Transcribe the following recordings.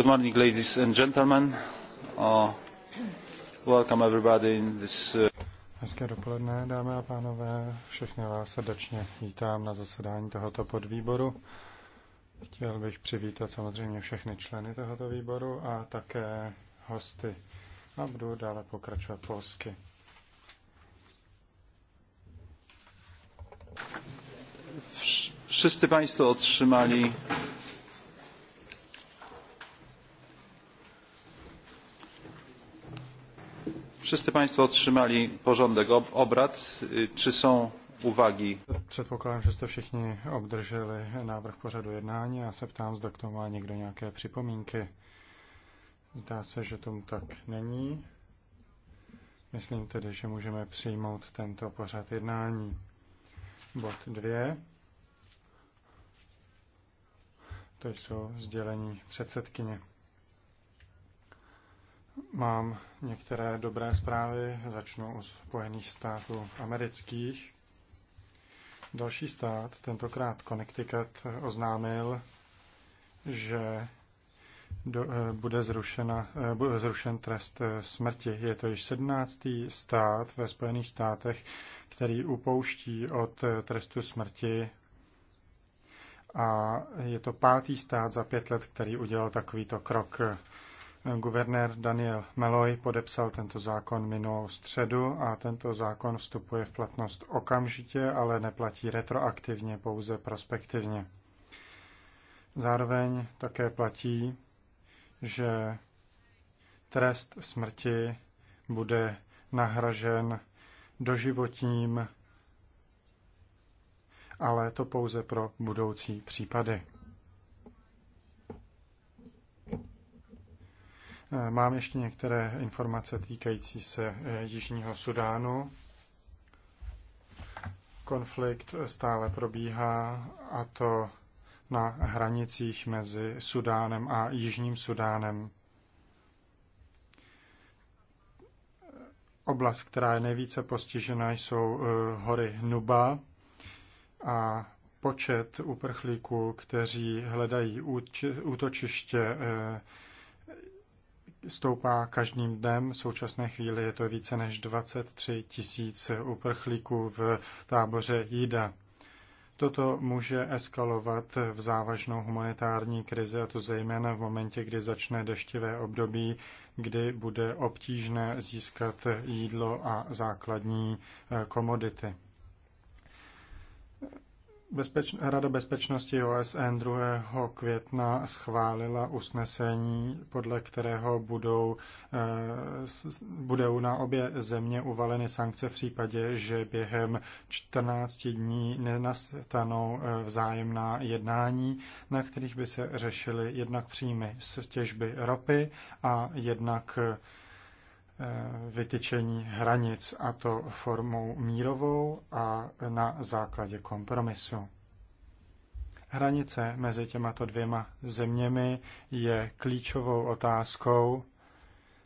Good morning, ladies and gentlemen. Uh, welcome everybody in this... Uh, Hezké dopoledne, dámy a pánové. Všechny vás srdečně vítám na zasedání tohoto podvýboru. Chtěl bych přivítat samozřejmě všechny členy tohoto výboru a také hosty. A budu dále pokračovat polsky. Wszyscy Państwo otrzymali Wszyscy Państwo otrzymali porządek obrad. Czy są uwagi? Předpokládám, že jste všichni obdrželi návrh pořadu jednání a se ptám, zda k tomu má někdo nějaké připomínky. Zdá se, že tomu tak není. Myslím tedy, že můžeme přijmout tento pořad jednání. Bod 2. To jsou sdělení předsedkyně. Mám některé dobré zprávy, začnu u Spojených států amerických. Další stát, tentokrát Connecticut, oznámil, že do, eh, bude, zrušena, eh, bude zrušen trest eh, smrti. Je to již 17. stát ve Spojených státech, který upouští od trestu smrti a je to pátý stát za pět let, který udělal takovýto krok. Guvernér Daniel Meloy podepsal tento zákon minulou středu a tento zákon vstupuje v platnost okamžitě, ale neplatí retroaktivně, pouze prospektivně. Zároveň také platí, že trest smrti bude nahražen doživotním, ale to pouze pro budoucí případy. Eh, mám ještě některé informace týkající se eh, Jižního Sudánu. Konflikt eh, stále probíhá a to na hranicích mezi Sudánem a Jižním Sudánem. Oblast, která je nejvíce postižena, jsou hory Nuba a počet uprchlíků, kteří hledají útočiště, stoupá každým dnem. V současné chvíli je to více než 23 tisíc uprchlíků v táboře Jida. Toto může eskalovat v závažnou humanitární krizi, a to zejména v momentě, kdy začne deštivé období, kdy bude obtížné získat jídlo a základní eh, komodity. Bezpeč... Rada bezpečnosti OSN 2. května schválila usnesení, podle kterého budou, eh, budou na obě země uvaleny sankce v případě, že během 14 dní nenastanou eh, vzájemná jednání, na kterých by se řešily jednak příjmy z těžby ropy a jednak eh, Eh, vytyčení hranic, a to formou mírovou a na základě kompromisu. Hranice mezi těmato dvěma zeměmi je klíčovou otázkou,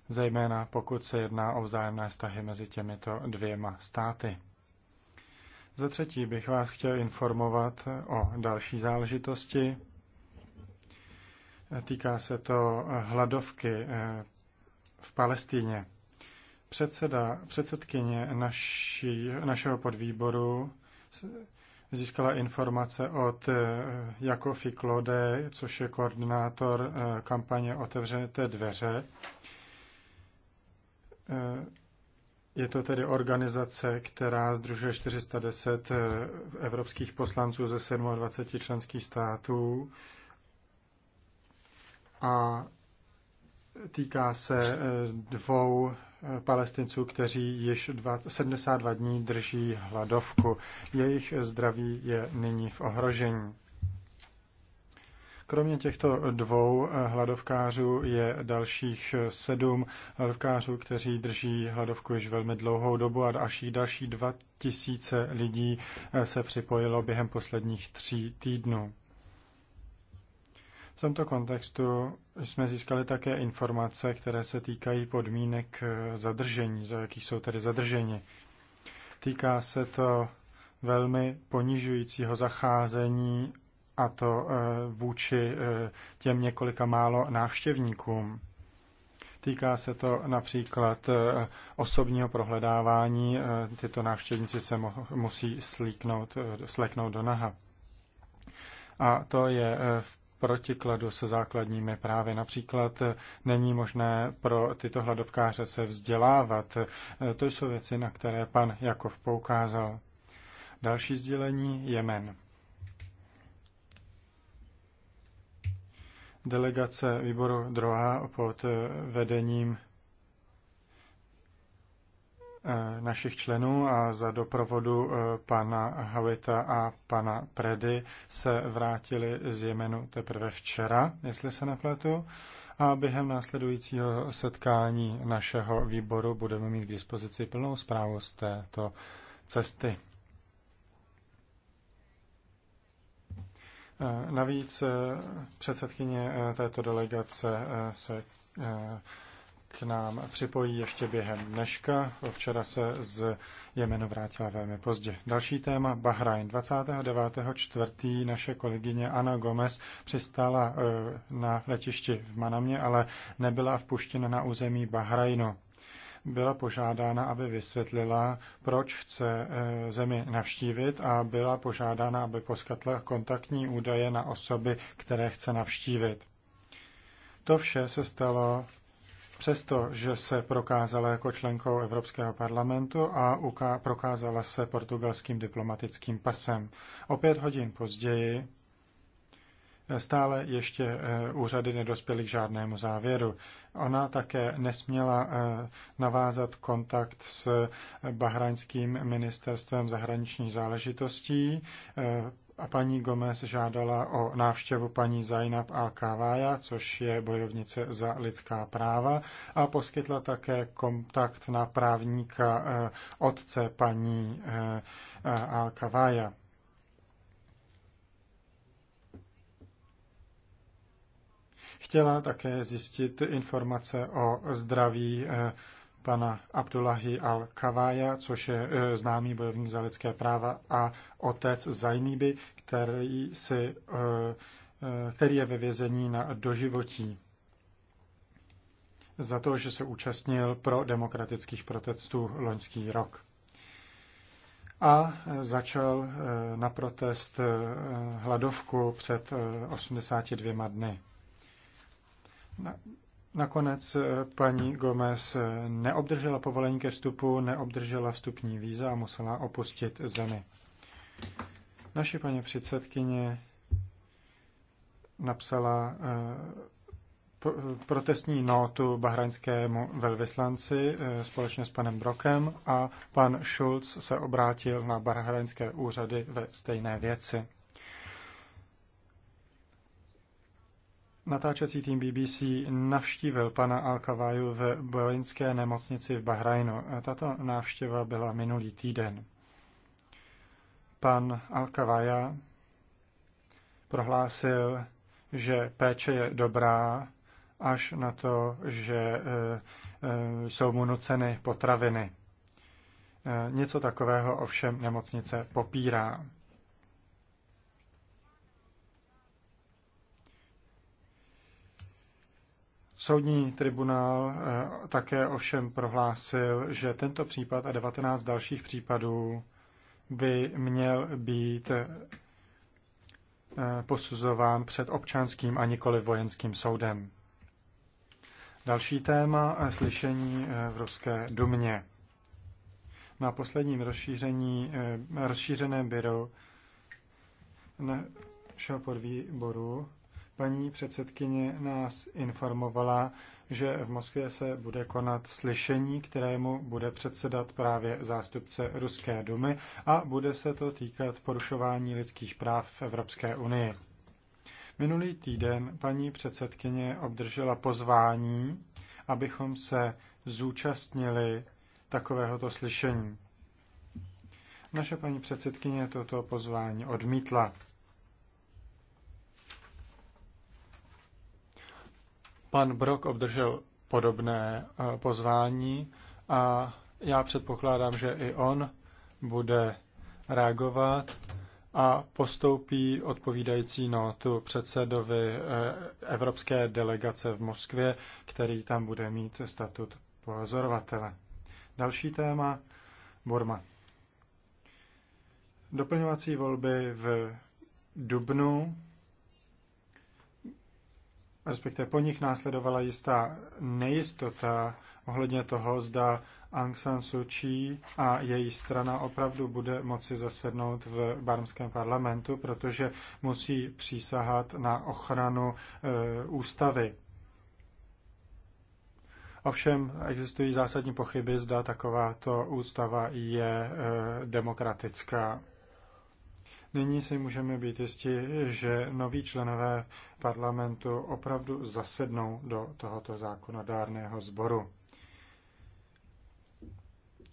zejména pokud se jedná o vzájemné vztahy mezi těmito dvěma státy. Za třetí bych vás chtěl informovat o další záležitosti. Týká se to hladovky eh, v Palestíně. Předseda, předsedkyně naší, našeho podvýboru získala informace od eh, Jako Klode, což je koordinátor eh, kampaně Otevřené dveře. Eh, je to tedy organizace, která združuje 410 evropských poslanců ze 27 členských států a týká se dvou palestinců, kteří již 72 dní drží hladovku. Jejich zdraví je nyní v ohrožení. Kromě těchto dvou hladovkářů je dalších sedm hladovkářů, kteří drží hladovku již velmi dlouhou dobu a až jich další dva tisíce lidí se připojilo během posledních tří týdnů. V tomto kontextu jsme získali také informace, které se týkají podmínek eh, zadržení, za jakých jsou tedy zadrženi. Týká se to velmi ponižujícího zacházení a to eh, vůči eh, těm několika málo návštěvníkům. Týká se to například osobního prohledávání. Tyto návštěvníci se musí slíknout, sleknout do naha. A to je v protikladu se základními právy. Například eh, není možné pro tyto hladovkáře se vzdělávat. Eh, to jsou věci, na které pan Jakov poukázal. Další sdělení Jemen. Delegace výboru Droha pod eh, vedením Eh, našich členů a za doprovodu eh, pana Havita a pana Predy se vrátili z Jemenu teprve včera, jestli se nepletu. A během následujícího setkání našeho výboru budeme mít k dispozici plnou zprávu z této cesty. Eh, navíc předsedkyně této delegace se k nám připojí ještě během dneška. Včera se z Jemenu vrátila velmi pozdě. Další téma Bahrajn. 29.4. naše kolegyně Ana Gomez přistála eh, na letišti v Manamě, ale nebyla vpuštěna na území Bahrajnu. Byla požádána, aby vysvětlila, proč chce eh, zemi navštívit a byla požádána, aby poskytla kontaktní údaje na osoby, které chce navštívit. To vše se stalo Přesto, že se prokázala jako členkou Evropského parlamentu a prokázala se portugalským diplomatickým pasem. O pět hodin později eh, stále ještě eh, úřady nedospěly k žádnému závěru. Ona také nesměla eh, navázat kontakt s bahraňským ministerstvem zahraničních záležitostí a paní Gomez žádala o návštěvu paní Zainab Al-Kavája, což je bojovnice za lidská práva, a poskytla také kontakt na právníka eh, otce paní eh, Al-Kavája. Chtěla také zjistit informace o zdraví eh, pana Abdullahi al-Kavája, což je e, známý bojovník za lidské práva, a otec Zajníby, který, si, e, e, který je ve vězení na doživotí za to, že se účastnil pro demokratických protestů loňský rok. A začal na protest hladovku před 82 dny Nakonec eh, paní Gomez eh, neobdržela povolení ke vstupu, neobdržela vstupní víza a musela opustit zemi. Naše paní předsedkyně napsala eh, protestní notu bahrajnskému velvyslanci společně s panem Brokem a pan Schulz se obrátil na bahrajnské úřady ve stejné věci. Natáčecí tým BBC navštívil pana al v bojenské nemocnici v Bahrajnu. Tato návštěva byla minulý týden. Pan al prohlásil, že péče je dobrá, až na to, že eh, eh, jsou mu nuceny potraviny. Eh, něco takového ovšem nemocnice popírá. Soudní tribunál eh, také ovšem prohlásil, že tento případ a 19 dalších případů by měl být eh, posuzován před občanským a nikoli vojenským soudem. Další téma eh, slyšení v Ruské Dumě. Na posledním rozšíření, rozšířeném byru našeho podvýboru Paní předsedkyně nás informovala, že v Moskvě se bude konat slyšení, kterému bude předsedat právě zástupce Ruské dumy a bude se to týkat porušování lidských práv v Evropské unii. Minulý týden paní předsedkyně obdržela pozvání, abychom se zúčastnili takovéhoto slyšení. Naše paní předsedkyně toto pozvání odmítla. Pan Brok obdržel podobné eh, pozvání a já předpokládám, že i on bude reagovat a postoupí odpovídající notu předsedovi eh, Evropské delegace v Moskvě, který tam bude mít statut pozorovatele. Další téma Burma. Doplňovací volby v Dubnu respektive po nich následovala jistá nejistota ohledně toho, zda Aung San Suu Kyi a její strana opravdu bude moci zasednout v barmském parlamentu, protože musí přísahat na ochranu e, ústavy. Ovšem existují zásadní pochyby, zda takováto ústava je e, demokratická. Nyní si můžeme být jistí, že noví členové parlamentu opravdu zasednou do tohoto zákonodárného sboru.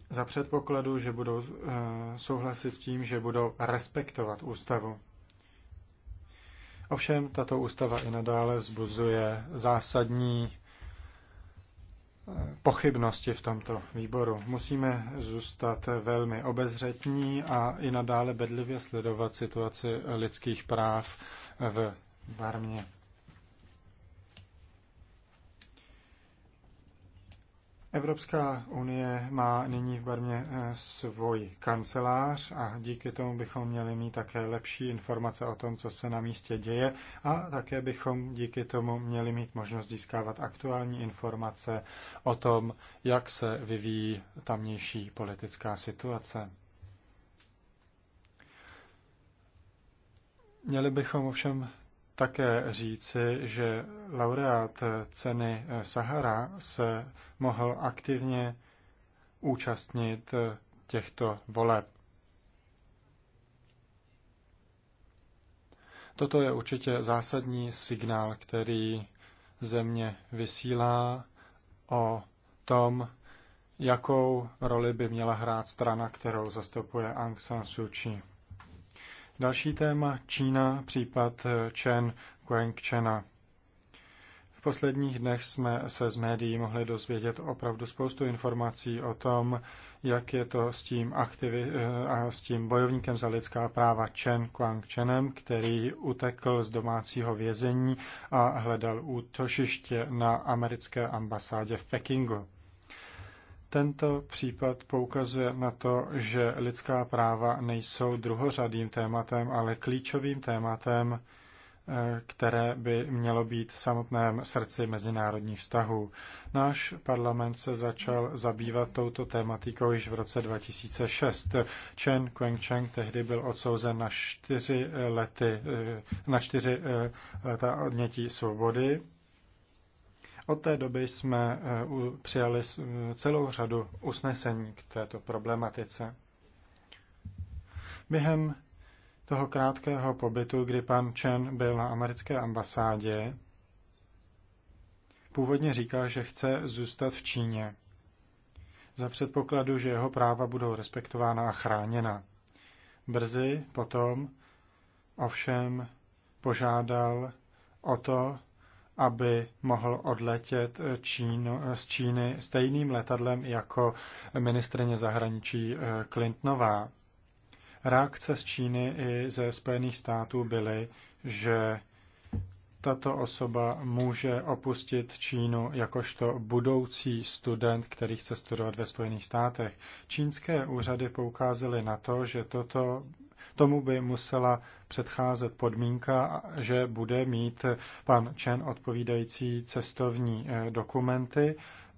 Za předpokladu, že budou eh, souhlasit s tím, že budou respektovat ústavu. Ovšem, tato ústava i nadále zbuzuje zásadní pochybnosti v tomto výboru. Musíme zůstat velmi obezřetní a i nadále bedlivě sledovat situaci lidských práv v Barmě. Evropská unie má nyní v Barmě eh, svůj kancelář a díky tomu bychom měli mít také lepší informace o tom, co se na místě děje a také bychom díky tomu měli mít možnost získávat aktuální informace o tom, jak se vyvíjí tamnější politická situace. Měli bychom ovšem také říci, že laureát ceny Sahara se mohl aktivně účastnit těchto voleb. Toto je určitě zásadní signál, který země vysílá o tom, jakou roli by měla hrát strana, kterou zastupuje Aung San Suu Kyi. Další téma Čína, případ eh, Chen Guangchena. V posledních dnech jsme se z médií mohli dozvědět opravdu spoustu informací o tom, jak je to s tím, aktivi- eh, a s tím bojovníkem za lidská práva Chen Kuang-chenem, který utekl z domácího vězení a hledal útočiště na americké ambasádě v Pekingu. Tento případ poukazuje na to, že lidská práva nejsou druhořadým tématem, ale klíčovým tématem, eh, které by mělo být v samotném srdci mezinárodních vztahů. Náš parlament se začal zabývat touto tématikou již v roce 2006. Chen Quengcheng tehdy byl odsouzen na čtyři, lety, eh, na čtyři eh, leta odnětí svobody od té doby jsme eh, přijali eh, celou řadu usnesení k této problematice. Během toho krátkého pobytu, kdy pan Chen byl na americké ambasádě, původně říkal, že chce zůstat v Číně za předpokladu, že jeho práva budou respektována a chráněna. Brzy potom ovšem požádal o to, aby mohl odletět Čínu, z Číny stejným letadlem jako ministrně zahraničí eh, Clintonová. Reakce z Číny i ze Spojených států byly, že tato osoba může opustit Čínu jakožto budoucí student, který chce studovat ve Spojených státech. Čínské úřady poukázaly na to, že toto Tomu by musela předcházet podmínka, že bude mít pan Chen odpovídající cestovní eh, dokumenty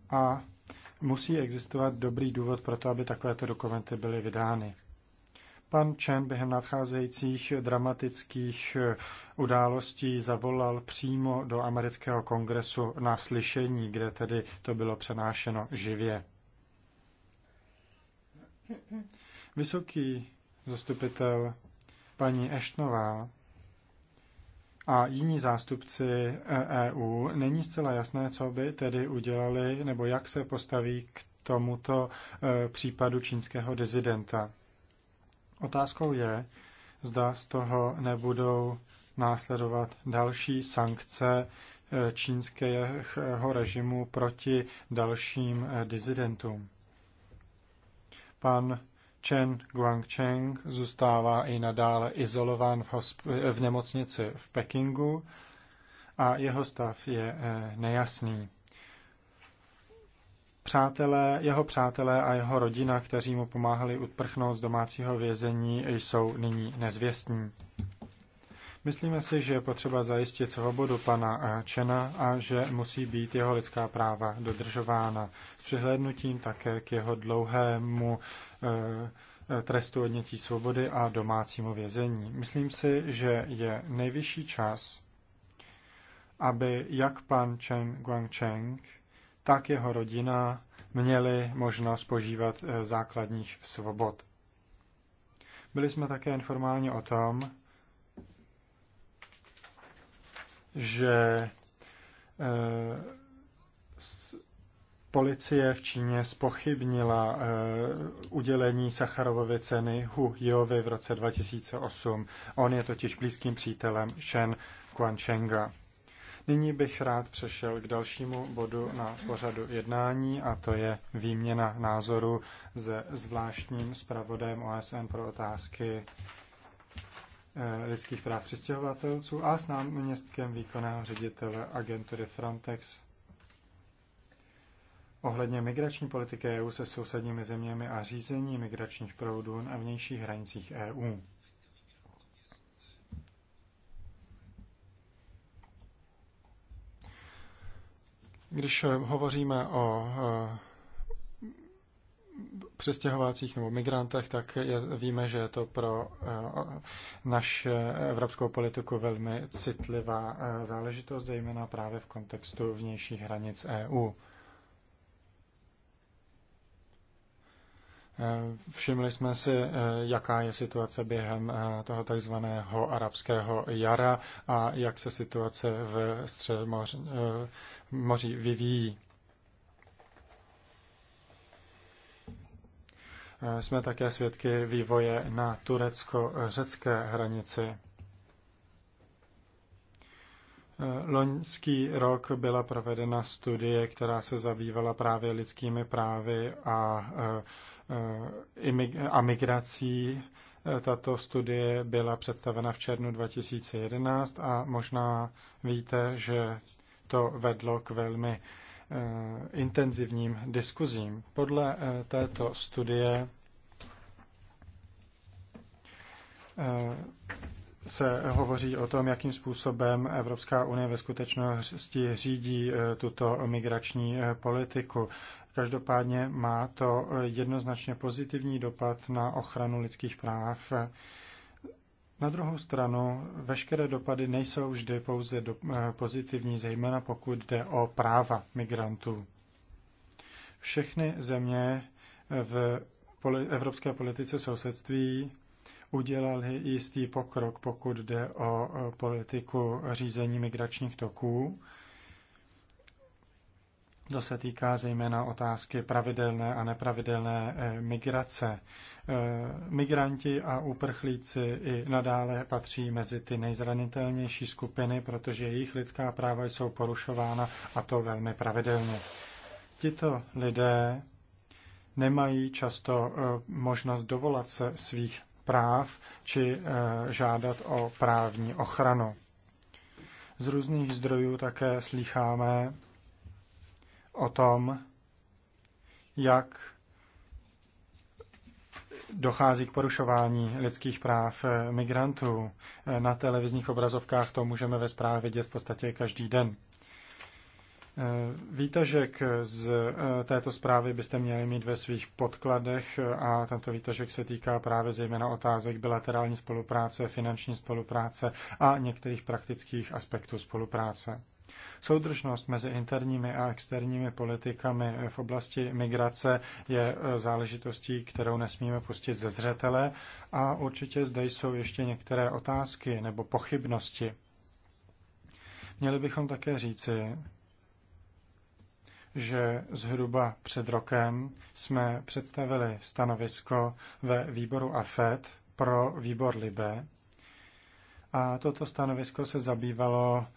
a musí existovat dobrý důvod pro to, aby takovéto dokumenty byly vydány. Pan Chen během nadcházejících dramatických eh, událostí zavolal přímo do amerického kongresu na slyšení, kde tedy to bylo přenášeno živě. Vysoký zastupitel paní Eštnová a jiní zástupci EU, eh, e není zcela jasné, co by tedy udělali nebo jak se postaví k tomuto eh, případu čínského dezidenta. Otázkou je, zda z toho nebudou následovat další sankce eh, čínského režimu proti dalším dizidentům. Pan Chen Guangcheng zůstává i nadále izolován v, hosp- v nemocnici v Pekingu a jeho stav je eh, nejasný. Přátelé, jeho přátelé a jeho rodina, kteří mu pomáhali utprchnout z domácího vězení, jsou nyní nezvěstní. Myslíme si, že je potřeba zajistit svobodu pana eh, Čena a že musí být jeho lidská práva dodržována s přihlédnutím také k jeho dlouhému eh, eh, trestu odnětí svobody a domácímu vězení. Myslím si, že je nejvyšší čas, aby jak pan Chen Guangcheng, tak jeho rodina měli možnost požívat základních svobod. Byli jsme také informáni o tom, že eh, policie v Číně spochybnila eh, udělení Sacharovovy ceny Hu Jiovi v roce 2008. On je totiž blízkým přítelem Shen Quanchenga. Nyní bych rád přešel k dalšímu bodu na pořadu jednání a to je výměna názoru se zvláštním zpravodajem OSN pro otázky Eh, lidských práv přistěhovatelců a s náměstkem výkonného ředitele agentury Frontex. Ohledně migrační politiky EU se sousedními zeměmi a řízení migračních proudů na vnějších hranicích EU. Když hovoříme o eh, přestěhovácích nebo migrantech, tak je, víme, že je to pro eh, naši evropskou politiku velmi citlivá eh, záležitost, zejména právě v kontextu vnějších hranic EU. Eh, všimli jsme si, jaká je situace během toho takzvaného arabského jara a jak se situace v středomoří vyvíjí. jsme také svědky vývoje na turecko-řecké hranici. Loňský rok byla provedena studie, která se zabývala právě lidskými právy a, e, e, a migrací. Tato studie byla představena v červnu 2011 a možná víte, že to vedlo k velmi Eh, intenzivním diskuzím. Podle eh, této studie eh, se hovoří o tom, jakým způsobem Evropská unie ve skutečnosti řídí tuto migrační politiku. Každopádně má to jednoznačně pozitivní dopad na ochranu lidských práv na druhou stranu, veškeré dopady nejsou vždy pouze do, eh, pozitivní, zejména pokud jde o práva migrantů. Všechny země eh, v poli, evropské politice sousedství udělali jistý pokrok, pokud jde o eh, politiku řízení migračních toků to se týká zejména otázky pravidelné a nepravidelné eh, migrace. Eh, migranti a uprchlíci i nadále patří mezi ty nejzranitelnější skupiny, protože jejich lidská práva jsou porušována a to velmi pravidelně. Tito lidé nemají často eh, možnost dovolat se svých práv či žádat o právní ochranu. Z různých zdrojů také slycháme o tom, jak dochází k porušování lidských práv migrantů. Na televizních obrazovkách to můžeme ve zprávě vidět v podstatě každý den. Výtažek z eh, této zprávy byste měli mít ve svých podkladech a tento výtažek se týká právě zejména otázek bilaterální spolupráce, finanční spolupráce a některých praktických aspektů spolupráce. Soudržnost mezi interními a externími politikami v oblasti migrace je eh, záležitostí, kterou nesmíme pustit ze zřetele a určitě zde jsou ještě některé otázky nebo pochybnosti. Měli bychom také říci, že zhruba před rokem jsme představili stanovisko ve výboru AFED pro výbor LIBE a toto stanovisko se zabývalo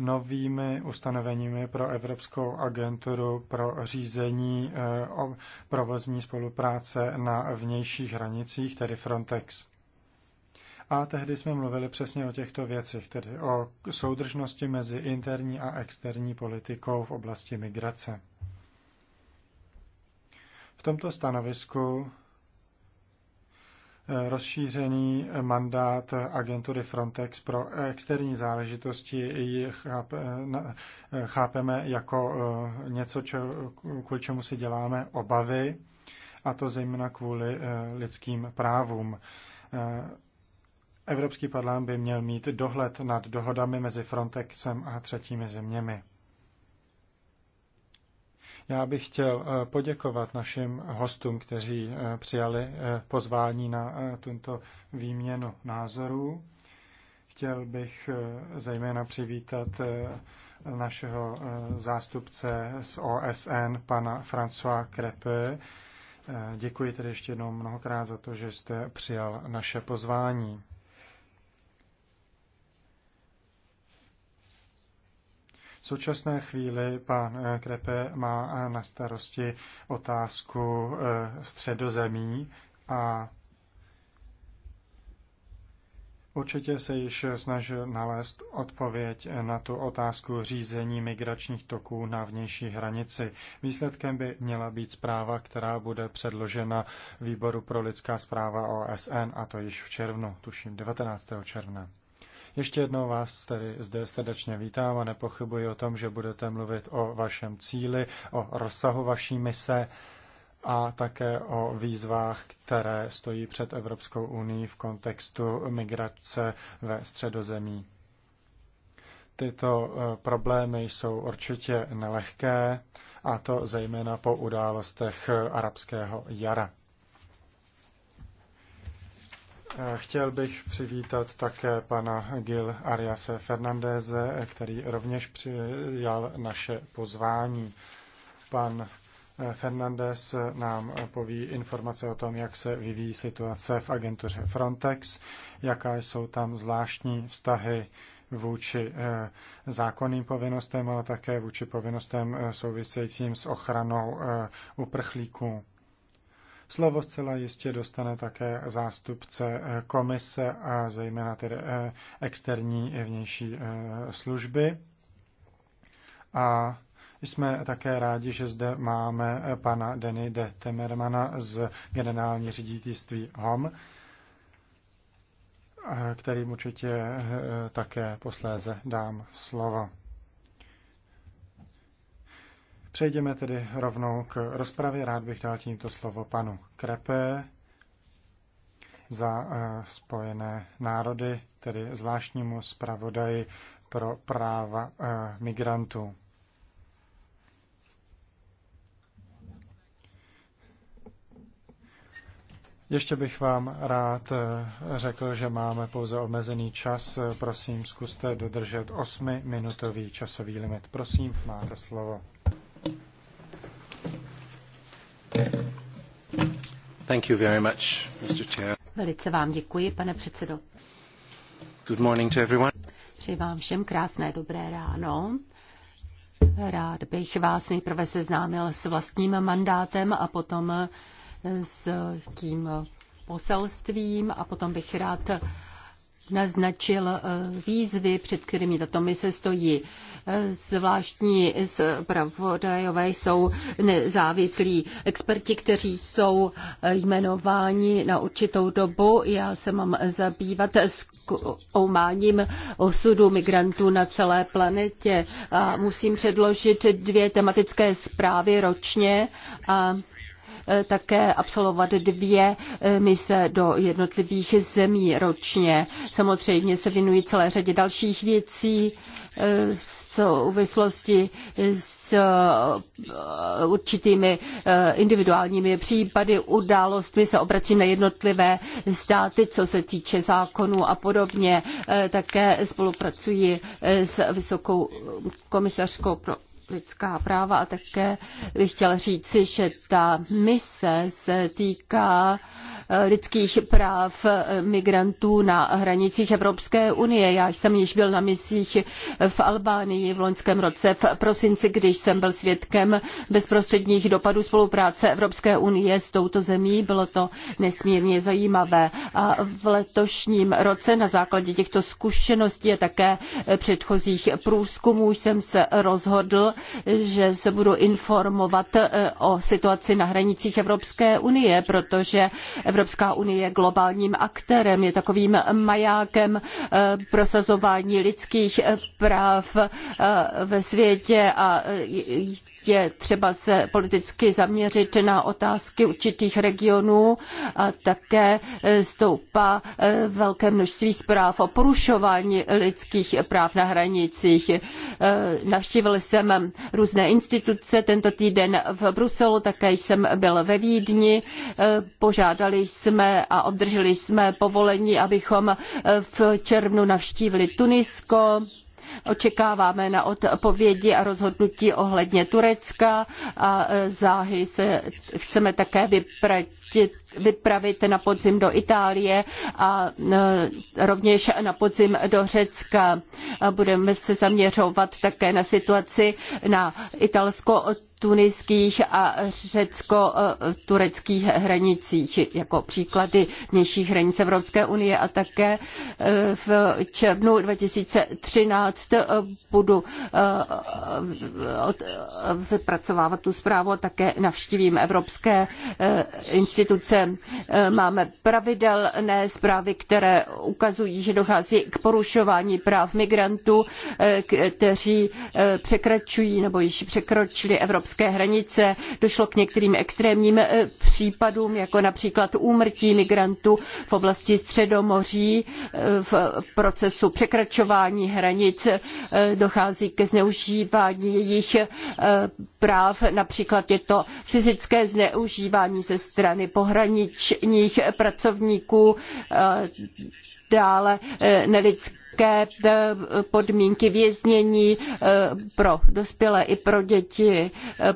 novými ustanoveními pro Evropskou agenturu pro řízení eh, provozní spolupráce na vnějších hranicích, tedy Frontex. A tehdy jsme mluvili přesně o těchto věcech, tedy o soudržnosti mezi interní a externí politikou v oblasti migrace. V tomto stanovisku rozšířený mandát agentury Frontex pro externí záležitosti chápeme jako eh, něco, kvůli čemu si děláme obavy, a to zejména kvůli eh, lidským právům. Eh, Evropský parlament by měl mít dohled nad dohodami mezi Frontexem a třetími zeměmi. Já bych chtěl eh, poděkovat našim hostům, kteří eh, přijali eh, pozvání na tuto výměnu názorů. Chtěl bych zejména přivítat našeho zástupce z OSN, pana François Crepe. Děkuji tedy ještě jednou mnohokrát za to, že jste přijal naše pozvání. současné chvíli pan eh, Krepe má eh, na starosti otázku eh, středozemí a Určitě se již snažil nalézt odpověď na tu otázku řízení migračních toků na vnější hranici. Výsledkem by měla být zpráva, která bude předložena Výboru pro lidská zpráva OSN, a to již v červnu, tuším 19. června. Ještě jednou vás tady zde srdečně vítám a nepochybuji o tom, že budete mluvit o vašem cíli, o rozsahu vaší mise a také o výzvách, které stojí před Evropskou unii v kontextu migrace ve středozemí. Tyto eh, problémy jsou určitě nelehké, a to zejména po událostech eh, arabského jara. Chtěl bych přivítat také pana Gil Ariase Fernandéze, který rovněž přijal naše pozvání. Pan eh, Fernandez nám poví informace o tom, jak se vyvíjí situace v agentuře Frontex, jaká jsou tam zvláštní vztahy vůči eh, zákonným povinnostem, ale také vůči povinnostem eh, souvisejícím s ochranou uprchlíků. Slovo zcela jistě dostane také zástupce eh, komise a zejména tedy eh, externí vnější eh, služby. A jsme také rádi, že zde máme pana Denny de Temermana z generální ředitelství HOM, kterým určitě také posléze dám slovo. Přejdeme tedy rovnou k rozpravě. Rád bych dal tímto slovo panu Krepe za eh, Spojené národy, tedy zvláštnímu zpravodaji pro práva eh, migrantů. Ještě bych vám rád eh, řekl, že máme pouze omezený čas. Prosím, zkuste dodržet minutový časový limit. Prosím, máte slovo. Velice vám děkuji, pane předsedo. Good morning to everyone. Přeji vám všem krásné dobré ráno. Rád bych vás nejprve seznámil s vlastním mandátem a potom s tím poselstvím a potom bych rád naznačil eh, výzvy, před kterými tato mise stojí. Eh, zvláštní zpravodajové jsou nezávislí experti, kteří jsou eh, jmenováni na určitou dobu. Já se mám zabývat zkoumáním osudu migrantů na celé planetě. A musím předložit dvě tematické zprávy ročně a Eh, také absolvovat dvě eh, mise do jednotlivých zemí ročně. Samozřejmě se věnují celé řadě dalších věcí eh, v souvislosti s určitými individuálními případy, událostmi se obrací na jednotlivé státy, co se týče zákonů a podobně. Také spolupracují s Vysokou komisařkou pro lidská práva a také bych chtěla říci, že ta mise se týká eh, lidských práv eh, migrantů na hranicích Evropské unie. Já jsem již byl na misích v Albánii v loňském roce v prosinci, když jsem byl svědkem bezprostředních dopadů spolupráce Evropské unie s touto zemí. Bylo to nesmírně zajímavé. A v letošním roce na základě těchto zkušeností a také eh, předchozích průzkumů jsem se rozhodl, že se budu informovat eh, o situaci na hranicích Evropské unie, protože Evropská unie je globálním aktérem, je takovým majákem eh, prosazování lidských eh, práv ve světě a je třeba se politicky zaměřit na otázky určitých regionů a také stoupá eh, velké množství zpráv o porušování lidských práv na hranicích. Eh, navštívil jsem různé instituce tento týden v Bruselu, také jsem byl ve Vídni. Eh, požádali jsme a obdrželi jsme povolení, abychom v červnu navštívili Tunisko, Očekáváme na odpovědi a rozhodnutí ohledně Turecka a záhy se chceme také vyprat vypravit na podzim do Itálie a e, rovněž na podzim do Řecka. Budeme se zaměřovat také na situaci na italsko tuniských a řecko-tureckých hranicích jako příklady vnějších hranic Evropské unie a také e, v červnu 2013 budu e, vypracovávat tu zprávu a také navštívím Evropské instituce instituce. Eh, máme pravidelné zprávy, které ukazují, že dochází k porušování práv migrantů, eh, kteří eh, překračují nebo již překročili evropské hranice. Došlo k některým extrémním případům, jako například úmrtí migrantů v oblasti Středomoří v procesu překračování hranic. Dochází ke zneužívání jejich práv, například je to fyzické zneužívání ze strany pohraničních pracovníků, eh, dále eh, nelidské také eh, podmínky věznění eh, pro dospělé i pro děti, eh,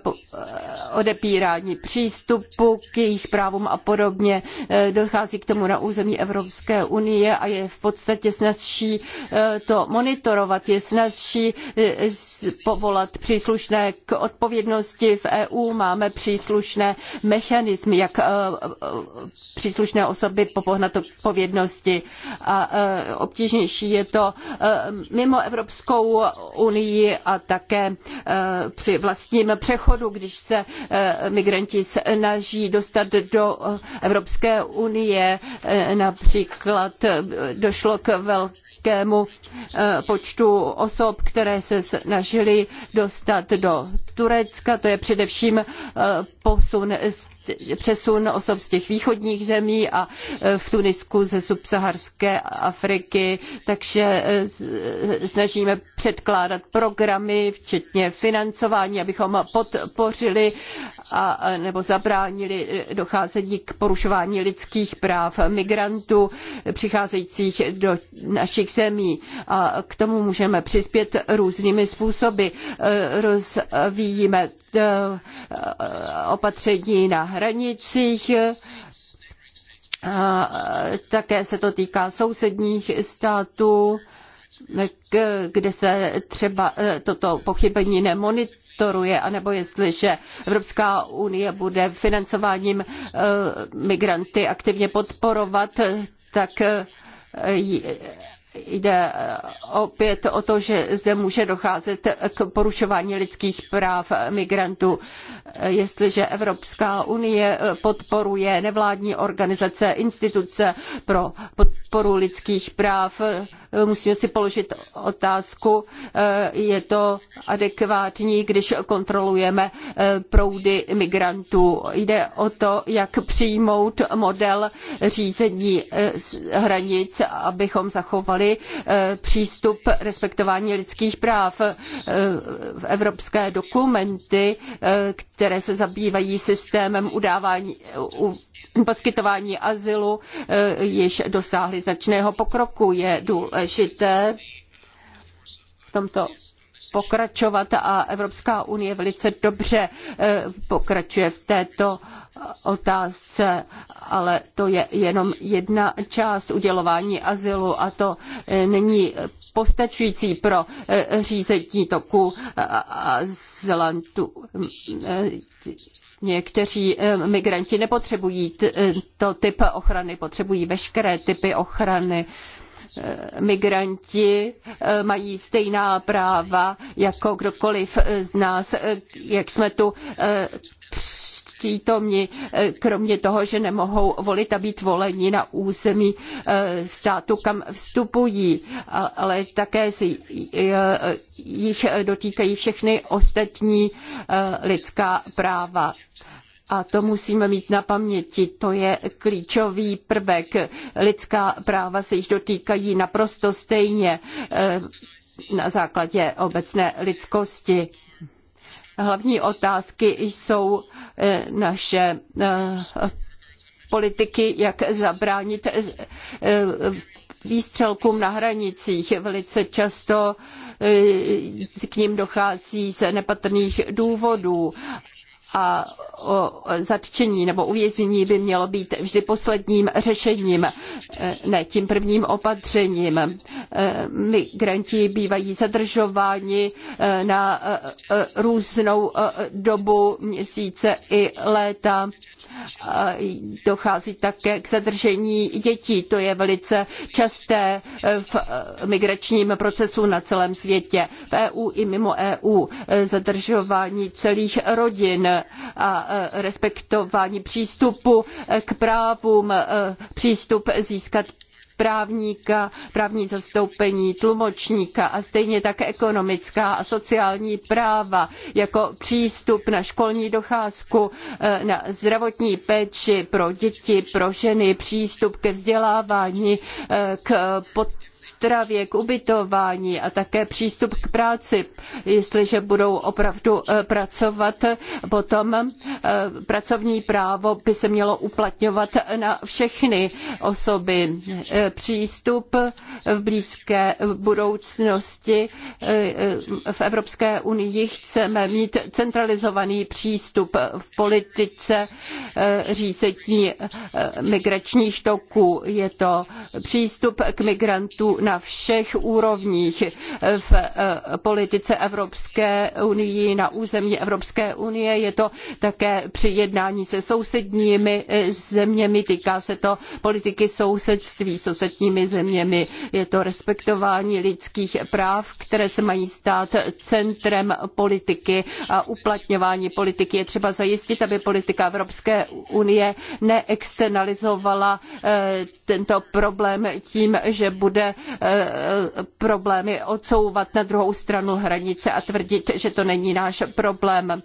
odepírání přístupu k jejich právům a podobně. Dochází k tomu na území Evropské unie a je v podstatě snazší to monitorovat, je snazší povolat příslušné k odpovědnosti v EU. Máme příslušné mechanismy, jak příslušné osoby popohnat odpovědnosti a obtížnější je to eh, mimo Evropskou unii a také eh, při vlastním přechodu, když se eh, migranti snaží dostat do Evropské unie. Například došlo k velkému počtu osob, které se snažily dostat do Turecka. To je především posun z přesun osob z těch východních zemí a e, v Tunisku ze subsaharské Afriky, takže e, e, snažíme předkládat programy, včetně financování, abychom podpořili a, nebo zabránili docházení k porušování lidských práv migrantů přicházejících do našich zemí. A k tomu můžeme přispět různými způsoby. Rozvíjíme opatření na hranicích. A také se to týká sousedních států, kde se třeba e, toto pochybení nemonitoruje anebo jestliže Evropská unie bude financováním e, migranty aktivně podporovat, tak e, jde eh, opět o to, že zde může docházet k porušování lidských práv migrantů. Eh, jestliže Evropská unie eh, podporuje nevládní organizace, instituce pro podporu lidských práv, Eh, musíme si položit otázku, eh, je to adekvátní, když kontrolujeme eh, proudy migrantů. Jde o to, jak přijmout model řízení hranic, abychom zachovali přístup respektování lidských práv v evropské dokumenty, které se zabývají systémem udávání, poskytování azylu, již dosáhly značného pokroku. Je důležité důležité v tomto pokračovat a Evropská unie velice dobře eh, pokračuje v této otázce, ale to je jenom jedna část udělování azylu a to eh, není postačující pro eh, řízení toku azylantů. Někteří migranti nepotřebují to typ ochrany, potřebují veškeré typy ochrany. Eh, migranti eh, mají stejná práva jako kdokoliv z nás, eh, jak jsme tu přítomni, kromě toho, že nemohou volit a být voleni na území státu, kam vstupují, ale také si jich dotýkají všechny ostatní lidská práva. A to musíme mít na paměti. To je klíčový prvek. Lidská práva se již dotýkají naprosto stejně eh, na základě obecné lidskosti. Hlavní otázky jsou eh, naše eh, politiky, jak zabránit výstřelkům na hranicích. Velice často k nim dochází z nepatrných důvodů a zatčení nebo uvěznění by mělo být vždy posledním řešením, e, ne tím prvním opatřením. E, migranti bývají zadržováni e, na různou dobu, měsíce i léta. Dochází také k zadržení dětí. To je velice časté v migračním procesu na celém světě. V EU i mimo EU zadržování celých rodin a e, respektování přístupu e, k právům, e, přístup získat právníka, právní zastoupení, tlumočníka a stejně tak ekonomická a sociální práva, jako přístup na školní docházku, na zdravotní péči pro děti, pro ženy, přístup ke vzdělávání, k podporu stravě, k ubytování a také přístup k práci. Jestliže budou opravdu eh, pracovat, potom eh, pracovní právo by se mělo uplatňovat na všechny osoby. Eh, přístup v blízké budoucnosti v Evropské unii chceme mít centralizovaný přístup v politice řízení migračních toků. Je to přístup k migrantům na na všech úrovních v eh, politice Evropské unie, na území Evropské unie. Je to také při jednání se sousedními eh, zeměmi, týká se to politiky sousedství s sousedními zeměmi. Je to respektování lidských práv, které se mají stát centrem politiky a uplatňování politiky. Je třeba zajistit, aby politika Evropské unie neexternalizovala eh, tento problém tím, že bude eh, problémy odsouvat na druhou stranu hranice a tvrdit, že to není náš problém,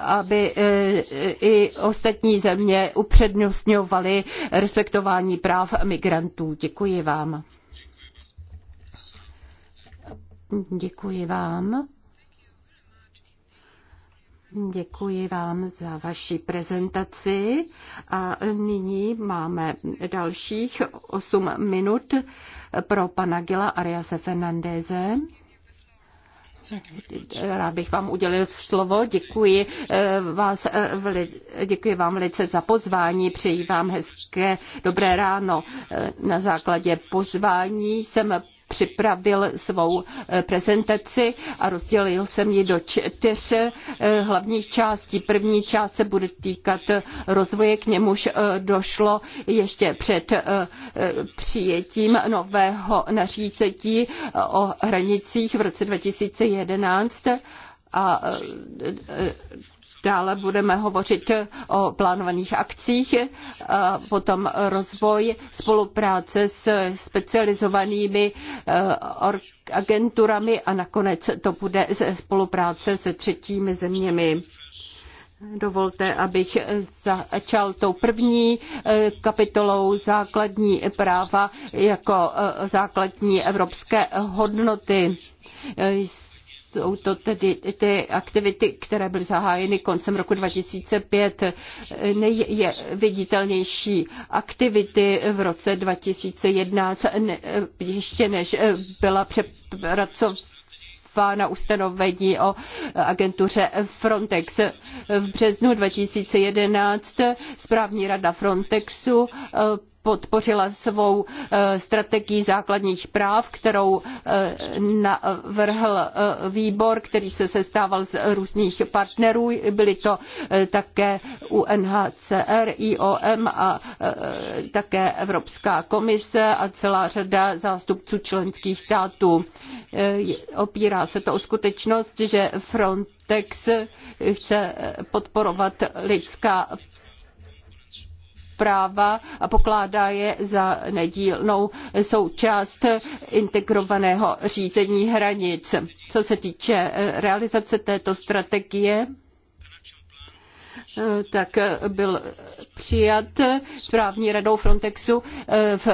aby eh, i ostatní země upřednostňovaly respektování práv migrantů. Děkuji vám. Děkuji vám. Děkuji vám za vaši prezentaci a nyní máme dalších 8 minut pro pana Gila Ariase Fernandéze. Rád bych vám udělil slovo. Děkuji, eh, vás, eh, děkuji vám velice za pozvání. Přeji vám hezké dobré ráno. Eh, na základě pozvání jsem připravil svou eh, prezentaci a rozdělil jsem ji do čtyř eh, hlavních částí. První část se bude týkat rozvoje, k němuž eh, došlo ještě před přijetím nového nařízení o hranicích v roce 2011 a Dále budeme hovořit o plánovaných akcích, potom rozvoj spolupráce s specializovanými eh, agenturami a nakonec to bude spolupráce se třetími zeměmi. Dovolte, abych začal tou první eh, kapitolou základní práva jako eh, základní evropské hodnoty jsou to tedy ty aktivity, které byly zahájeny koncem roku 2005. viditelnější aktivity v roce 2011, ještě než byla přepracována na ustanovení o agentuře Frontex. V březnu 2011 správní rada Frontexu podpořila svou eh, strategii základních práv, kterou eh, navrhl eh, výbor, který se sestával z různých partnerů. Byly to také UNHCR, IOM a také Evropská komise a celá řada zástupců členských států. Opírá se to o skutečnost, že Frontex chce podporovat lidská práva a pokládá je za nedílnou součást integrovaného řízení hranic. Co se týče eh, realizace této strategie, Eh, tak eh, byl přijat eh, správní radou Frontexu v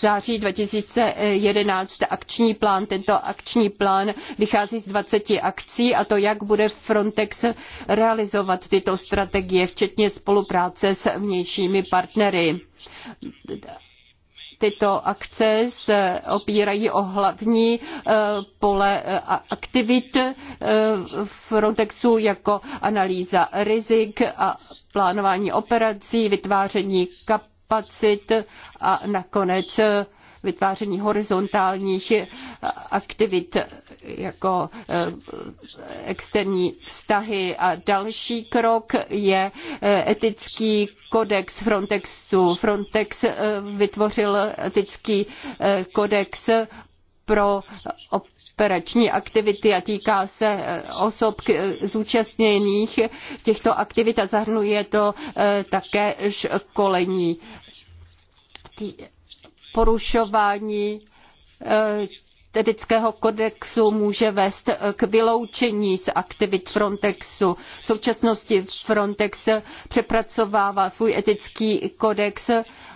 září 2011 akční plán. Tento akční plán vychází z 20 akcí a to, jak bude Frontex realizovat tyto strategie, včetně spolupráce s vnějšími partnery tyto akce se opírají o hlavní eh, pole eh, aktivit eh, Frontexu jako analýza rizik a plánování operací, vytváření kapacit a nakonec vytváření horizontálních aktivit jako eh, externí vztahy. A další krok je eh, etický kodex Frontexu. Frontex eh, vytvořil etický kodex pro operační aktivity a týká se osob zúčastněných těchto aktivit a zahrnuje to také školení porušování etického kodexu může vést k vyloučení z aktivit Frontexu. V současnosti Frontex přepracovává svůj etický kodex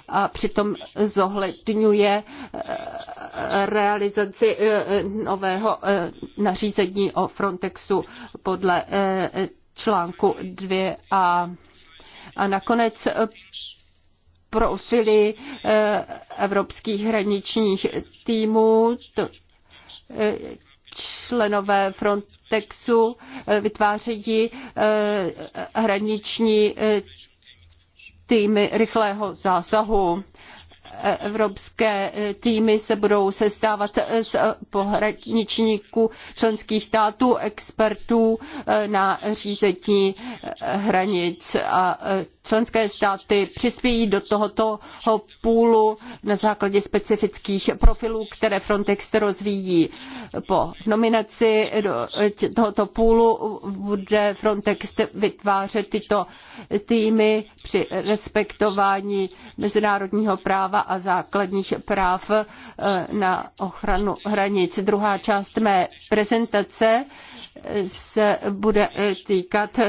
a přitom zohledňuje eh, realizaci eh, nového eh, nařízení o Frontexu podle článku 2 a, a nakonec profily evropských hraničních týmů, to členové Frontexu vytvářejí eh, hraniční eh, týmy rychlého zásahu evropské eh, týmy se budou sestávat eh, z pohraničníků členských států, expertů eh, na řízení hranic a členské státy přispějí do tohoto půlu na základě specifických profilů, které Frontex rozvíjí. Po nominaci do tohoto půlu bude Frontex vytvářet tyto týmy při respektování mezinárodního práva a základních práv eh, na ochranu hranic. Druhá část mé prezentace eh, se bude eh, týkat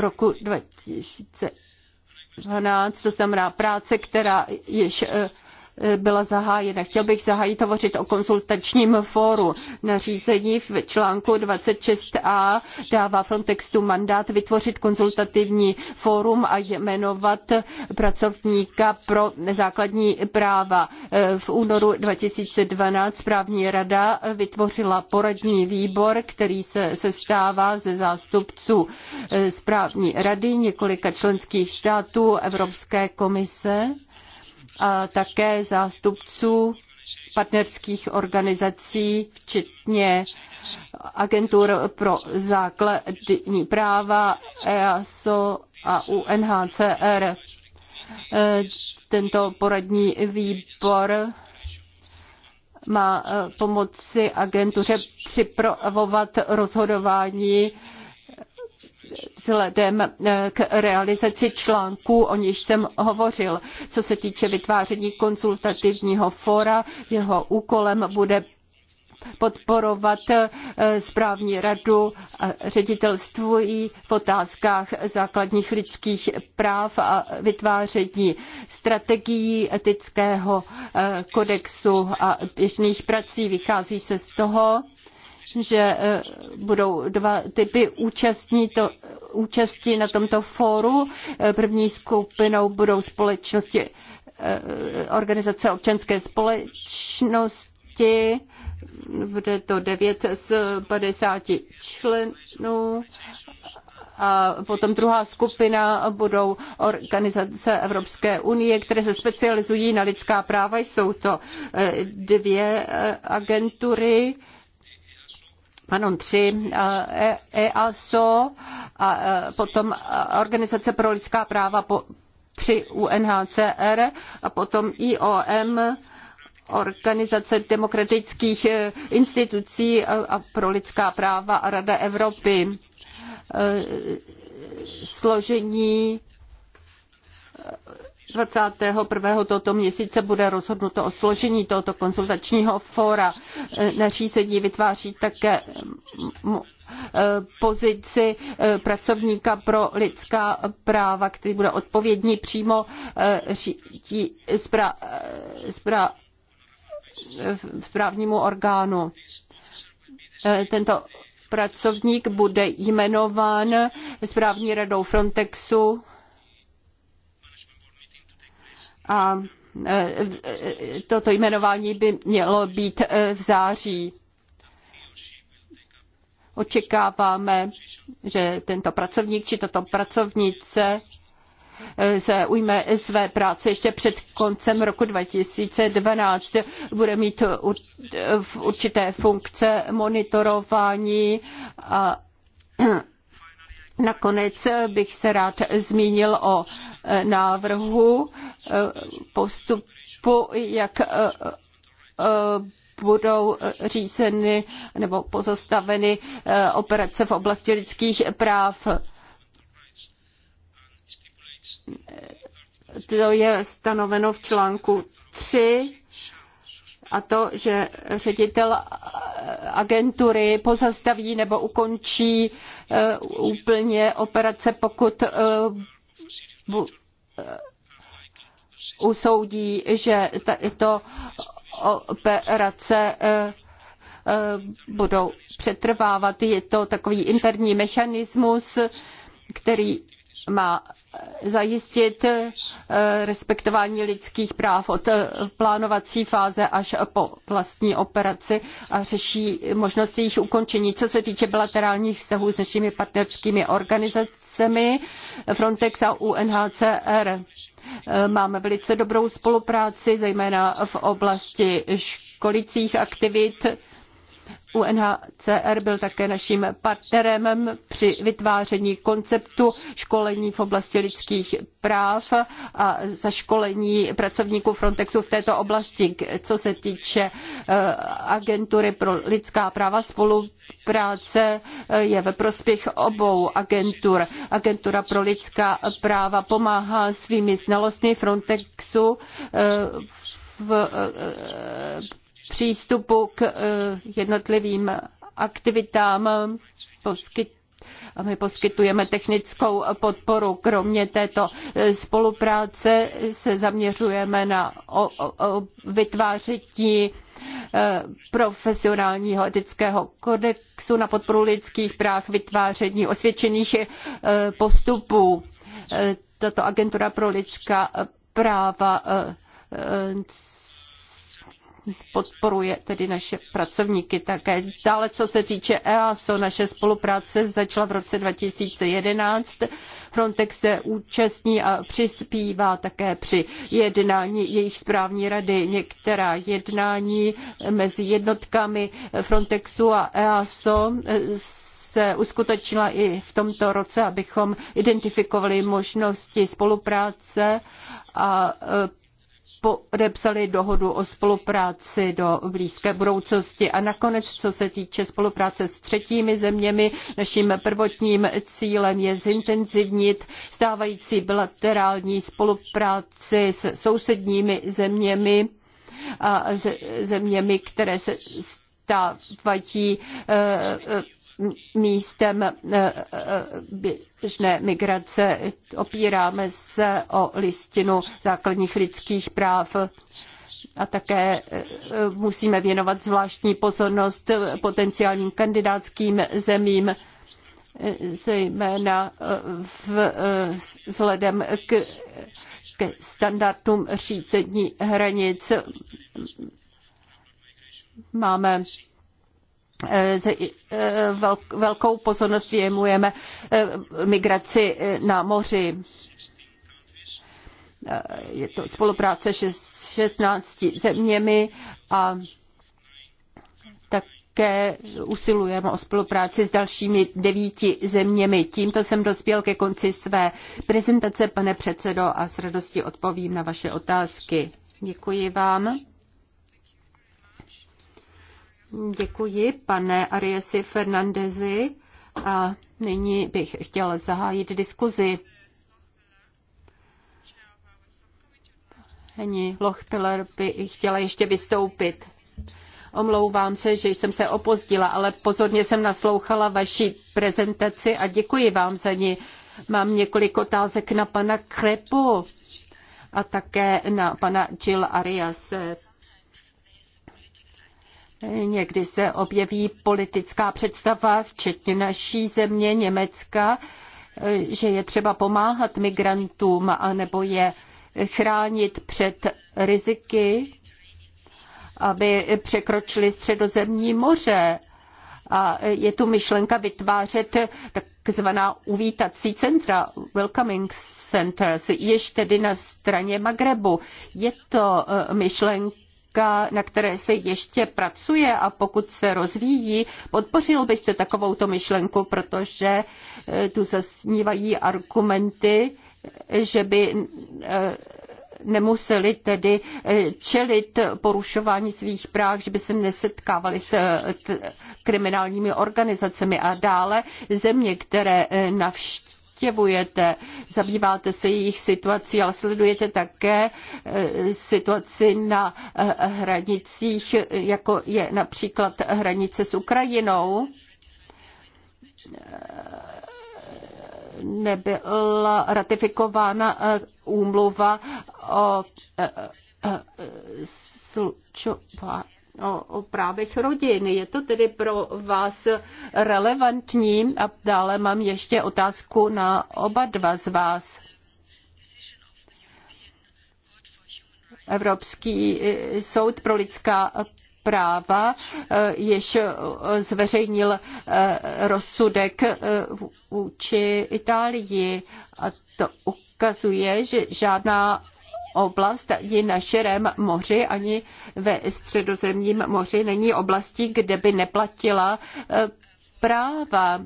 roku 2012, to znamená práce, která již byla zahájena. Chtěl bych zahájit hovořit o konsultačním fóru. Nařízení v článku 26a dává Frontextu mandát vytvořit konzultativní fórum a jmenovat pracovníka pro základní práva. V únoru 2012 právní rada vytvořila poradní výbor, který se sestává ze zástupců eh, správní rady několika členských států Evropské komise a také zástupců partnerských organizací, včetně agentur pro základní práva EASO a UNHCR. Tento poradní výbor má e, pomoci agentuře připravovat rozhodování vzhledem eh, k realizaci článků, o níž jsem hovořil. Co se týče vytváření konzultativního fóra, jeho úkolem bude podporovat eh, správní radu a ředitelství v otázkách základních lidských práv a vytváření strategií etického eh, kodexu a běžných prací. Vychází se z toho, že e, budou dva typy účastní to, účastí na tomto fóru. E, první skupinou budou společnosti, e, organizace občanské společnosti, bude to 9 z 50 členů a potom druhá skupina budou organizace Evropské unie, které se specializují na lidská práva. Jsou to dvě agentury, Anon 3, EASO a e, e e, potom Organizace pro lidská práva při UNHCR a potom IOM, Organizace demokratických institucí a pro lidská práva a Rada Evropy. Složení 21. tohoto měsíce bude rozhodnuto o složení tohoto konzultačního fóra. Nařízení vytváří také mm, mm, eh, pozici eh, pracovníka pro lidská práva, který bude odpovědný přímo eh, řídí správnímu orgánu. Tento pracovník bude jmenován správní radou Frontexu a e, e, toto jmenování by mělo být e, v září. Očekáváme, že tento pracovník či tato pracovnice se ujme své práce ještě před koncem roku 2012. Bude mít v určité funkce monitorování a Nakonec bych se rád zmínil o e, návrhu e, postupu, jak e, budou řízeny nebo pozastaveny operace v oblasti lidských práv. To je stanoveno v článku 3 a to, že ředitel agentury pozastaví nebo ukončí eh, úplně operace, pokud eh, eh, usoudí, že tyto operace budou přetrvávat. Je to takový interní mechanismus, který má zajistit eh, respektování lidských práv od eh, plánovací fáze až po vlastní operaci a řeší možnost jejich ukončení. Co se týče bilaterálních vztahů s našimi partnerskými organizacemi Frontex a UNHCR, eh, Máme velice dobrou spolupráci, zejména v oblasti školicích aktivit UNHCR byl také naším partnerem při vytváření konceptu školení v oblasti lidských práv a školení pracovníků Frontexu v této oblasti. Co se týče eh, agentury pro lidská práva, spolupráce eh, je ve prospěch obou agentur. Agentura pro lidská práva pomáhá svými znalostmi Frontexu eh, v přístupu k eh, jednotlivým aktivitám. a my poskytujeme technickou podporu. Kromě této eh, spolupráce se zaměřujeme na vytváření eh, profesionálního etického kodexu na podporu lidských práv, vytváření osvědčených postupů. Tato agentura pro lidská práva podporuje tedy naše pracovníky také. Dále, co se týče EASO, naše spolupráce začala v roce 2011. Frontex se účastní a přispívá také při jednání jejich správní rady. Některá jednání mezi jednotkami Frontexu a EASO se uskutečnila i v tomto roce, abychom identifikovali možnosti spolupráce a podepsali dohodu o spolupráci do blízké budoucnosti. A nakonec, co se týče spolupráce s třetími zeměmi, naším prvotním cílem je zintenzivnit stávající bilaterální spolupráci s sousedními zeměmi a zeměmi, které se stávají eh, eh, místem eh, eh, běžné migrace. Opíráme se o listinu základních lidských práv a také eh, musíme věnovat zvláštní pozornost potenciálním kandidátským zemím, zejména vzhledem k, k standardům řízení hranic. Máme Eh, eh, velkou pozornost věnujeme eh, migraci na moři. Je to spolupráce s 16 zeměmi a také usilujeme o spolupráci s dalšími devíti zeměmi. Tímto jsem dospěl ke konci své prezentace, pane předsedo, a s radostí odpovím na vaše otázky. Děkuji vám. Děkuji, pane Ariesi Fernandezi. A nyní bych chtěl zahájit diskuzi. Hení Lochpiller by chtěla ještě vystoupit. Omlouvám se, že jsem se opozdila, ale pozorně jsem naslouchala vaší prezentaci a děkuji vám za ní. Mám několik otázek na pana Krepo a také na pana Jill Ariase. Někdy se objeví politická představa, včetně naší země Německa, že je třeba pomáhat migrantům anebo je chránit před riziky, aby překročili středozemní moře. A je tu myšlenka vytvářet takzvaná uvítací centra, welcoming centers, jež tedy na straně Magrebu. Je to eh, myšlenka, na které se ještě pracuje a pokud se rozvíjí, podpořil byste takovouto myšlenku, protože e, tu zasnívají argumenty, že by e, nemuseli tedy e, čelit porušování svých práv, že by se nesetkávali s kriminálními organizacemi a dále země, které navští navštěvujete, zabýváte se jejich situací, ale sledujete také eh, situaci na eh, hranicích, jako je například hranice s Ukrajinou eh, nebyla ratifikována úmluva o slučování o, o právech rodin. Je to tedy pro vás relevantní? A dále mám ještě otázku na oba dva z vás. Evropský e, soud pro lidská práva e, jež e, zveřejnil rozsudek vůči Itálii a to ukazuje, že žádná oblast ani na širém moři, ani ve středozemním moři není oblasti, kde by neplatila e, práva.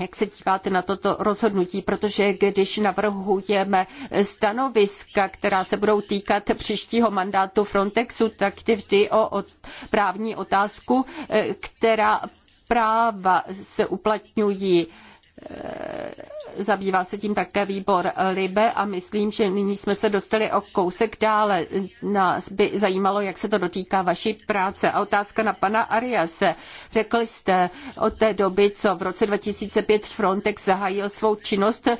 Jak se díváte na toto rozhodnutí? Protože když navrhujeme stanoviska, která se budou týkat příštího mandátu Frontexu, tak ty vždy o, právní otázku, e, která práva se uplatňují e, zabývá se tím také výbor Libe a myslím, že nyní jsme se dostali o kousek dále. Nás by zajímalo, jak se to dotýká vaší práce. A otázka na pana Ariase. Řekli jste od té doby, co v roce 2005 Frontex zahájil svou činnost, e,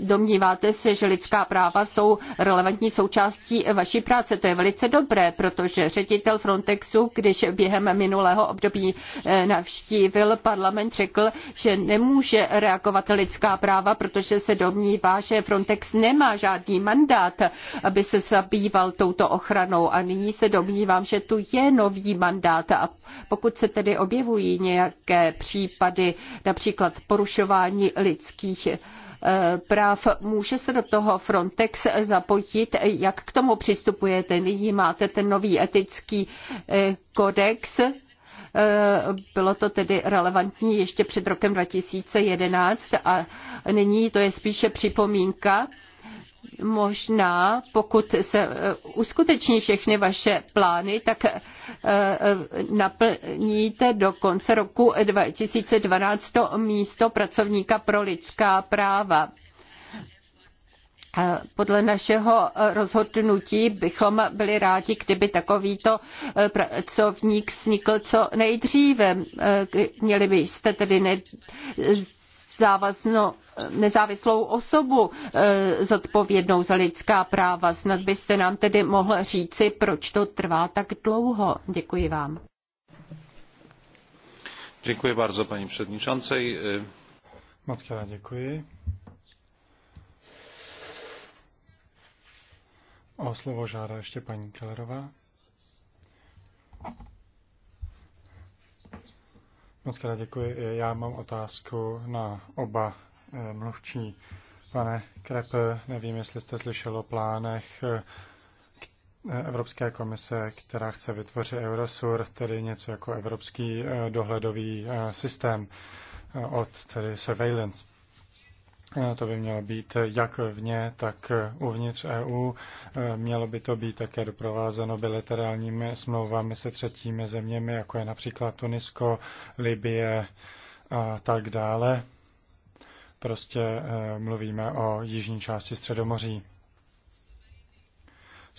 domníváte se, že lidská práva jsou relevantní součástí vaší práce. To je velice dobré, protože ředitel Frontexu, když během minulého období e, navštívil parlament, řekl, že nemůže reagovat lidská práva práva, protože se domnívá, že Frontex nemá žádný mandát, aby se zabýval touto ochranou. A nyní se domnívám, že tu je nový mandát. A pokud se tedy objevují nějaké případy, například porušování lidských eh, práv. Může se do toho Frontex zapojit? Jak k tomu přistupujete? Nyní máte ten nový etický eh, kodex Eh, bylo to tedy relevantní ještě před rokem 2011 a nyní to je spíše připomínka. Možná, pokud se eh, uskuteční všechny vaše plány, tak eh, naplníte do konce roku 2012 to místo pracovníka pro lidská práva podle našeho e, rozhodnutí bychom byli rádi, kdyby takovýto e, pracovník vznikl co nejdříve. E, měli byste tedy ne závazno, nezávislou osobu zodpovědnou za lidská práva. Snad byste nám tedy mohl říci, proč to trvá tak dlouho. Děkuji vám. Děkuji bardzo paní předničancej. Moc děkuji. O slovo žádá ještě paní Kellerová. Moc krát děkuji. Já mám otázku na oba eh, mluvčí. Pane Krep, nevím, jestli jste slyšel o plánech eh, Evropské komise, která chce vytvořit Eurosur, tedy něco jako evropský eh, dohledový systém od tedy surveillance. Eh, to by mělo být jak vně, tak uvnitř EU. Eh, mělo by to být také doprovázeno bilaterálními smlouvami se třetími zeměmi, jako je například Tunisko, Libie a tak dále. Prostě eh, mluvíme o jižní části Středomoří.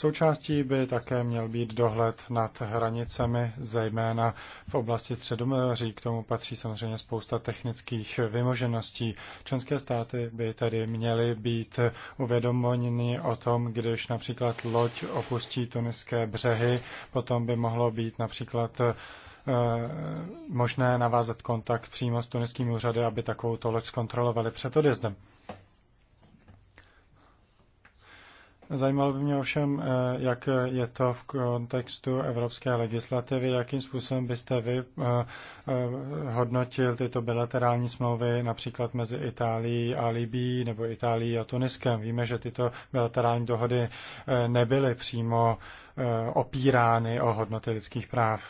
Součástí by také měl být dohled nad hranicemi, zejména v oblasti Středomoří. K tomu patří samozřejmě spousta technických vymožeností. Členské státy by tedy měly být uvědoměny o tom, když například loď opustí tuniské břehy, potom by mohlo být například eh, možné navázat kontakt přímo s tuniským úřady, aby takovou loď zkontrolovali před odjezdem. Zajímalo by mě ovšem, eh, jak je to v kontextu evropské legislativy, jakým způsobem byste vy eh, eh, hodnotil tyto bilaterální smlouvy například mezi Itálií a Libií nebo Itálií a Tuniskem. Víme, že tyto bilaterální dohody nebyly přímo opírány o hodnoty lidských práv.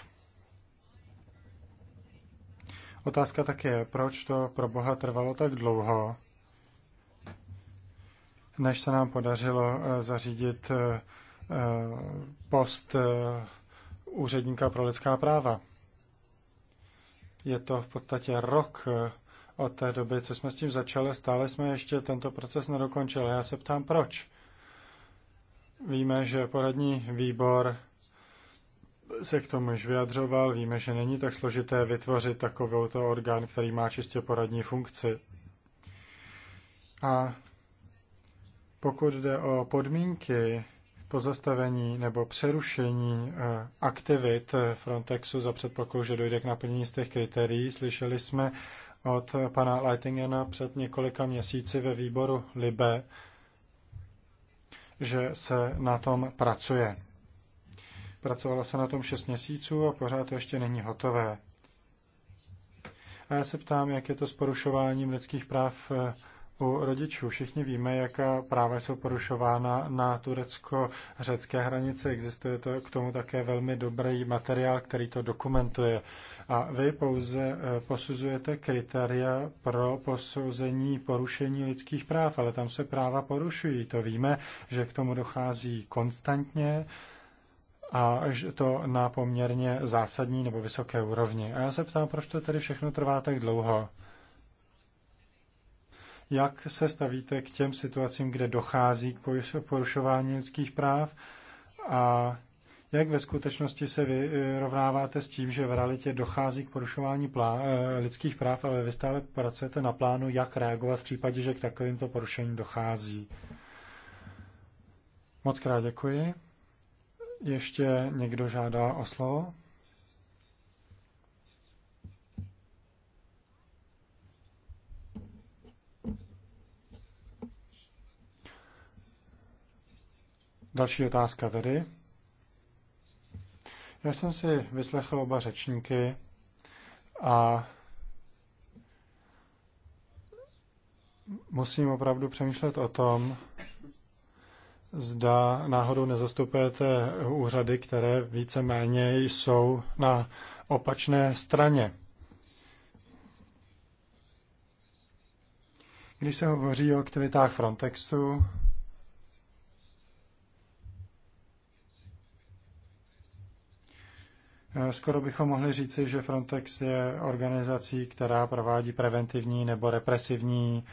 Otázka také, proč to pro Boha trvalo tak dlouho, než se nám podařilo eh, zařídit eh, eh, post úředníka pro lidská práva. Je to v podstatě rok od té doby, co jsme s tím začali, stále jsme ještě tento proces nedokončili. Já se ptám, proč? Víme, že poradní výbor se k tomu již vyjadřoval. Víme, že není tak složité vytvořit takovouto orgán, který má čistě poradní funkci. A pokud jde o podmínky pozastavení nebo přerušení eh, aktivit Frontexu za předpokladu, že dojde k naplnění z těch kritérií, slyšeli jsme od pana Leitingena před několika měsíci ve výboru Libe, že se na tom pracuje. Pracovalo se na tom 6 měsíců a pořád to ještě není hotové. A já se ptám, jak je to s porušováním lidských práv eh, u rodičů. Všichni víme, jaká práva jsou porušována na turecko-řecké hranici. Existuje to k tomu také velmi dobrý materiál, který to dokumentuje. A vy pouze eh, posuzujete kritéria pro posouzení porušení lidských práv, ale tam se práva porušují. To víme, že k tomu dochází konstantně a to na poměrně zásadní nebo vysoké úrovni. A já se ptám, proč to tedy všechno trvá tak dlouho? Jak se stavíte k těm situacím, kde dochází k porušování lidských práv a jak ve skutečnosti se vyrovnáváte eh, s tím, že v realitě dochází k porušování eh, lidských práv, ale vy stále pracujete na plánu, jak reagovat v případě, že k takovýmto porušením dochází? Moc krát děkuji. Ještě někdo žádá o slovo? Další otázka tedy. Já jsem si vyslechl oba řečníky a musím opravdu přemýšlet o tom, zda náhodou nezastupujete úřady, které víceméně jsou na opačné straně. Když se hovoří o aktivitách Frontexu, Eh, skoro bychom mohli říci, že Frontex je organizací, která provádí preventivní nebo represivní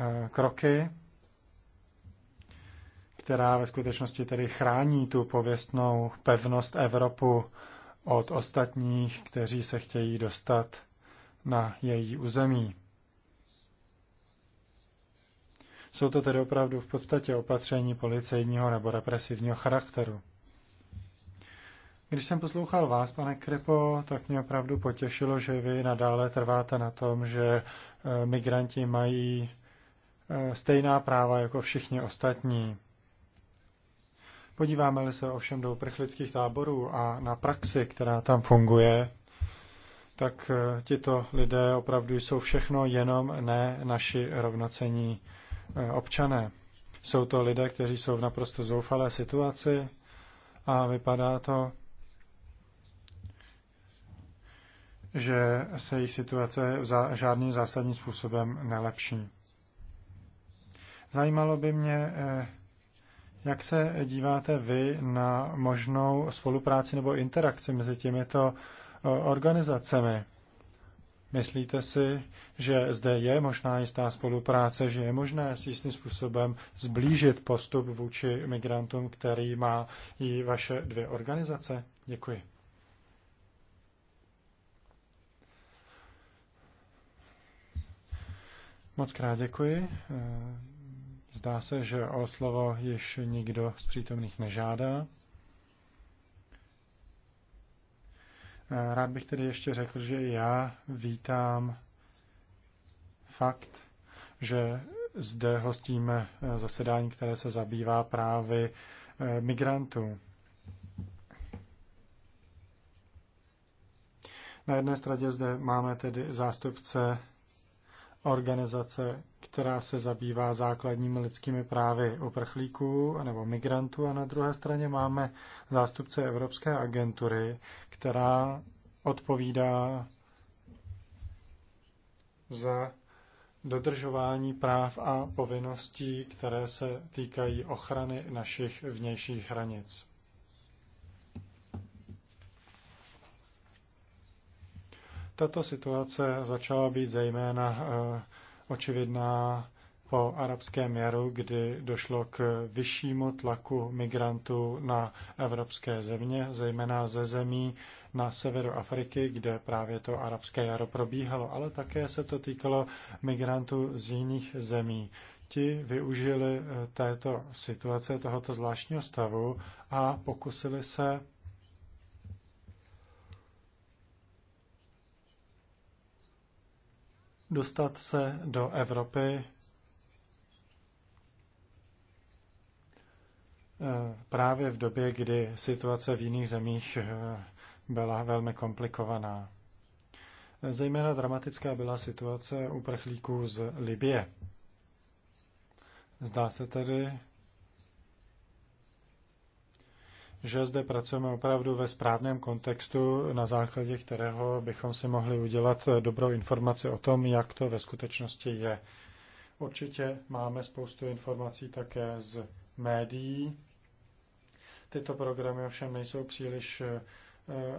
eh, kroky, která ve skutečnosti tedy chrání tu pověstnou pevnost Evropu od ostatních, kteří se chtějí dostat na její území. Jsou to tedy opravdu v podstatě opatření policejního nebo represivního charakteru. Když jsem poslouchal vás, pane Krepo, tak mě opravdu potěšilo, že vy nadále trváte na tom, že eh, migranti mají eh, stejná práva jako všichni ostatní. Podíváme-li se ovšem do uprchlických táborů a na praxi, která tam funguje, tak eh, tito lidé opravdu jsou všechno jenom ne naši rovnocení občané. Jsou to lidé, kteří jsou v naprosto zoufalé situaci a vypadá to, že se jejich situace za žádným zásadním způsobem nelepší. Zajímalo by mě, eh, jak se díváte vy na možnou spolupráci nebo interakci mezi těmito eh, organizacemi? Myslíte si, že zde je možná jistá spolupráce, že je možné s jistým způsobem zblížit postup vůči migrantům, který má i vaše dvě organizace? Děkuji. Moc krát děkuji. Eh, zdá se, že o slovo již nikdo z přítomných nežádá. Eh, rád bych tedy ještě řekl, že já vítám fakt, že zde hostíme eh, zasedání, které se zabývá právy migrantů. Na jedné straně zde máme tedy zástupce organizace, která se zabývá základními lidskými právy uprchlíků nebo migrantů a na druhé straně máme zástupce Evropské agentury, která odpovídá za dodržování práv a povinností, které se týkají ochrany našich vnějších hranic. Tato situace začala být zejména eh, očividná po arabském jaru, kdy došlo k vyššímu tlaku migrantů na evropské země, zejména ze zemí na severu Afriky, kde právě to arabské jaro probíhalo, ale také se to týkalo migrantů z jiných zemí. Ti využili eh, této situace, tohoto zvláštního stavu a pokusili se dostat se do Evropy eh, právě v době, kdy situace v jiných zemích eh, byla velmi komplikovaná. Zejména dramatická byla situace uprchlíků z Libie. Zdá se tedy, že zde pracujeme opravdu ve správném kontextu, na základě kterého bychom si mohli udělat dobrou informaci o tom, jak to ve skutečnosti je. Určitě máme spoustu informací také z médií. Tyto programy ovšem nejsou příliš eh,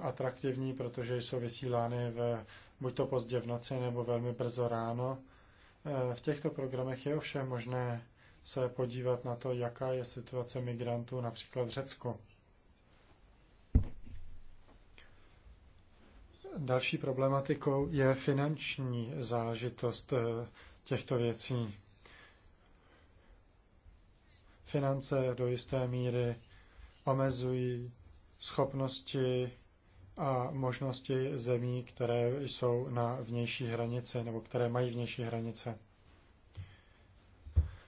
atraktivní, protože jsou vysílány ve, buď to pozdě v noci nebo velmi brzo ráno. Eh, v těchto programech je ovšem možné se podívat na to, jaká je situace migrantů například v Řecku. Další problematikou je finanční záležitost eh, těchto věcí. Finance do jisté míry omezují schopnosti a možnosti zemí, které jsou na vnější hranici nebo které mají vnější hranice.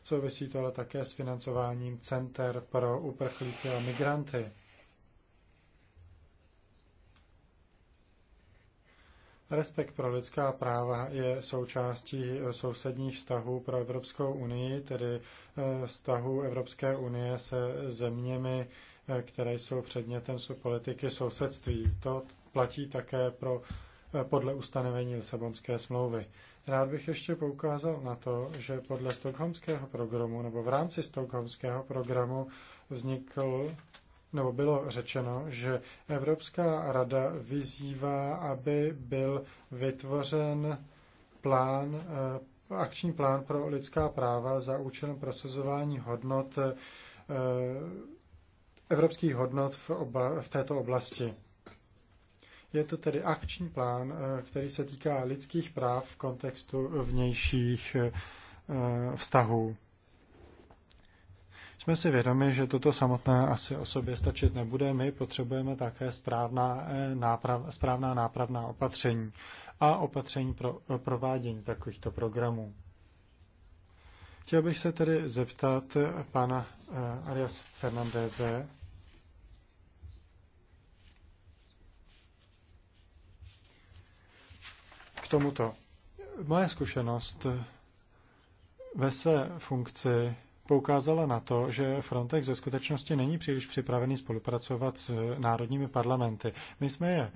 Souvisí to ale také s financováním center pro uprchlíky a migranty. Respekt pro lidská práva je součástí sousedních vztahů pro Evropskou unii, tedy eh, vztahu Evropské unie se zeměmi, eh, které jsou předmětem politiky sousedství. To platí také pro eh, podle ustanovení Lisabonské smlouvy. Rád bych ještě poukázal na to, že podle stokholmského programu nebo v rámci stokholmského programu vznikl nebo bylo řečeno, že Evropská rada vyzývá, aby byl vytvořen plán, eh, akční plán pro lidská práva za účelem prosazování hodnot, eh, evropských hodnot v, obla, v této oblasti. Je to tedy akční plán, eh, který se týká lidských práv v kontextu vnějších vztahů. Jsme si vědomi, že toto samotné asi o sobě stačit nebude. My potřebujeme také správná, eh, náprav, správná nápravná opatření a opatření pro eh, provádění takovýchto programů. Chtěl bych se tedy zeptat eh, pana Arias Fernandeze, k tomuto. Moje zkušenost ve své funkci poukázala na to, že Frontex ve skutečnosti není příliš připravený spolupracovat s národními parlamenty. My jsme je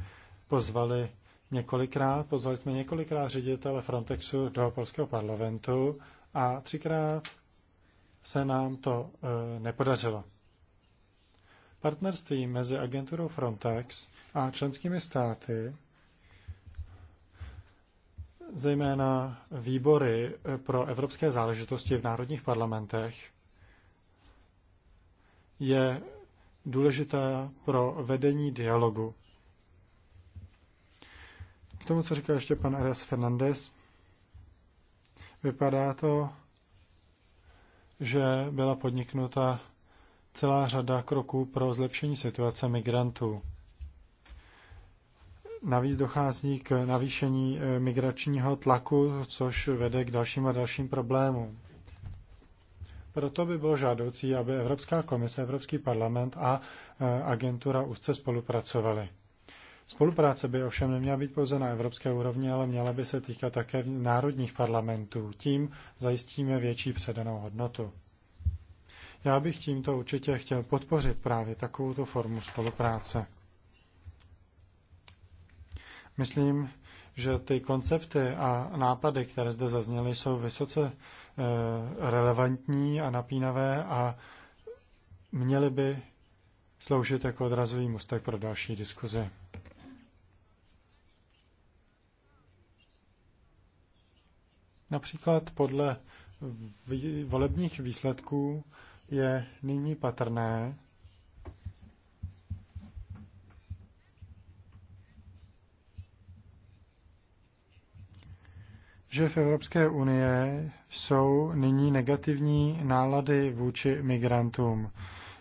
pozvali několikrát, pozvali jsme několikrát ředitele Frontexu do polského parlamentu a třikrát se nám to e, nepodařilo. Partnerství mezi agenturou Frontex a členskými státy zejména výbory pro evropské záležitosti v národních parlamentech, je důležitá pro vedení dialogu. K tomu, co říká ještě pan Arias Fernandez, vypadá to, že byla podniknuta celá řada kroků pro zlepšení situace migrantů. Navíc dochází k navýšení eh, migračního tlaku, což vede k dalším a dalším problémům. Proto by bylo žádoucí, aby Evropská komise, Evropský parlament a eh, agentura úzce spolupracovaly. Spolupráce by ovšem neměla být pouze na evropské úrovni, ale měla by se týkat také národních parlamentů. Tím zajistíme větší předanou hodnotu. Já bych tímto určitě chtěl podpořit právě takovouto formu spolupráce. Myslím, že ty koncepty a nápady, které zde zazněly, jsou vysoce eh, relevantní a napínavé a měly by sloužit jako odrazový mustek pro další diskuzi. Například podle volebních výsledků je nyní patrné, že v Evropské unie jsou nyní negativní nálady vůči migrantům.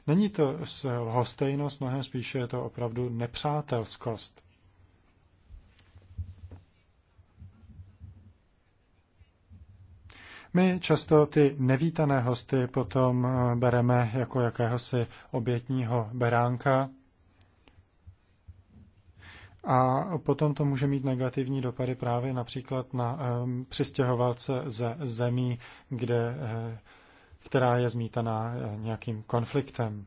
Není to hostejnost, mnohem spíše je to opravdu nepřátelskost. My často ty nevítané hosty potom bereme jako jakéhosi obětního beránka a potom to může mít negativní dopady právě například na eh, přistěhovalce ze zemí, kde, eh, která je zmítaná eh, nějakým konfliktem.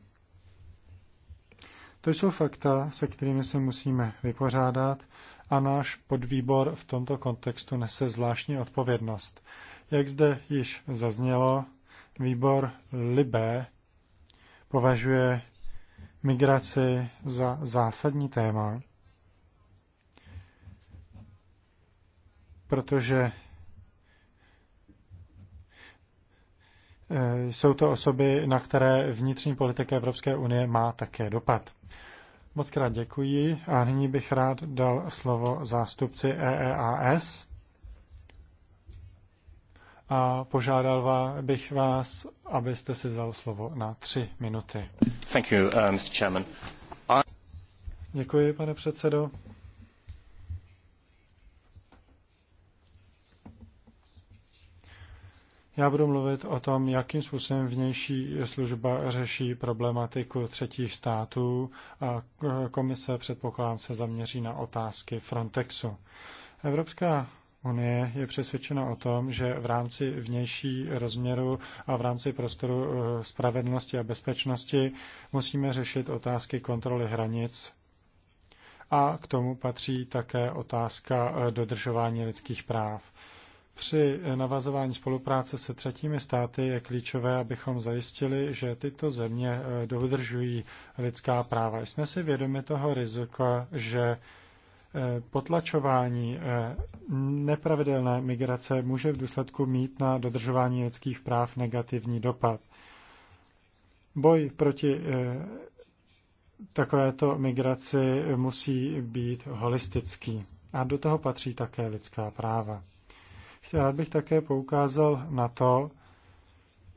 To jsou fakta, se kterými se musíme vypořádat a náš podvýbor v tomto kontextu nese zvláštní odpovědnost. Jak zde již zaznělo, výbor Libé považuje migraci za zásadní téma protože eh, jsou to osoby, na které vnitřní politika Evropské unie má také dopad. Moc krát děkuji a nyní bych rád dal slovo zástupci EEAS a požádal bych vás, abyste si vzal slovo na tři minuty. Thank you, uh, Mr. Chairman. I... Děkuji, pane předsedo. Já budu mluvit o tom, jakým způsobem vnější služba řeší problematiku třetích států a komise předpokládám se zaměří na otázky Frontexu. Evropská Unie je přesvědčena o tom, že v rámci vnější rozměru a v rámci prostoru eh, spravedlnosti a bezpečnosti musíme řešit otázky kontroly hranic a k tomu patří také otázka eh, dodržování lidských práv. Při navazování spolupráce se třetími státy je klíčové, abychom zajistili, že tyto země eh, dodržují lidská práva. Jsme si vědomi toho rizika, že eh, potlačování eh, nepravidelné migrace může v důsledku mít na dodržování lidských práv negativní dopad. Boj proti takovéto migraci musí být holistický a do toho patří také lidská práva. Rád bych také poukázal na to,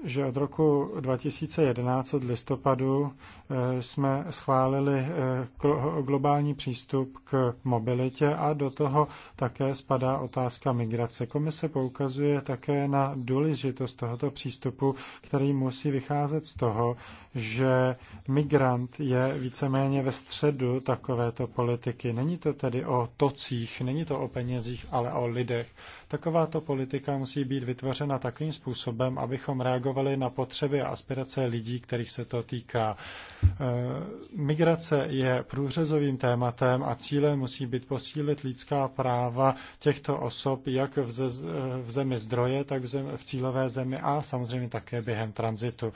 že od roku 2011 od listopadu eh, jsme schválili eh, globální přístup k mobilitě a do toho také spadá otázka migrace. Komise poukazuje také na důležitost tohoto přístupu, který musí vycházet z toho, že migrant je víceméně ve středu takovéto politiky. Není to tedy o tocích, není to o penězích, ale o lidech. Takováto politika musí být vytvořena takovým způsobem, abychom reagovali na potřeby a aspirace lidí, kterých se to týká. E, migrace je průřezovým tématem a cílem musí být posílit lidská práva těchto osob jak v e, zemi zdroje, tak v cílové zemi a samozřejmě také během tranzitu.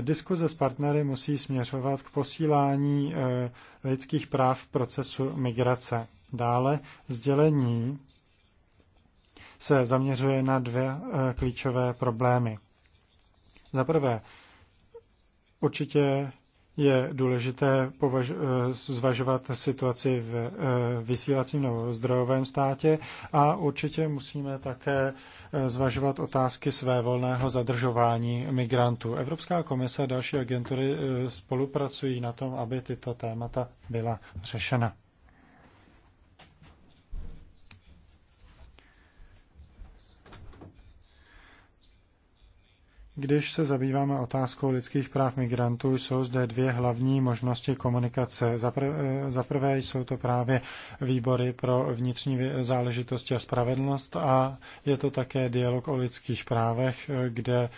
Diskuze s partnery musí směřovat k posílání eh, lidských práv v procesu migrace. Dále sdělení se zaměřuje na dvě eh, klíčové problémy. Za prvé, určitě je důležité považ- eh, zvažovat situaci v eh, vysílacím nebo zdrojovém státě a určitě musíme také eh, zvažovat otázky své volného zadržování migrantů. Evropská komise a další agentury spolupracují na tom, aby tyto témata byla řešena. Když se zabýváme otázkou lidských práv migrantů, jsou zde dvě hlavní možnosti komunikace. Za eh, prvé jsou to právě výbory pro vnitřní záležitosti a spravedlnost a je to také dialog o lidských právech, eh, kde,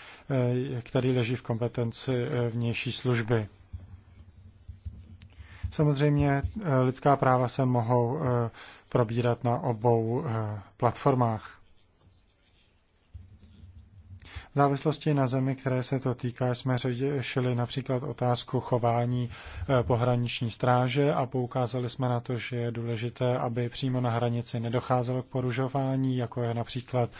eh, který leží v kompetenci vnější služby. Samozřejmě lidská práva se mohou probírat na obou platformách. V závislosti na zemi, které se to týká, jsme řešili například otázku chování eh, pohraniční stráže a poukázali jsme na to, že je důležité, aby přímo na hranici nedocházelo k porušování, jako je například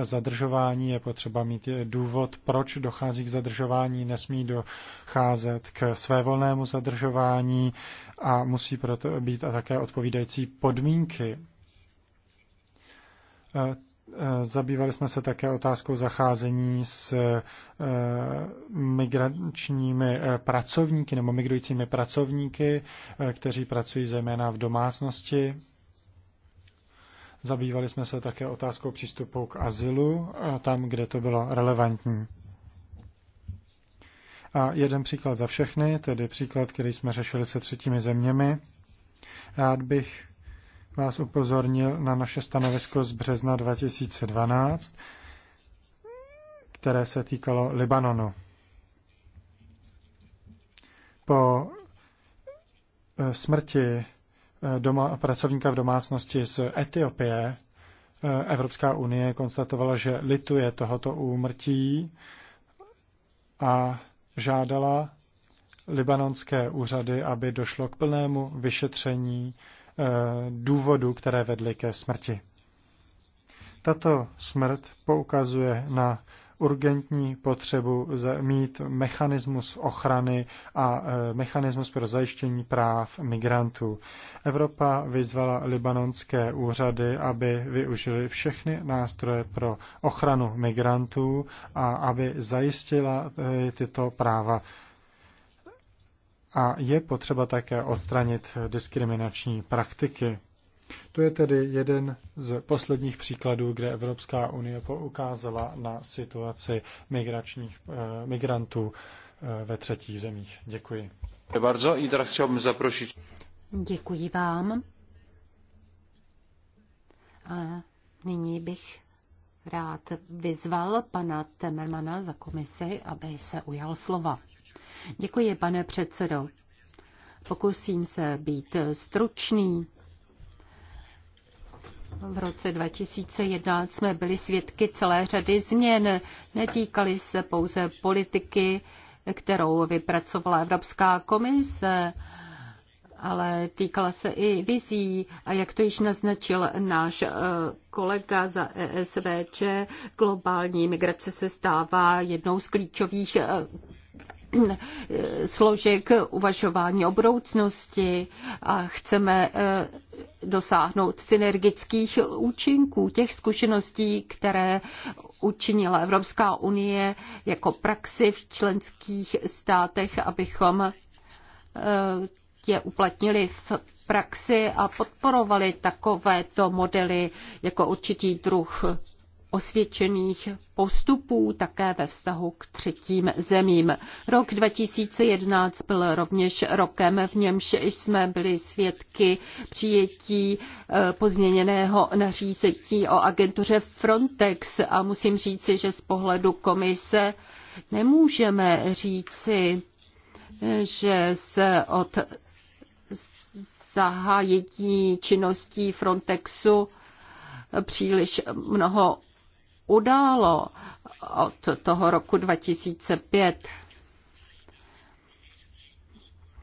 zadržování. Je potřeba mít důvod, proč dochází k zadržování, nesmí docházet k svévolnému zadržování a musí proto být a také odpovídající podmínky eh, Eh, zabývali jsme se také otázkou zacházení s eh, migračními eh, pracovníky nebo migrujícími pracovníky, kteří pracují zejména v domácnosti. Zabývali jsme se také otázkou přístupu k azylu, tam, kde to bylo relevantní. A jeden příklad za všechny, tedy příklad, který jsme řešili se třetími zeměmi. Rád bych vás upozornil na naše stanovisko z března 2012, které se týkalo Libanonu. Po eh, smrti eh, doma, pracovníka v domácnosti z Etiopie eh, Evropská unie konstatovala, že lituje tohoto úmrtí a žádala libanonské úřady, aby došlo k plnému vyšetření Eh, důvodů, které vedly ke smrti. Tato smrt poukazuje na urgentní potřebu mít mechanismus ochrany a eh, mechanismus pro zajištění práv migrantů. Evropa vyzvala libanonské úřady, aby využili všechny nástroje pro ochranu migrantů a aby zajistila eh, tyto práva a je potřeba také odstranit diskriminační praktiky. To je tedy jeden z posledních příkladů, kde Evropská unie poukázala na situaci migračních, eh, migrantů eh, ve třetích zemích. Děkuji. i Děkuji vám. A nyní bych rád vyzval pana Temermana za komisi, aby se ujal slova. Děkuji, pane předsedo. Pokusím se být stručný. V roce 2011 jsme byli svědky celé řady změn. Netýkaly se pouze politiky, kterou vypracovala Evropská komise, ale týkala se i vizí a jak to již naznačil náš eh, kolega za ESVČ, globální migrace se stává jednou z klíčových eh, složek uvažování o budoucnosti a chceme eh, dosáhnout synergických účinků, těch zkušeností, které učinila Evropská unie jako praxi v členských státech, abychom eh, je uplatnili v praxi a podporovali takovéto modely jako určitý druh osvědčených postupů také ve vztahu k třetím zemím. Rok 2011 byl rovněž rokem, v němž jsme byli svědky přijetí eh, pozměněného nařízení o agentuře Frontex a musím říci, že z pohledu komise nemůžeme říci, že se od zahájení činností Frontexu příliš mnoho událo od toho roku 2005.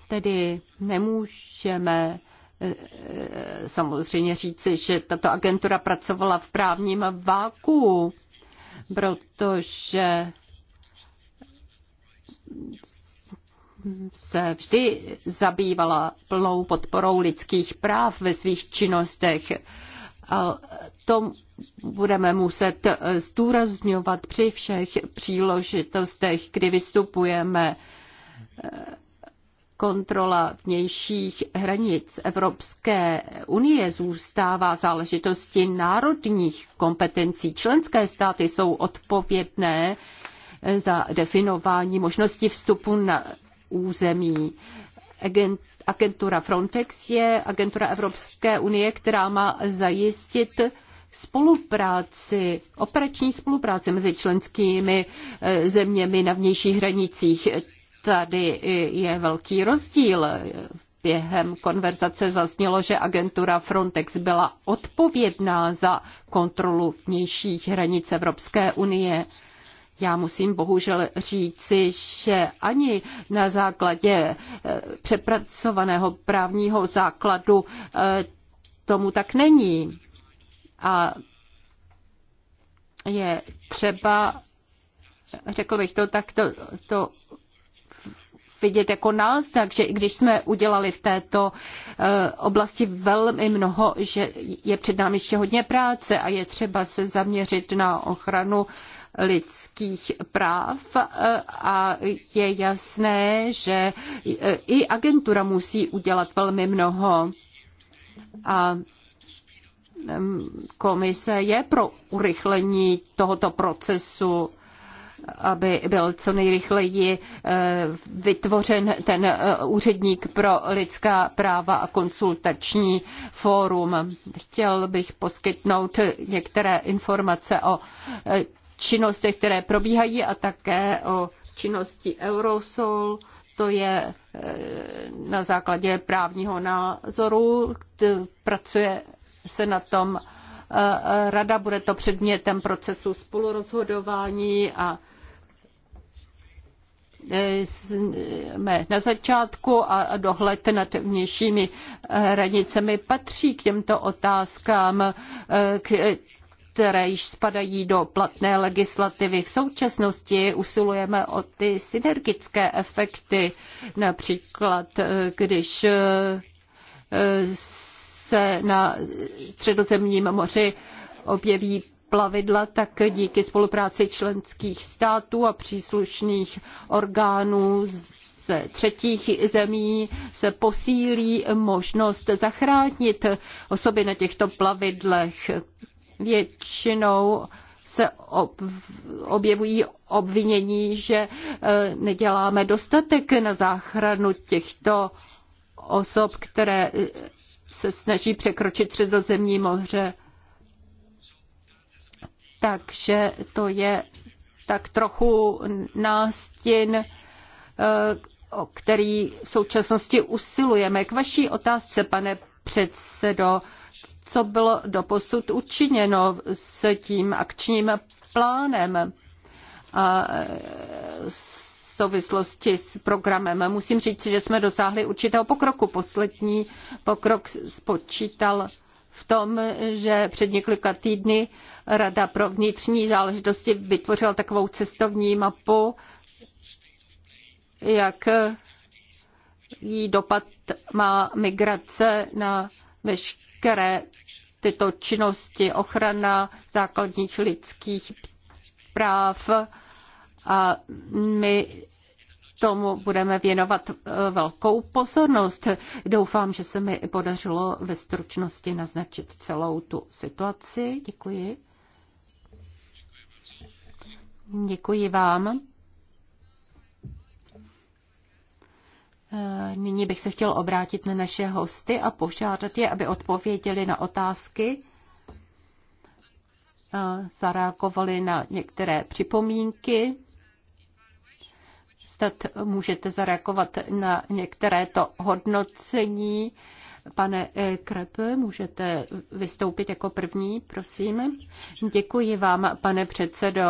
Tedy nemůžeme eh, samozřejmě říci, že tato agentura pracovala v právním váku, protože se vždy zabývala plnou podporou lidských práv ve svých činnostech to budeme muset zdůrazňovat při všech příležitostech, kdy vystupujeme kontrola vnějších hranic Evropské unie zůstává záležitosti národních kompetencí. Členské státy jsou odpovědné za definování možnosti vstupu na území. Agentura Frontex je agentura Evropské unie, která má zajistit spolupráci, operační spolupráci mezi členskými eh, zeměmi na vnějších hranicích. Tady je velký rozdíl. Během konverzace zaznělo, že agentura Frontex byla odpovědná za kontrolu vnějších hranic Evropské unie. Já musím bohužel říci, že ani na základě eh, přepracovaného právního základu eh, tomu tak není. A je třeba, řekl bych to tak, to, to vidět jako nás, takže i když jsme udělali v této eh, oblasti velmi mnoho, že je před námi ještě hodně práce a je třeba se zaměřit na ochranu lidských práv e, a je jasné, že e, i agentura musí udělat velmi mnoho. A komise je pro urychlení tohoto procesu aby byl co nejrychleji e, vytvořen ten úředník pro lidská práva a konsultační fórum. Chtěl bych poskytnout některé informace o činnostech, které probíhají a také o činnosti Eurosol. To je eh, na základě právního názoru. Pracuje se na tom eh, rada, bude to předmětem procesu spolurozhodování a eh, jsme na začátku a dohled nad vnějšími hranicemi patří k těmto otázkám, které již spadají do platné legislativy. V současnosti usilujeme o ty synergické efekty, například eh, když eh, se na středozemním moři objeví plavidla, tak díky spolupráci členských států a příslušných orgánů ze třetích zemí se posílí možnost zachránit osoby na těchto plavidlech. Většinou se ob, objevují obvinění, že e, neděláme dostatek na záchranu těchto osob, které e, se snaží překročit Středozemní moře. Takže to je tak trochu nástin, e, o který v současnosti usilujeme. K vaší otázce, pane předsedo, co bylo doposud učiněno s tím akčním plánem. A e, souvislosti s programem. Musím říct, že jsme dosáhli určitého pokroku. Poslední pokrok spočítal v tom, že před několika týdny Rada pro vnitřní záležitosti vytvořila takovou cestovní mapu, jak jí dopad má migrace na veškeré tyto činnosti, ochrana základních lidských práv a my tomu budeme věnovat eh, velkou pozornost. Doufám, že se mi podařilo ve stručnosti naznačit celou tu situaci. Děkuji. Děkuji vám. Eh, nyní bych se chtěl obrátit na naše hosty a požádat je, aby odpověděli na otázky, eh, zareagovali na některé připomínky. Stat můžete zareagovat na některé to hodnocení. Pane eh, Krepe, můžete vystoupit jako první, prosím. Děkuji vám, pane předsedo.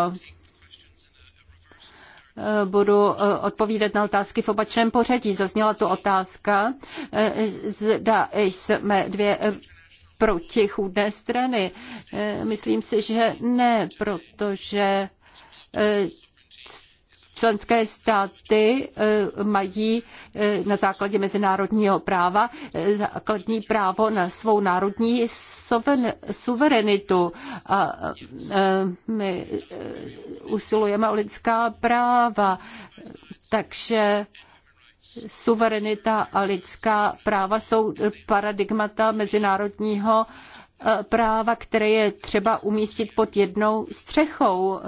Eh, budu eh, odpovídat na otázky v obačném pořadí. Zazněla tu otázka, eh, zda jsme dvě protichůdné strany. Myslím si, že ne, protože Členské státy e, mají e, na základě mezinárodního práva e, základní právo na svou národní suverenitu. A my usilujeme o lidská práva, takže suverenita a lidská práva jsou paradigmata mezinárodního práva, které je třeba umístit pod jednou střechou.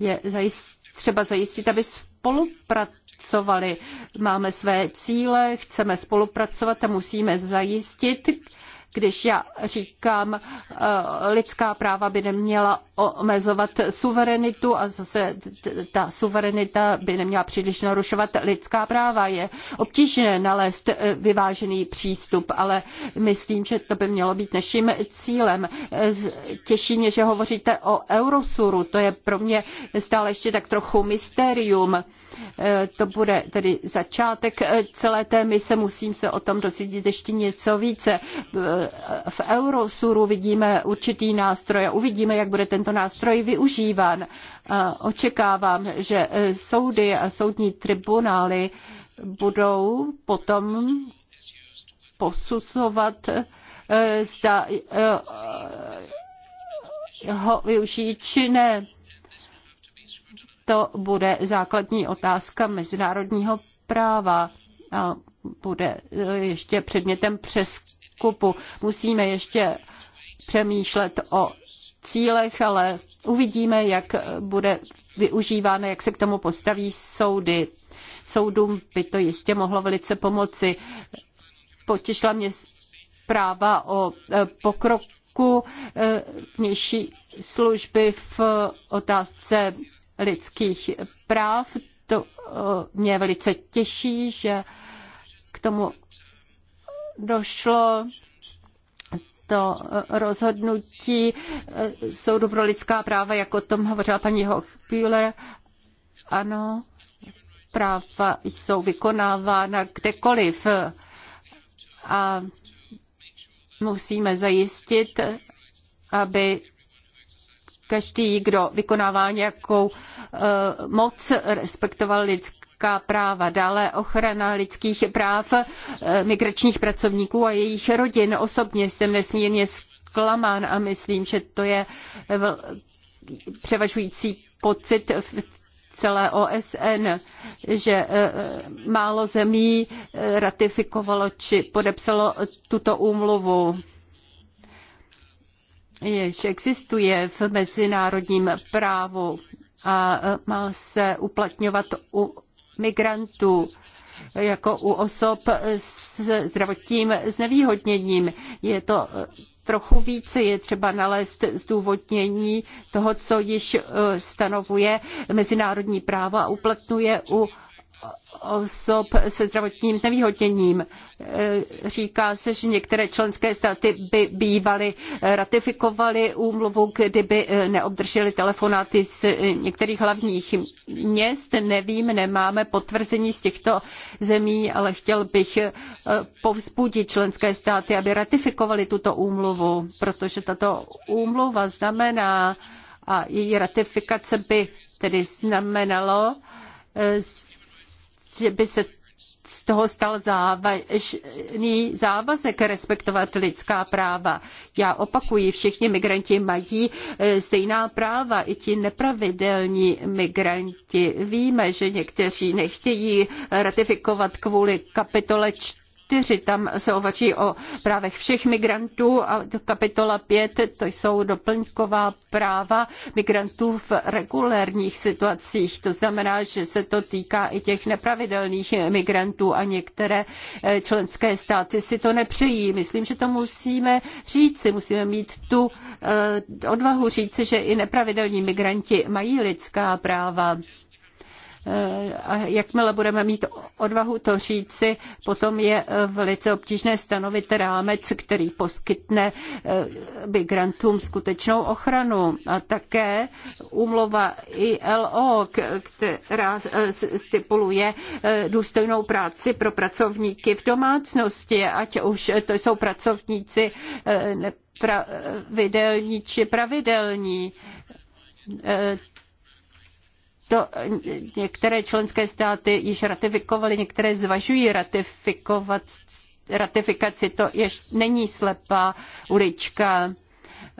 Je zajist třeba zajistit, aby spolupracovali. Máme své cíle, chceme spolupracovat a musíme zajistit, když já říkám, eh, lidská práva by neměla omezovat suverenitu a zase ta suverenita by neměla příliš narušovat lidská práva. Je obtížné nalézt eh, vyvážený přístup, ale myslím, že to by mělo být naším cílem. Eh, těší mě, že hovoříte o Eurosuru. To je pro mě stále ještě tak trochu mystérium. Eh, to bude tedy začátek celé té mise. Musím se o tom dozvědět ještě něco více. V Eurosuru vidíme určitý nástroj a uvidíme, jak bude tento tento nástroj využíván. očekávám, že soudy a soudní tribunály budou potom posuzovat, e, zda e, ho využijí či ne. To bude základní otázka mezinárodního práva a bude e, ještě předmětem přeskupu. Musíme ještě přemýšlet o cílech, ale uvidíme, jak bude využíváno, jak se k tomu postaví soudy. Soudům by to jistě mohlo velice pomoci. Potěšila mě zpráva o e, pokroku e, vnější služby v otázce lidských práv. To e, mě velice těší, že k tomu došlo to rozhodnutí Soudu pro lidská práva, jako o tom hovořila paní Hochbühler. Ano, práva jsou vykonávána kdekoliv a musíme zajistit, aby každý, kdo vykonává nějakou eh, moc, respektoval lidská lidská práva, dále ochrana lidských práv eh, migračních pracovníků a jejich rodin. Osobně jsem nesmírně zklamán a myslím, že to je převažující pocit v celé OSN, že eh, eh, málo zemí ratifikovalo či podepsalo tuto úmluvu. Jež existuje v mezinárodním právu a má se uplatňovat u migrantů jako u osob s zdravotním znevýhodněním. Je to trochu více, je třeba nalézt zdůvodnění toho, co již stanovuje mezinárodní právo a uplatňuje u osob se zdravotním znevýhodněním. E, říká se, že některé členské státy by bývaly ratifikovaly úmluvu, kdyby e, neobdrželi telefonáty z e, některých hlavních měst. Nevím, nemáme potvrzení z těchto zemí, ale chtěl bych povzbudit členské státy, aby ratifikovali tuto úmluvu, protože tato úmluva znamená a její ratifikace by tedy znamenalo že by se z toho stal závažný závazek respektovat lidská práva. Já opakuji, všichni migranti mají e, stejná práva, i ti nepravidelní migranti. Víme, že někteří nechtějí ratifikovat kvůli kapitole 4 4, tam se hovoří o právech všech migrantů a kapitola 5, to jsou doplňková práva migrantů v regulérních situacích. To znamená, že se to týká i těch nepravidelných migrantů a některé eh, členské státy si to nepřejí. Myslím, že to musíme říci, musíme mít tu eh, odvahu říci, že i nepravidelní migranti mají lidská práva a jakmile budeme mít odvahu to říci, potom je velice obtížné stanovit rámec, který poskytne migrantům eh, skutečnou ochranu. A také úmluva ILO, která eh, stipuluje eh, důstojnou práci pro pracovníky v domácnosti, ať už to jsou pracovníci pravidelní či pravidelní to některé členské státy již ratifikovaly, některé zvažují ratifikovat ratifikaci. To ještě není slepá ulička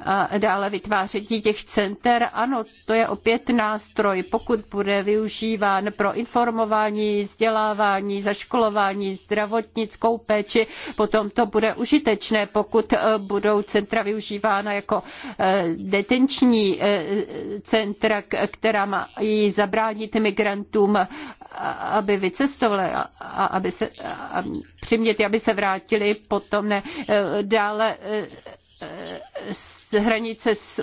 a dále vytváření těch center. Ano, to je opět nástroj, pokud bude využíván pro informování, vzdělávání, zaškolování, zdravotnickou péči, potom to bude užitečné, pokud eh, budou centra využívána jako eh, detenční eh, centra, která mají zabránit migrantům, aby vycestovali a aby se, a přimět, aby se vrátili, potom ne. Dále z hranice s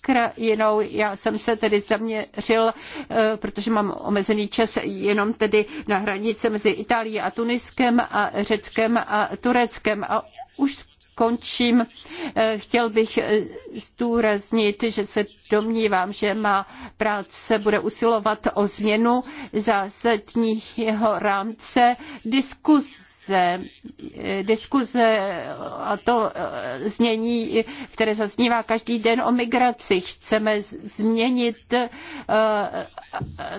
Ukrajinou. Já jsem se tedy zaměřil, eh, protože mám omezený čas, jenom tedy na hranice mezi Itálií a Tuniskem a Řeckem a Tureckem. A už končím. Eh, chtěl bych eh, zdůraznit, že se domnívám, že má práce bude usilovat o změnu zásadního rámce diskuze diskuze, eh, diskuze a to eh, znění, které zaznívá každý den o migraci. Chceme změnit eh,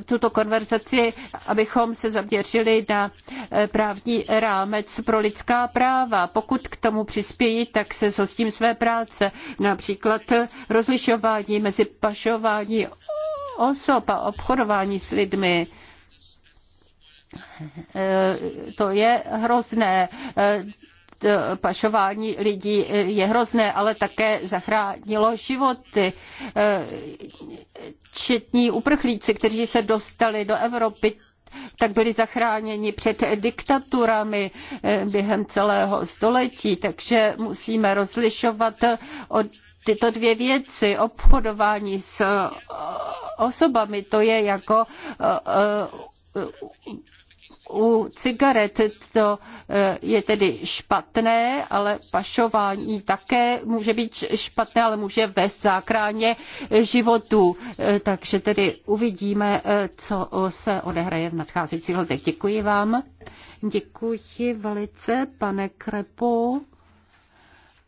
tuto konverzaci, abychom se zaměřili na právní rámec pro lidská práva. Pokud k tomu přispějí, tak se zhostím své práce, například rozlišování mezi pašování osob a obchodování s lidmi. Eh, to je hrozné eh, pašování lidí je hrozné, ale také zachránilo životy. Eh, četní uprchlíci, kteří se dostali do Evropy, tak byli zachráněni před diktaturami během celého století, takže musíme rozlišovat od tyto dvě věci, obchodování s osobami, to je jako u cigaret. To eh, je tedy špatné, ale pašování také může být špatné, ale může vést zákráně životů. Eh, takže tedy uvidíme, eh, co se odehraje v nadcházejících letech. Děkuji vám. Děkuji velice, pane Krepo.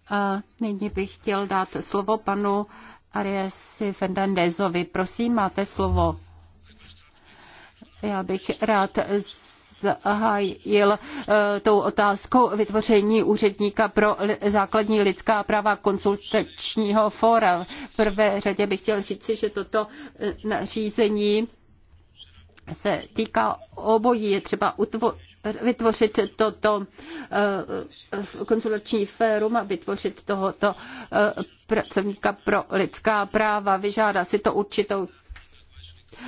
A nyní bych chtěl dát slovo panu Ariesi Fernandezovi. Prosím, máte slovo. Já bych rád z zahájil eh, tou otázkou vytvoření úředníka pro základní lidská práva konsultačního fóra. V prvé řadě bych chtěl říci, že toto eh, nařízení se týká obojí. Je třeba vytvořit toto eh, konsultační férum a vytvořit tohoto pracovníka pro lidská práva. Vyžádá si to určitou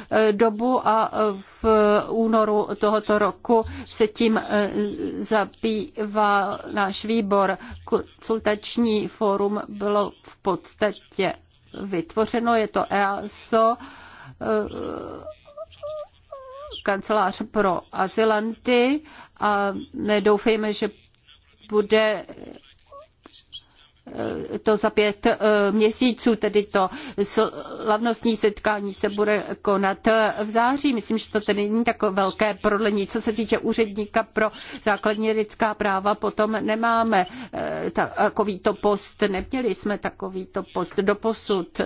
Eh, dobu a eh, v únoru tohoto roku se tím eh, zabýval náš výbor. Konsultační fórum bylo v podstatě vytvořeno, je to EASO, kancelář pro azylanty a doufejme, že bude to za pět eh, měsíců, tedy to slavnostní setkání se bude konat eh, v září. Myslím, že to tedy není tak velké prodlení. Co se týče úředníka pro základní lidská práva, potom nemáme eh, takovýto post, neměli jsme takovýto post do posud.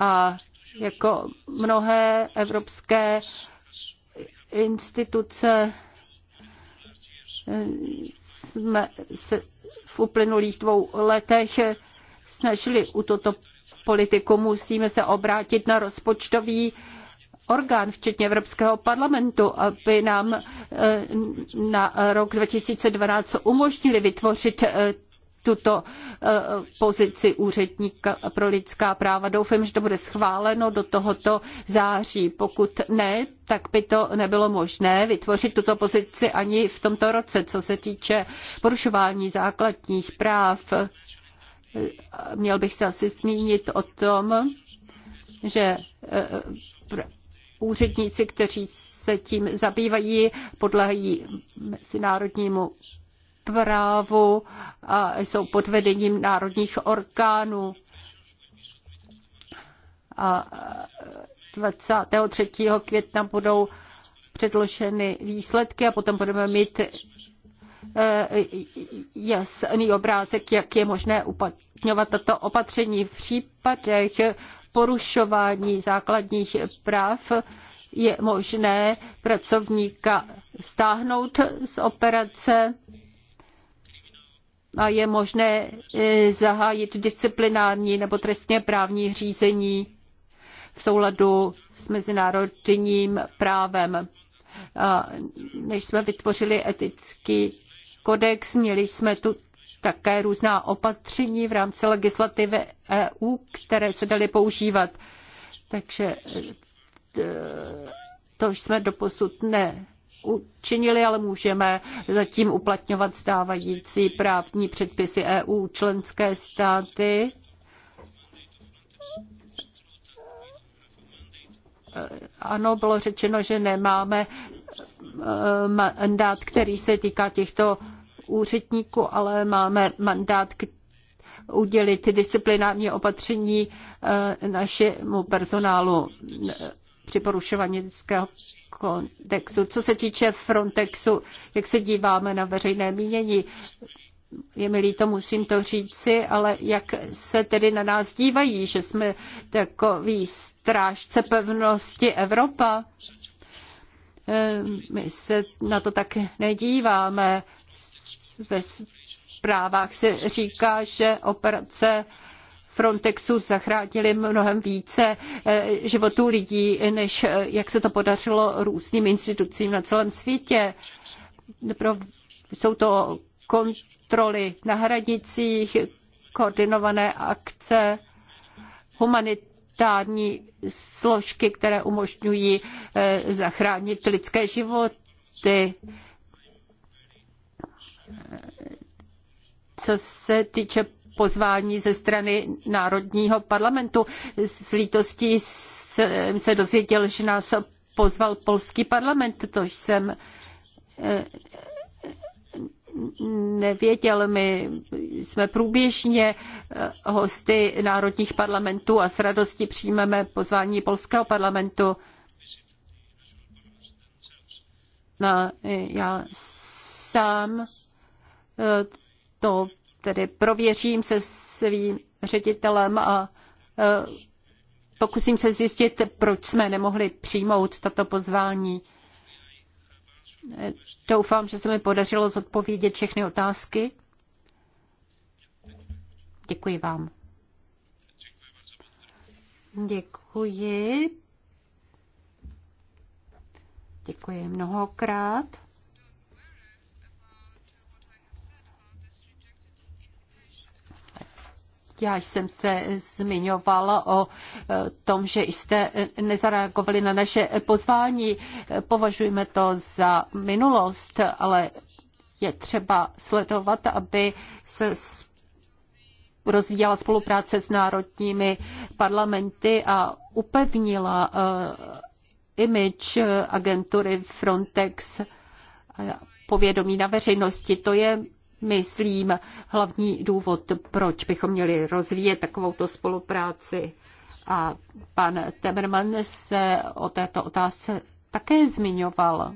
A jako mnohé evropské instituce jsme se v uplynulých dvou letech snažili u toto politiku. Musíme se obrátit na rozpočtový orgán, včetně Evropského parlamentu, aby nám eh, na rok 2012 umožnili vytvořit eh, tuto eh, pozici úředníka pro lidská práva. Doufám, že to bude schváleno do tohoto září. Pokud ne, tak by to nebylo možné vytvořit tuto pozici ani v tomto roce, co se týče porušování základních práv. Eh, měl bych se asi zmínit o tom, že eh, úředníci, kteří se tím zabývají, podlehají mezinárodnímu právu a jsou pod vedením národních orgánů. A 23. května budou předloženy výsledky a potom budeme mít eh, jasný obrázek, jak je možné uplatňovat tato opatření v případech porušování základních práv je možné pracovníka stáhnout z operace a je možné e, zahájit disciplinární nebo trestně právní řízení v souladu s mezinárodním právem. A než jsme vytvořili etický kodex, měli jsme tu také různá opatření v rámci legislativy EU, které se daly používat. Takže e, to jsme doposud ne učinili, ale můžeme zatím uplatňovat stávající právní předpisy EU členské státy. Eh, ano, bylo řečeno, že nemáme eh, mandát, který se týká těchto úředníků, ale máme mandát udělit disciplinární opatření eh, našemu personálu při porušování lidského kontextu. Co se týče Frontexu, jak se díváme na veřejné mínění, je mi líto, musím to říci, ale jak se tedy na nás dívají, že jsme takový strážce pevnosti Evropa? Ehm, my se na to tak nedíváme. Ve zprávách se říká, že operace Frontexu zachránili mnohem více eh, životů lidí, než eh, jak se to podařilo různým institucím na celém světě. Jsou to kontroly na hranicích, koordinované akce, humanitární složky, které umožňují eh, zachránit lidské životy. Co se týče pozvání ze strany Národního parlamentu. S lítostí jsem se dozvěděl, že nás pozval polský parlament, to jsem eh, nevěděl. My jsme průběžně eh, hosty národních parlamentů a s radostí přijmeme pozvání polského parlamentu. No, eh, já sám to tedy prověřím se svým ředitelem a e, pokusím se zjistit, proč jsme nemohli přijmout tato pozvání. Doufám, že se mi podařilo zodpovědět všechny otázky. Děkuji vám. Děkuji. Děkuji mnohokrát. Já jsem se zmiňoval o e, tom, že jste nezareagovali na naše pozvání. Považujeme to za minulost, ale je třeba sledovat, aby se rozvíjela spolupráce s národními parlamenty a upevnila e, image agentury Frontex povědomí na veřejnosti. To je myslím, hlavní důvod, proč bychom měli rozvíjet takovouto spolupráci. A pan Temerman se o této otázce také zmiňoval.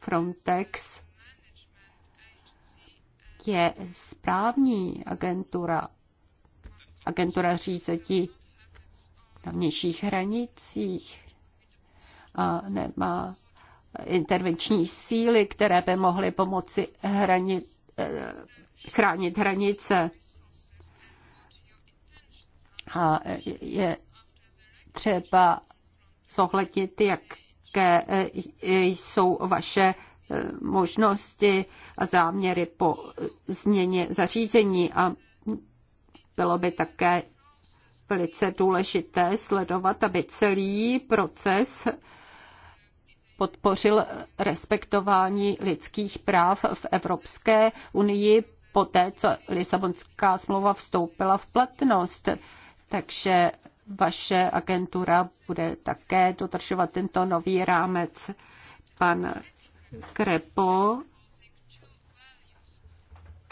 Frontex je správní agentura, agentura řízení na vnějších hranicích a nemá intervenční síly, které by mohly pomoci hranit Eh, chránit hranice. A je třeba zohlednit, jaké eh, jsou vaše eh, možnosti a záměry po změně zařízení a bylo by také velice důležité sledovat, aby celý proces podpořil respektování lidských práv v Evropské unii poté, co Lisabonská smlouva vstoupila v platnost. Takže vaše agentura bude také dodržovat tento nový rámec. Pan Krepo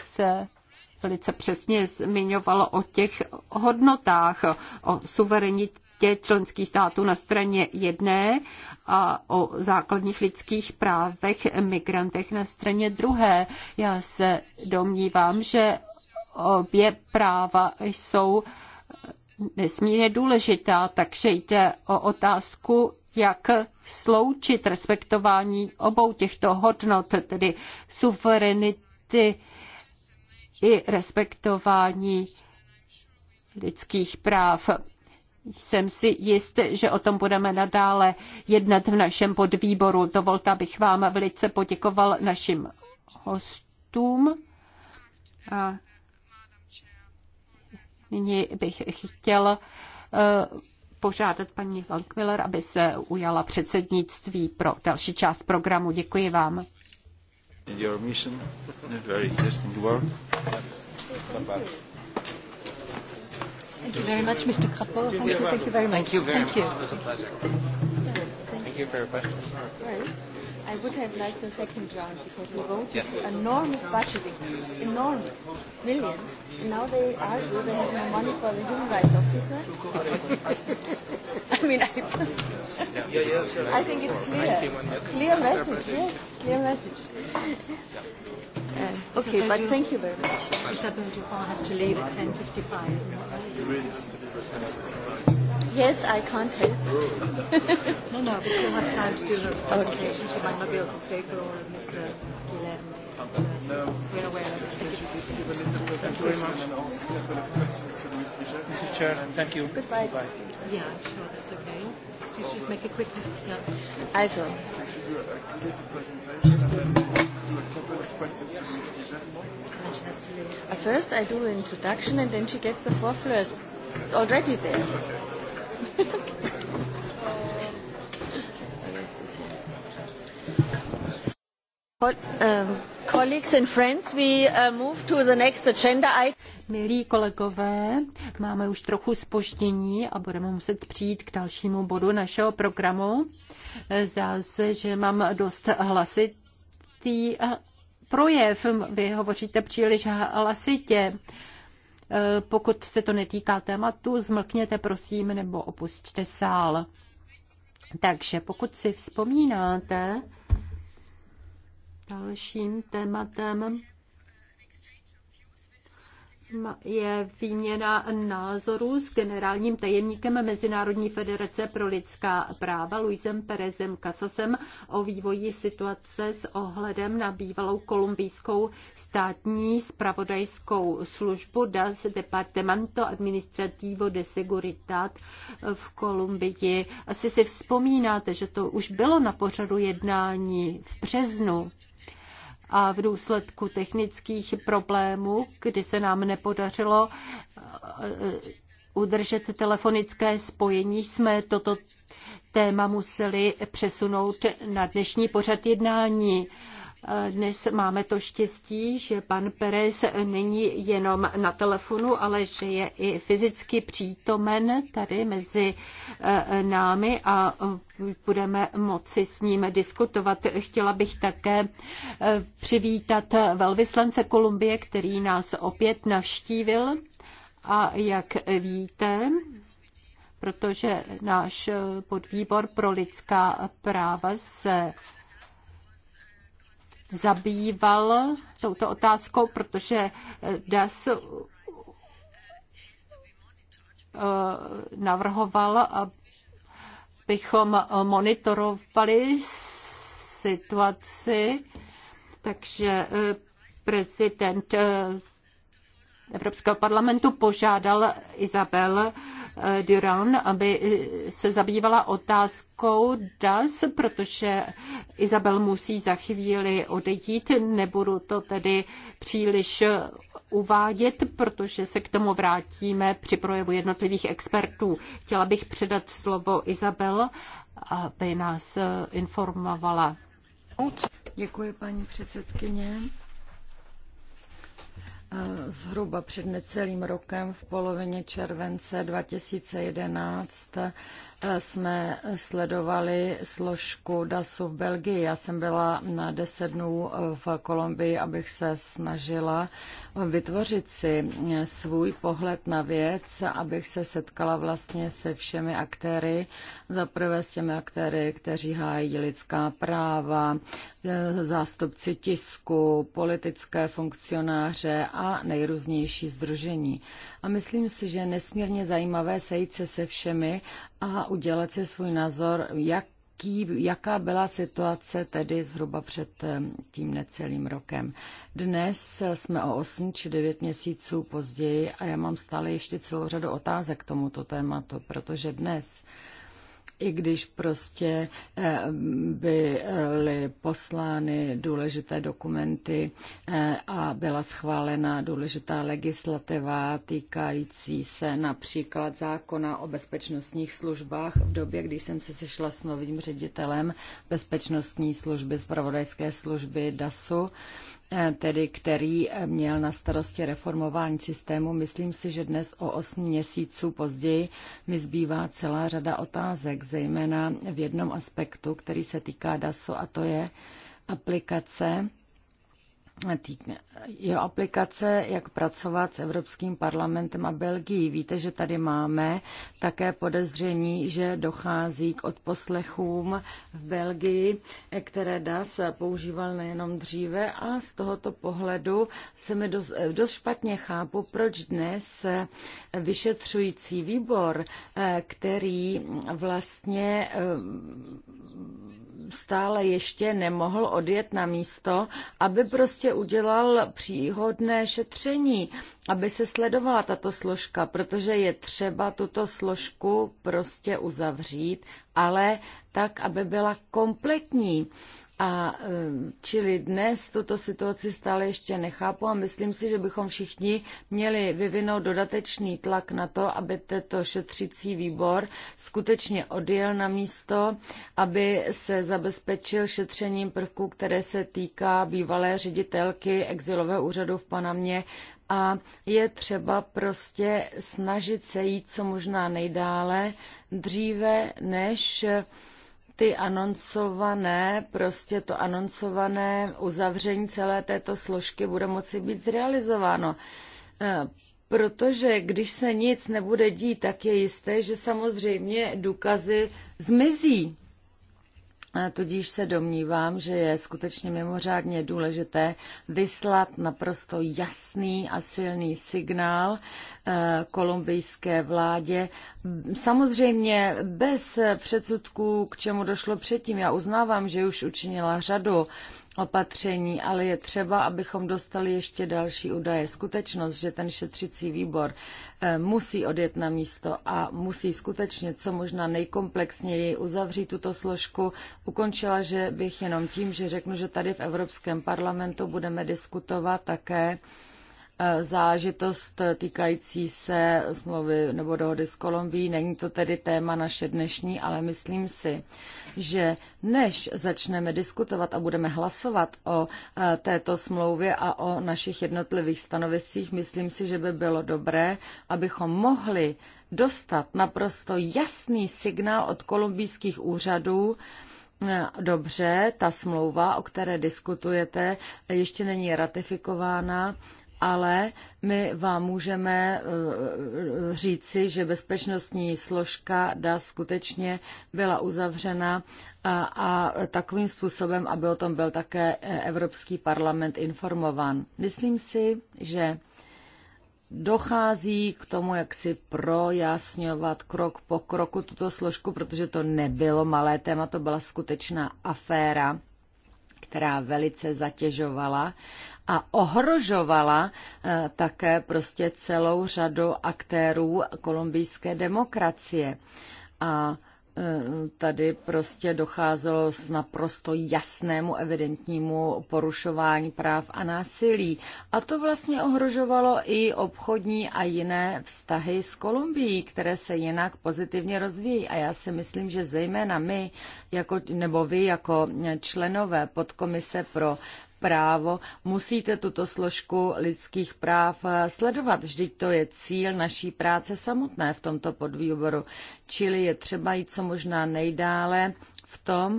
se velice přesně zmiňovalo o těch hodnotách, o suverenitě členských států na straně jedné a o základních lidských právech migrantech na straně druhé. Já se domnívám, že obě práva jsou nesmírně důležitá, takže jde o otázku, jak sloučit respektování obou těchto hodnot, tedy suverenity i respektování lidských práv jsem si jist, že o tom budeme nadále jednat v našem podvýboru. Dovolte, abych vám velice poděkoval našim hostům. A nyní bych chtěl eh, požádat paní Langmiller, aby se ujala předsednictví pro další část programu. Děkuji vám. Your mission, very interesting work. Yes. Thank you very much, Mr. Krapo. Thank you, thank you very much. Thank you very much. It was a pleasure. Thank you for your questions. Right. I would have liked a second round because we voted yes. enormous budgeting, enormous, millions. now they argue they have no money for the human rights officer. I mean, I, I think it's clear, clear message, yes, clear message. Uh, okay, Isabel but Dupont, thank you very much. Isabel Dupont has to leave at 10.55. Yes, I can't help. no, no, but she'll have time to do the presentation. Okay. She might not be able to stay for all of Mr. Guilherme. Uh, no. We're aware of Thank you very much. Mr. Chair, thank you. Goodbye. Bye. Yeah, I'm sure that's okay. Please just make a quick... Yeah. Also. At first I do introduction and then she gets the floor first. It's already there. Milí kolegové, máme už trochu spoždění a budeme muset přijít k dalšímu bodu našeho programu. Zdá se, že mám dost hlasitý projev. Vy hovoříte příliš hlasitě. E, pokud se to netýká tématu, zmlkněte prosím nebo opustíte sál. Takže pokud si vzpomínáte, dalším tématem je výměna názorů s generálním tajemníkem Mezinárodní federace pro lidská práva Luisem Perezem Casasem o vývoji situace s ohledem na bývalou kolumbijskou státní spravodajskou službu Das Departamento Administrativo de Seguridad v Kolumbii. Asi si vzpomínáte, že to už bylo na pořadu jednání v březnu a v důsledku technických problémů, kdy se nám nepodařilo eh, udržet telefonické spojení, jsme toto téma museli přesunout na dnešní pořad jednání. Eh, dnes máme to štěstí, že pan Perez není jenom na telefonu, ale že je i fyzicky přítomen tady mezi eh, námi a eh, budeme moci s ním diskutovat. Chtěla bych také přivítat velvyslance Kolumbie, který nás opět navštívil. A jak víte, protože náš podvýbor pro lidská práva se zabýval touto otázkou, protože eh, DAS eh, navrhoval, abychom eh, monitorovali situaci, takže prezident Evropského parlamentu požádal Isabel eh, Duran, aby eh, se zabývala otázkou DAS, protože Isabel musí za chvíli odejít. Nebudu to tedy příliš uvádět, protože se k tomu vrátíme při projevu jednotlivých expertů. Chtěla bych předat slovo Isabel, aby nás eh, informovala. Děkuji, paní předsedkyně. Zhruba před necelým rokem v polovině července 2011 jsme sledovali složku DASu v Belgii. Já jsem byla na 10 dnů v Kolumbii, abych se snažila vytvořit si svůj pohled na věc, abych se setkala vlastně se všemi aktéry. Zaprvé s těmi aktéry, kteří hájí lidská práva, zástupci tisku, politické funkcionáře a nejrůznější združení. A myslím si, že je nesmírně zajímavé sejít se se všemi a udělat si svůj názor, jaký, jaká byla situace tedy zhruba před eh, tím necelým rokem. Dnes jsme o 8 či 9 měsíců později a já mám stále ještě celou řadu otázek k tomuto tématu, protože dnes i když prostě eh, byly poslány důležité dokumenty eh, a byla schválena důležitá legislativa týkající se například zákona o bezpečnostních službách v době, kdy jsem se sešla s novým ředitelem bezpečnostní služby, zpravodajské služby DASu Eh, tedy který eh, měl na starosti reformování systému. Myslím si, že dnes o 8 měsíců později mi zbývá celá řada otázek, zejména v jednom aspektu, který se týká DASu, a to je aplikace jeho aplikace, jak pracovat s Evropským parlamentem a Belgií. Víte, že tady máme také podezření, že dochází k odposlechům v Belgii, které DAS používal nejenom dříve a z tohoto pohledu se mi dost, dost špatně chápu, proč dnes vyšetřující výbor, který vlastně eh, stále ještě nemohl odjet na místo, aby prostě ještě udělal příhodné šetření, aby se sledovala tato složka, protože je třeba tuto složku prostě uzavřít, ale tak, aby byla kompletní a čili dnes tuto situaci stále ještě nechápu a myslím si, že bychom všichni měli vyvinout dodatečný tlak na to, aby tento šetřící výbor skutečně odjel na místo, aby se zabezpečil šetřením prvků, které se týká bývalé ředitelky exilového úřadu v Panamě a je třeba prostě snažit se jít co možná nejdále dříve, než ty anoncované, prostě to anoncované uzavření celé této složky bude moci být zrealizováno. Eh, protože když se nic nebude dít, tak je jisté, že samozřejmě důkazy zmizí Tudíž se domnívám, že je skutečně mimořádně důležité vyslat naprosto jasný a silný signál eh, kolumbijské vládě. Samozřejmě bez předsudků, k čemu došlo předtím. Já uznávám, že už učinila řadu opatření, ale je třeba, abychom dostali ještě další údaje. Skutečnost, že ten šetřicí výbor eh, musí odjet na místo a musí skutečně co možná nejkomplexněji uzavřít tuto složku, ukončila, že bych jenom tím, že řeknu, že tady v Evropském parlamentu budeme diskutovat také Eh, záležitost týkající se smlouvy nebo dohody s Kolumbií. Není to tedy téma naše dnešní, ale myslím si, že než začneme diskutovat a budeme hlasovat o eh, této smlouvě a o našich jednotlivých stanoviscích, myslím si, že by bylo dobré, abychom mohli dostat naprosto jasný signál od kolumbijských úřadů, eh, Dobře, ta smlouva, o které diskutujete, ještě není ratifikována ale my vám můžeme eh, říci, že bezpečnostní složka DA skutečně byla uzavřena a, a takovým způsobem, aby o tom byl také eh, Evropský parlament informován. Myslím si, že dochází k tomu, jak si projasňovat krok po kroku tuto složku, protože to nebylo malé téma, to byla skutečná aféra která velice zatěžovala a ohrožovala eh, také prostě celou řadu aktérů kolumbijské demokracie. A Eh, tady prostě docházelo s naprosto jasnému, evidentnímu porušování práv a násilí. A to vlastně ohrožovalo i obchodní a jiné vztahy s Kolumbií, které se jinak pozitivně rozvíjí. A já si myslím, že zejména my, jako, nebo vy jako členové podkomise pro právo, musíte tuto složku lidských práv eh, sledovat. Vždyť to je cíl naší práce samotné v tomto podvýboru. Čili je třeba jít co možná nejdále v tom,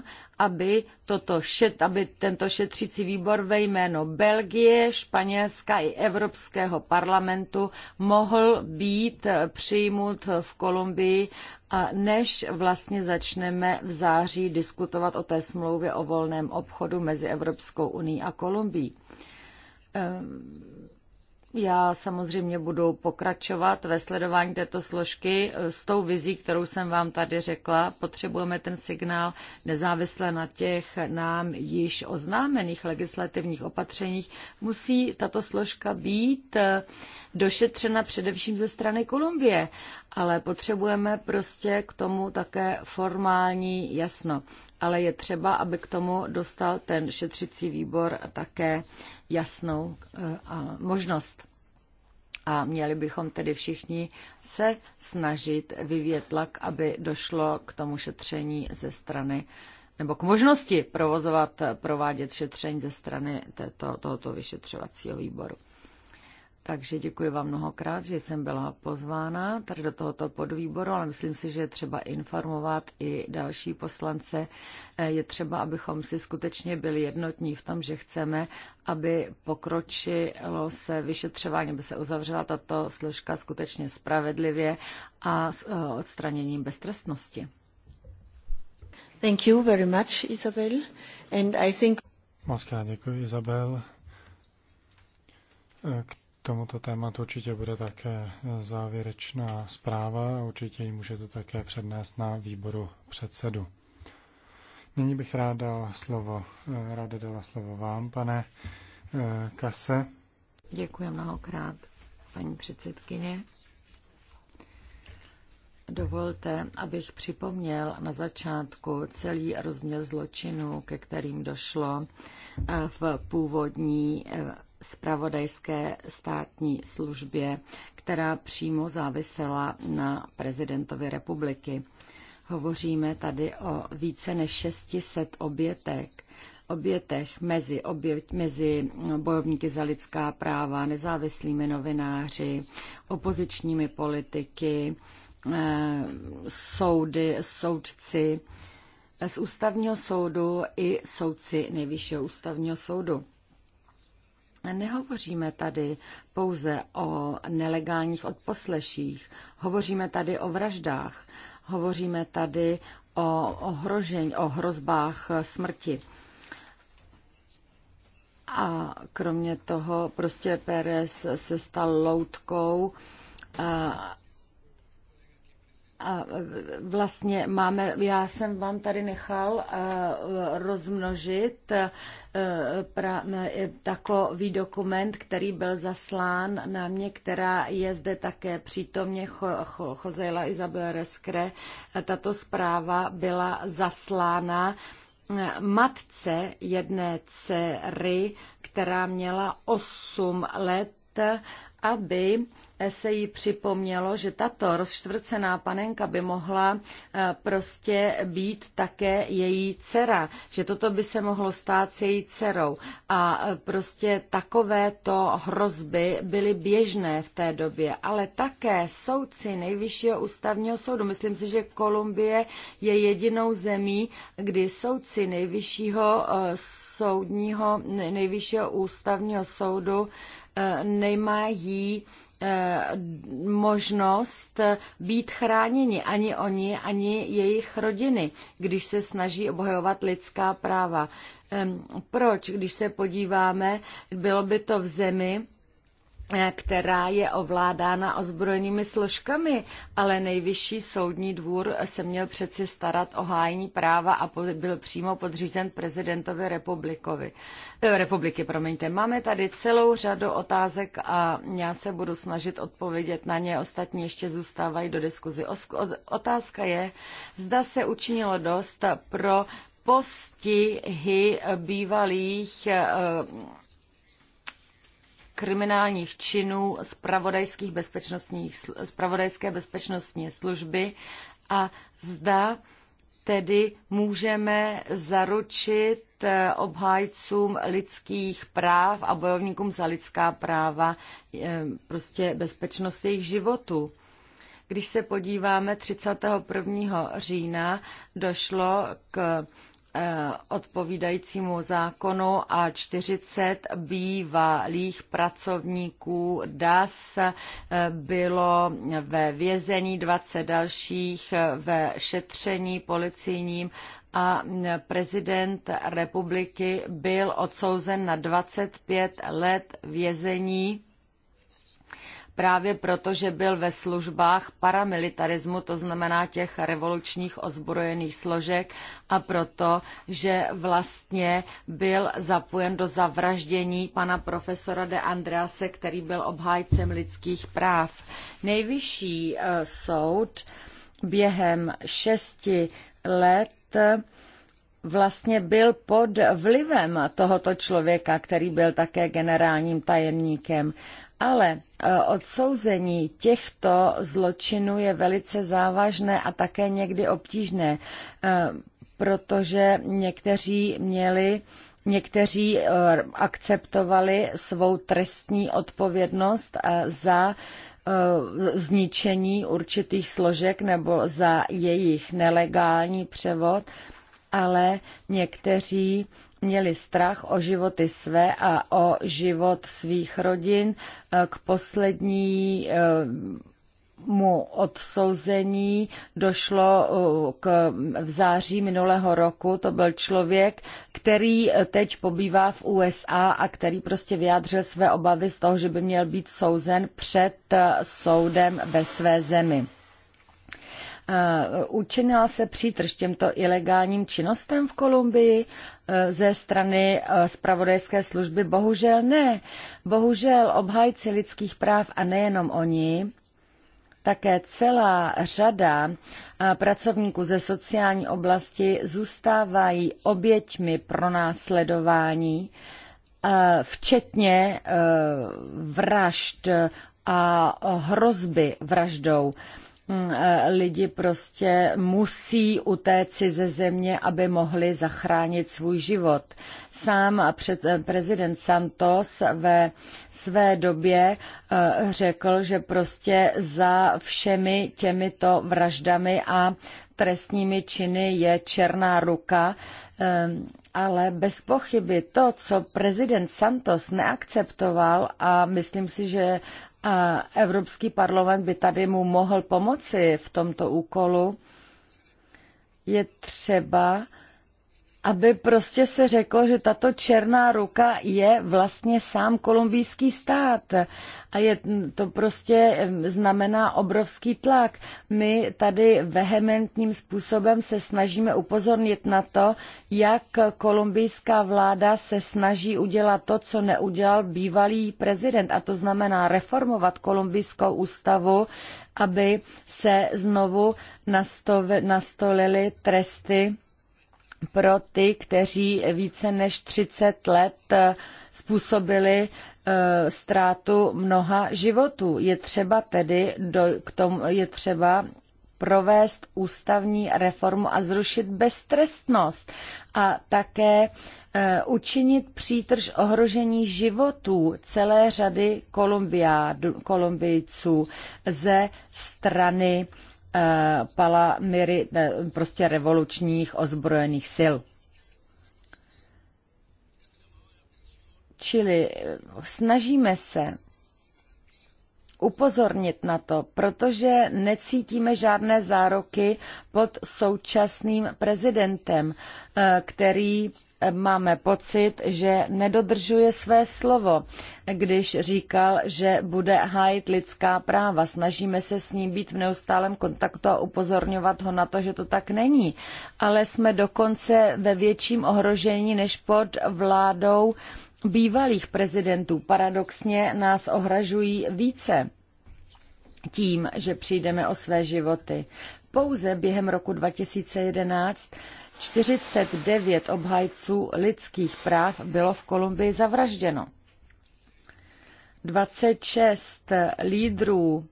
aby, toto šet, aby tento šetřící výbor ve jméno Belgie, Španělska i Evropského parlamentu mohl být eh, přijmut v Kolumbii, a než vlastně začneme v září diskutovat o té smlouvě o volném obchodu mezi Evropskou unii a Kolumbií. Ehm já samozřejmě budu pokračovat ve sledování této složky eh, s tou vizí, kterou jsem vám tady řekla. Potřebujeme ten signál nezávisle na těch nám již oznámených legislativních opatřeních. Musí tato složka být eh, došetřena především ze strany Kolumbie, ale potřebujeme prostě k tomu také formální jasno. Ale je třeba, aby k tomu dostal ten šetřicí výbor také jasnou eh, možnost. A měli bychom tedy všichni se snažit vyvíjet tlak, aby došlo k tomu šetření ze strany nebo k možnosti provozovat, provádět šetření ze strany této, tohoto vyšetřovacího výboru. Takže děkuji vám mnohokrát, že jsem byla pozvána tady do tohoto podvýboru, ale myslím si, že je třeba informovat i další poslance. Eh, je třeba, abychom si skutečně byli jednotní v tom, že chceme, aby pokročilo se vyšetřování, aby se uzavřela tato složka skutečně spravedlivě a s eh, odstraněním beztrestnosti. Thank you very much, Isabel. And I think... Moc děkuji, Isabel. Eh, k tomuto tématu určitě bude také závěrečná zpráva a určitě ji můžete také přednést na výboru předsedu. Nyní bych rád dal slovo, ráda dala slovo vám, pane eh, Kase. Děkuji mnohokrát, paní předsedkyně. Dovolte, abych připomněl na začátku celý rozměr zločinu, ke kterým došlo eh, v původní eh, spravodajské státní službě, která přímo závisela na prezidentovi republiky. Hovoříme tady o více než 600 obětek, obětech mezi, oběť, mezi bojovníky za lidská práva, nezávislými novináři, opozičními politiky, eh, soudy, soudci z ústavního soudu i soudci nejvyššího ústavního soudu. Nehovoříme tady pouze o nelegálních odposleších, hovoříme tady o vraždách, hovoříme tady o ohrožení, o hrozbách eh, smrti. A kromě toho prostě Pérez se stal loutkou eh, a e, vlastně máme, já jsem vám tady nechal e, rozmnožit e, pra, takový dokument, který byl zaslán na mě, která je zde také přítomně chozejla Izabel Reskre. Tato zpráva byla zaslána matce jedné dcery, která měla 8 let aby se jí připomnělo, že tato rozštvrcená panenka by mohla eh, prostě být také její dcera, že toto by se mohlo stát s její dcerou. A eh, prostě takovéto hrozby byly běžné v té době, ale také soudci nejvyššího ústavního soudu, myslím si, že Kolumbie je jedinou zemí, kdy soudci nejvyššího eh, soudního, nejvyššího ústavního soudu nemají eh, možnost být chráněni ani oni, ani jejich rodiny, když se snaží obhajovat lidská práva. Proč, když se podíváme, bylo by to v zemi, Eh, která je ovládána ozbrojenými složkami, ale nejvyšší soudní dvůr se měl přeci starat o hájení práva a byl přímo podřízen prezidentovi republikovi. Eh, republiky. Promiňte. Máme tady celou řadu otázek a já se budu snažit odpovědět na ně. Ostatní ještě zůstávají do diskuzi. Otázka je, zda se učinilo dost pro postihy bývalých eh, kriminálních činů zpravodajských bezpečnostních, zpravodajské bezpečnostní služby a zda tedy můžeme zaručit eh, obhájcům lidských práv a bojovníkům za lidská práva eh, prostě bezpečnost jejich životů. Když se podíváme 31. října, došlo k Eh, odpovídajícímu zákonu a 40 bývalých pracovníků DAS eh, bylo ve vězení, 20 dalších eh, ve šetření policijním a prezident republiky byl odsouzen na 25 let vězení právě proto, že byl ve službách paramilitarismu, to znamená těch revolučních ozbrojených složek a proto, že vlastně byl zapojen do zavraždění pana profesora de Andrease, který byl obhájcem lidských práv. Nejvyšší eh, soud během šesti let eh, vlastně byl pod vlivem tohoto člověka, který byl také generálním tajemníkem. Ale e, odsouzení těchto zločinů je velice závažné a také někdy obtížné, e, protože někteří měli Někteří e, akceptovali svou trestní odpovědnost za zničení určitých složek nebo za jejich nelegální převod ale někteří měli strach o životy své a o život svých rodin eh, k poslední eh, mu odsouzení došlo eh, k, v září minulého roku. To byl člověk, který teď pobývá v USA a který prostě vyjádřil své obavy z toho, že by měl být souzen před soudem ve své zemi. Eh, učinila se přítrž těmto ilegálním činnostem v Kolumbii eh, ze strany spravodajské eh, služby? Bohužel ne. Bohužel obhájci lidských práv a nejenom oni, také celá řada pracovníků ze sociální oblasti zůstávají oběťmi pro následování, včetně vražd a hrozby vraždou. Mm, eh, lidi prostě musí utéci ze země, aby mohli zachránit svůj život. Sám před, eh, prezident Santos ve své době eh, řekl, že prostě za všemi těmito vraždami a trestními činy je černá ruka ale bez pochyby to, co prezident Santos neakceptoval a myslím si, že Evropský parlament by tady mu mohl pomoci v tomto úkolu, je třeba aby prostě se řeklo, že tato černá ruka je vlastně sám kolumbijský stát. A je, to prostě znamená obrovský tlak. My tady vehementním způsobem se snažíme upozornit na to, jak kolumbijská vláda se snaží udělat to, co neudělal bývalý prezident. A to znamená reformovat kolumbijskou ústavu, aby se znovu nastolily tresty pro ty, kteří více než 30 let způsobili eh, ztrátu mnoha životů. Je třeba tedy do, k tomu, je třeba provést ústavní reformu a zrušit beztrestnost a také eh, učinit přítrž ohrožení životů celé řady Kolumbijců ze strany Eh, palamiry, prostě revolučních ozbrojených sil. Čili eh, snažíme se upozornit na to, protože necítíme žádné zároky pod současným prezidentem, eh, který máme pocit, že nedodržuje své slovo, když říkal, že bude hájit lidská práva. Snažíme se s ním být v neustálém kontaktu a upozorňovat ho na to, že to tak není. Ale jsme dokonce ve větším ohrožení než pod vládou bývalých prezidentů. Paradoxně nás ohražují více tím, že přijdeme o své životy. Pouze během roku 2011 49 obhajců lidských práv bylo v Kolumbii zavražděno. 26 lídrů,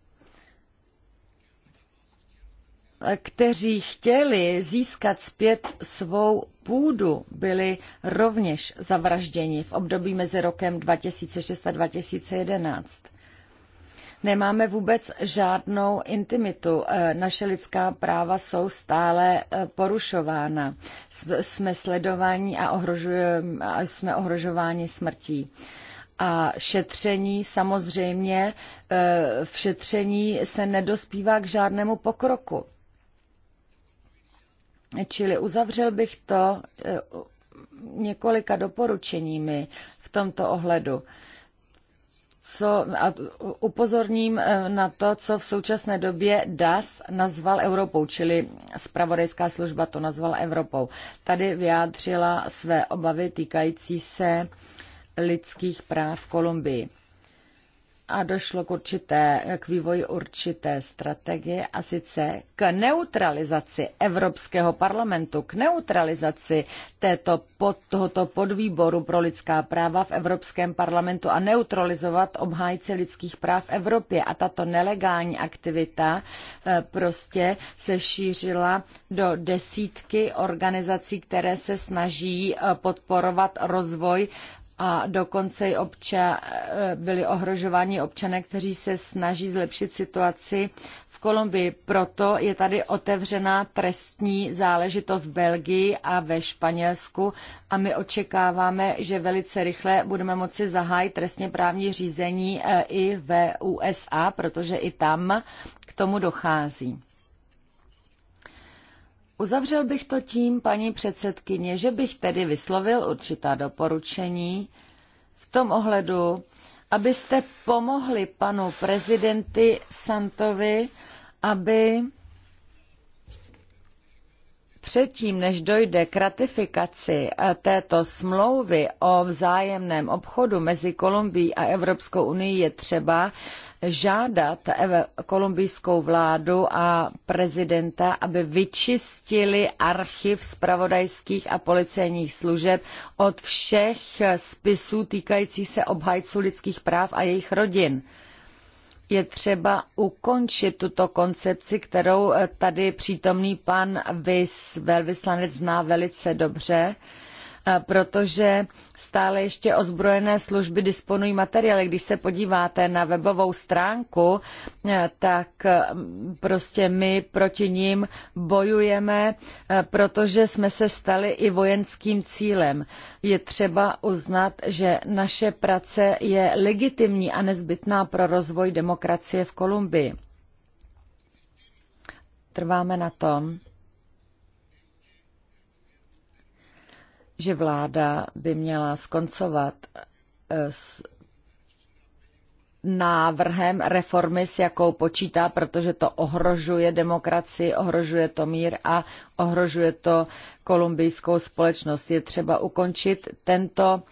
kteří chtěli získat zpět svou půdu, byli rovněž zavražděni v období mezi rokem 2006 a 2011 nemáme vůbec žádnou intimitu. Eh, naše lidská práva jsou stále eh, porušována. Jsme sledováni a, a jsme ohrožováni smrtí a šetření samozřejmě eh, v šetření se nedospívá k žádnému pokroku. Čili uzavřel bych to několika doporučeními v tomto ohledu co, a upozorním eh, na to, co v současné době DAS nazval Evropou, čili zpravodajská služba to nazvala Evropou. Tady vyjádřila své obavy týkající se lidských práv v Kolumbii a došlo k, určité, k vývoji určité strategie a sice k neutralizaci Evropského parlamentu, k neutralizaci této, pod, tohoto podvýboru pro lidská práva v Evropském parlamentu a neutralizovat obhájce lidských práv v Evropě. A tato nelegální aktivita eh, prostě se šířila do desítky organizací, které se snaží eh, podporovat rozvoj a dokonce i obča, eh, byli ohrožováni občané, kteří se snaží zlepšit situaci v Kolumbii. Proto je tady otevřená trestní záležitost v Belgii a ve Španělsku a my očekáváme, že velice rychle budeme moci zahájit trestně právní řízení eh, i ve USA, protože i tam k tomu dochází. Uzavřel bych to tím, paní předsedkyně, že bych tedy vyslovil určitá doporučení v tom ohledu, abyste pomohli panu prezidenti Santovi, aby předtím, než dojde k ratifikaci eh, této smlouvy o vzájemném obchodu mezi Kolumbií a Evropskou unii, je třeba, žádat kolumbijskou vládu a prezidenta, aby vyčistili archiv spravodajských a policejních služeb od všech spisů týkajících se obhajců lidských práv a jejich rodin je třeba ukončit tuto koncepci, kterou eh, tady přítomný pan Vys, velvyslanec zná velice dobře. Uh, protože stále ještě ozbrojené služby disponují materiály. Když se podíváte na webovou stránku, eh, tak mm, prostě my proti ním bojujeme, eh, protože jsme se stali i vojenským cílem. Je třeba uznat, že naše práce je legitimní a nezbytná pro rozvoj demokracie v Kolumbii. Trváme na tom, že vláda by měla skoncovat eh, s návrhem reformy, s jakou počítá, protože to ohrožuje demokracii, ohrožuje to mír a ohrožuje to kolumbijskou společnost. Je třeba ukončit tento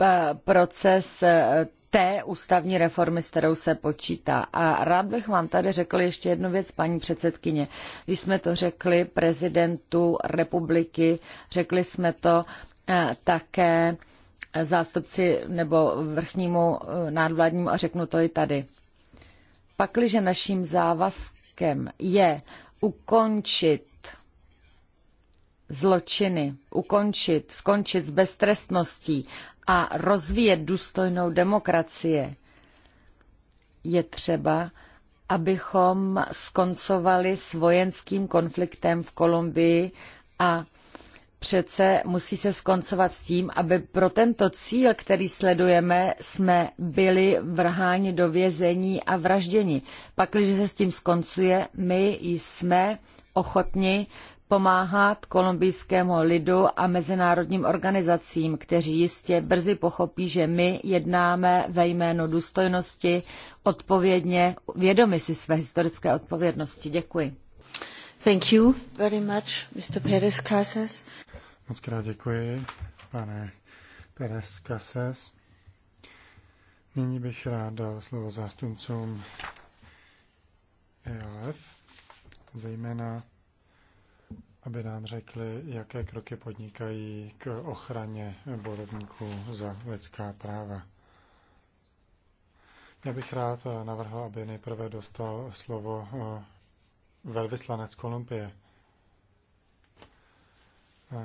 eh, proces eh, té ústavní reformy, s kterou se počítá. A rád bych vám tady řekl ještě jednu věc, paní předsedkyně. Když jsme to řekli prezidentu republiky, řekli jsme to eh, také zástupci nebo vrchnímu eh, nádvládnímu a řeknu to i tady. Pakliže naším závazkem je ukončit zločiny, ukončit, skončit s beztrestností a rozvíjet důstojnou demokracie, je třeba, abychom skoncovali s vojenským konfliktem v Kolumbii a přece musí se skoncovat s tím, aby pro tento cíl, který sledujeme, jsme byli vrháni do vězení a vražděni. Pak, když se s tím skoncuje, my jsme ochotni pomáhat kolumbijskému lidu a mezinárodním organizacím, kteří jistě brzy pochopí, že my jednáme ve jménu důstojnosti odpovědně, vědomi si své historické odpovědnosti. Děkuji. Thank you very much, Mr. Perez Casas. Moc krát děkuji, pane Perez Casas. Nyní bych rád dal slovo zástupcům ELF, zejména aby nám řekli, jaké kroky podnikají k ochraně bojovníků za lidská práva. Já bych rád navrhl, aby nejprve dostal slovo eh, velvyslanec Kolumbie.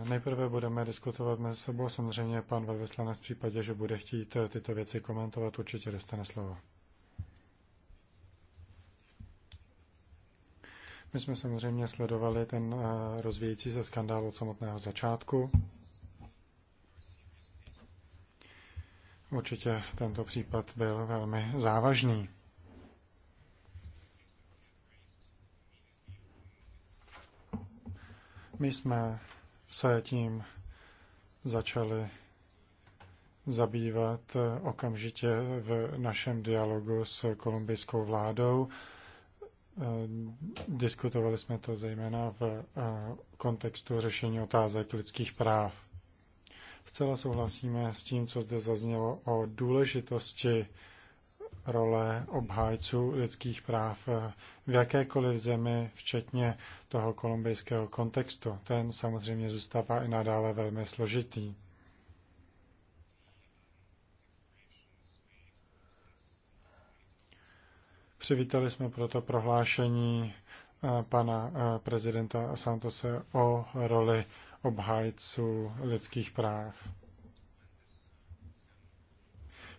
Eh, nejprve budeme diskutovat mezi sebou. Samozřejmě pan velvyslanec v případě, že bude chtít eh, tyto věci komentovat, určitě dostane slovo. My jsme samozřejmě sledovali ten eh, rozvíjející se skandál od samotného začátku. Určitě tento případ byl velmi závažný. My jsme se tím začali zabývat eh, okamžitě v našem dialogu s kolumbijskou vládou. Eh, diskutovali jsme to zejména v eh, kontextu řešení otázek lidských práv. Zcela souhlasíme s tím, co zde zaznělo o důležitosti role obhájců lidských práv eh, v jakékoliv zemi, včetně toho kolumbijského kontextu. Ten samozřejmě zůstává i nadále velmi složitý. Přivítali jsme proto prohlášení eh, pana eh, prezidenta Santose o roli obhájců lidských práv.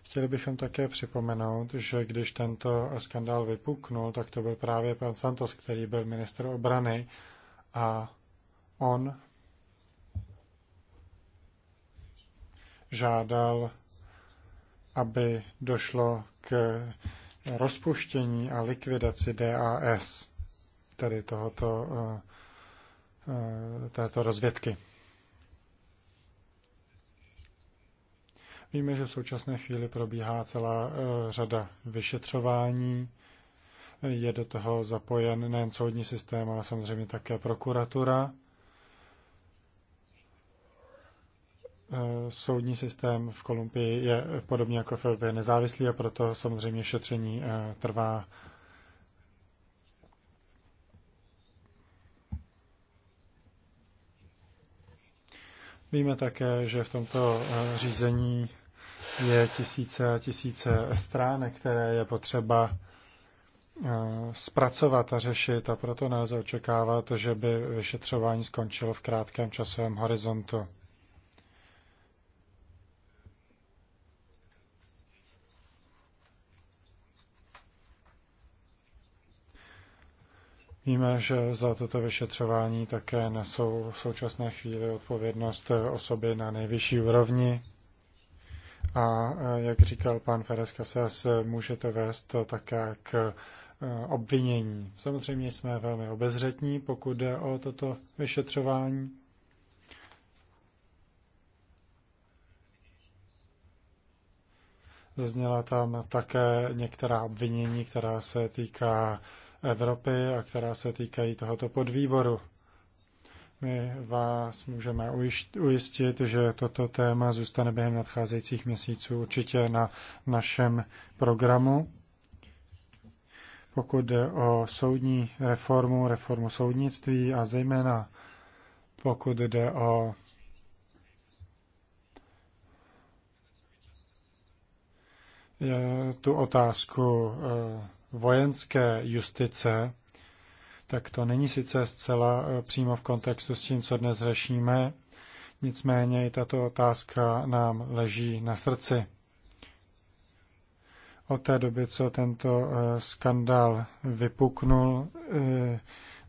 Chtěli bychom také připomenout, že když tento skandál vypuknul, tak to byl právě pan Santos, který byl minister obrany a on žádal, aby došlo k rozpuštění a likvidaci DAS, tedy tohoto, eh, eh, této rozvědky. Víme, že v současné chvíli probíhá celá eh, řada vyšetřování. Je do toho zapojen nejen soudní systém, ale samozřejmě také prokuratura. Eh, soudní systém v Kolumbii je podobně jako v Evropě nezávislý a proto samozřejmě šetření eh, trvá. Víme také, že v tomto eh, řízení je tisíce a tisíce stránek, které je potřeba zpracovat a řešit a proto nelze očekávat, že by vyšetřování skončilo v krátkém časovém horizontu. Víme, že za toto vyšetřování také nesou v současné chvíli odpovědnost osoby na nejvyšší úrovni. A eh, jak říkal pan Ferez Casas, to vést také k eh, obvinění. Samozřejmě jsme velmi obezřetní, pokud jde o toto vyšetřování. Zazněla tam také některá obvinění, která se týká Evropy a která se týkají tohoto podvýboru. My vás můžeme ujistit, že toto téma zůstane během nadcházejících měsíců určitě na našem programu. Pokud jde o soudní reformu, reformu soudnictví a zejména pokud jde o tu otázku eh, vojenské justice, tak to není sice zcela eh, přímo v kontextu s tím, co dnes řešíme, nicméně i tato otázka nám leží na srdci. Od té doby, co tento eh, skandál vypuknul, eh,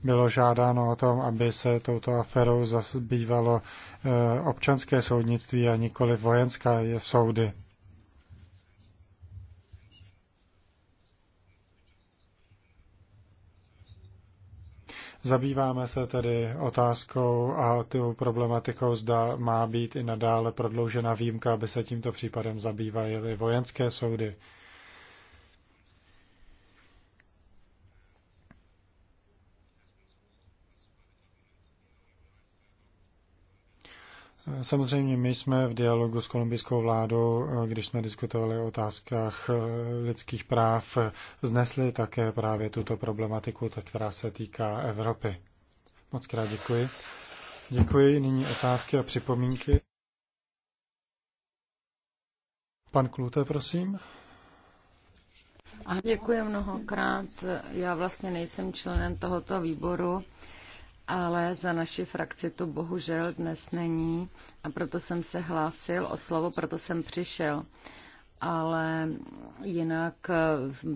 bylo žádáno o tom, aby se touto aferou zabývalo občanské soudnictví a nikoli vojenské soudy. Zabýváme se tedy otázkou a tou problematikou, zda má být i nadále prodloužena výjimka, aby se tímto případem zabývaly vojenské soudy. Samozřejmě my jsme v dialogu s kolumbijskou vládou, eh, když jsme diskutovali o otázkách eh, lidských práv, znesli také právě tuto problematiku, která se týká Evropy. Moc krát děkuji. Děkuji. Nyní otázky a připomínky. Pan Klute, prosím. A děkuji mnohokrát. Já vlastně nejsem členem tohoto výboru ale za naši frakci to bohužel dnes není a proto jsem se hlásil o slovo, proto jsem přišel. Ale jinak eh,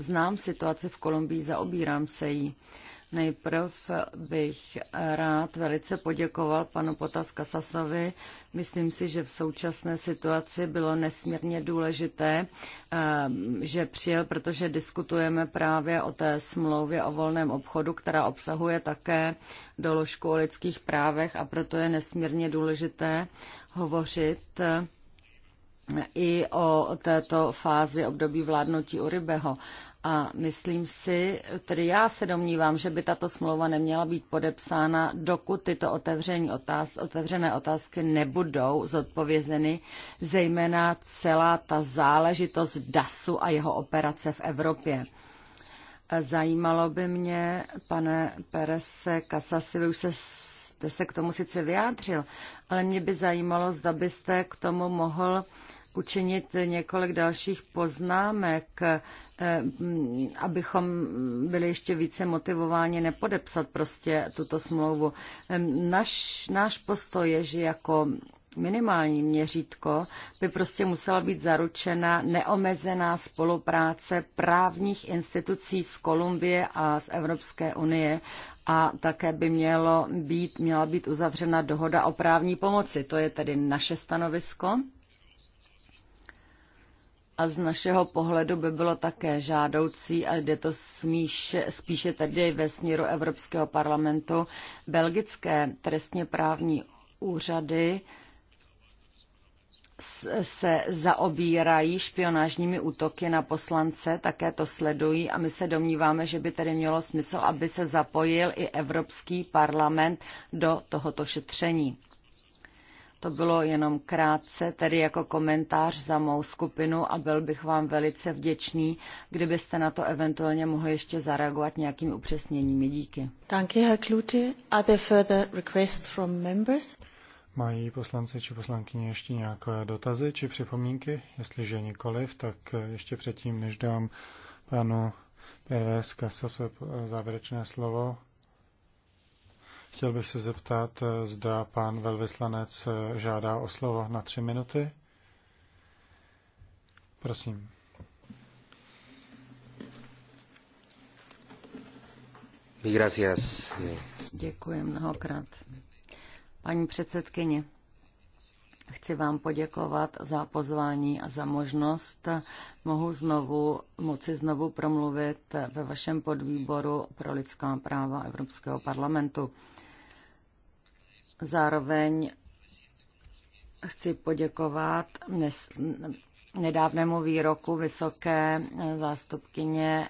znám situaci v Kolumbii, zaobírám se jí. Nejprv bych rád velice poděkoval panu Potas Kasasovi. Myslím si, že v současné situaci bylo nesmírně důležité, ehm, že přijel, protože diskutujeme právě o té smlouvě o volném obchodu, která obsahuje také doložku o lidských právech a proto je nesmírně důležité hovořit i o této fázi období vládnutí Uribeho. A myslím si, tedy já se domnívám, že by tato smlouva neměla být podepsána, dokud tyto otevření otáz, otevřené otázky nebudou zodpovězeny, zejména celá ta záležitost DASu a jeho operace v Evropě. Zajímalo by mě, pane Perese Kasasi, vy už se jste se k tomu sice vyjádřil, ale mě by zajímalo, zda byste k tomu mohl učinit několik dalších poznámek, eh, mm, abychom byli ještě více motivováni nepodepsat prostě tuto smlouvu. Naš, náš postoj je, že jako minimální měřítko by prostě musela být zaručena neomezená spolupráce právních institucí z Kolumbie a z Evropské unie a také by mělo být, měla být uzavřena dohoda o právní pomoci. To je tedy naše stanovisko. A z našeho pohledu by bylo také žádoucí, a jde to smíše, spíše tedy ve směru Evropského parlamentu, belgické trestně právní úřady se zaobírají špionážními útoky na poslance, také to sledují a my se domníváme, že by tedy mělo smysl, aby se zapojil i Evropský parlament do tohoto šetření. To bylo jenom krátce, tedy jako komentář za mou skupinu a byl bych vám velice vděčný, kdybyste na to eventuálně mohli ještě zareagovat nějakými upřesněními. Díky. Danke, Herr Klute. Are further requests from members? Mají poslanci či poslankyně ještě nějaké dotazy či připomínky? Jestliže nikoliv, tak eh, ještě předtím, než dám panu PVS své eh, závěrečné slovo, Chtěl bych se zeptat, zda pan velvyslanec žádá o slovo na tři minuty. Prosím. Děkuji mnohokrát. Paní předsedkyně, chci vám poděkovat za pozvání a za možnost. Mohu znovu, moci znovu promluvit ve vašem podvýboru pro lidská práva Evropského parlamentu. Zároveň chci poděkovat nedávnému výroku vysoké zástupkyně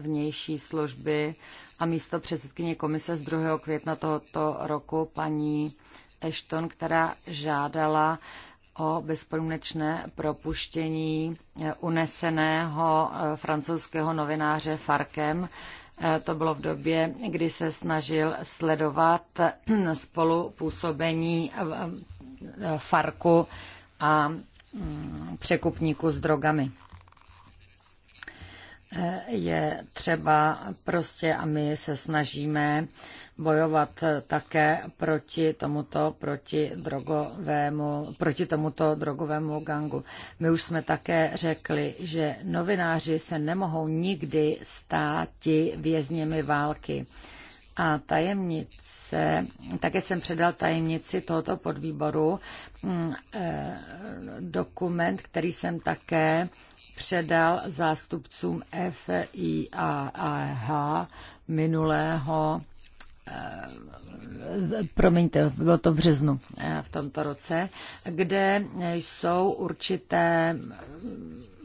vnější služby a místo předsedkyně komise z 2. května tohoto roku paní Ashton, která žádala o bezpodmínečné propuštění uneseného francouzského novináře Farkem Eh, to bylo v době, kdy se snažil sledovat spolupůsobení Farku a mm, překupníků s drogami je třeba prostě a my se snažíme bojovat také proti tomuto, proti drogovému, proti tomuto drogovému gangu. My už jsme také řekli, že novináři se nemohou nikdy stát vězněmi války. A tajemnice, také jsem předal tajemnici tohoto podvýboru mm, eh, dokument, který jsem také předal zástupcům FIAH minulého promiňte, bylo to v březnu eh, v tomto roce, kde jsou určité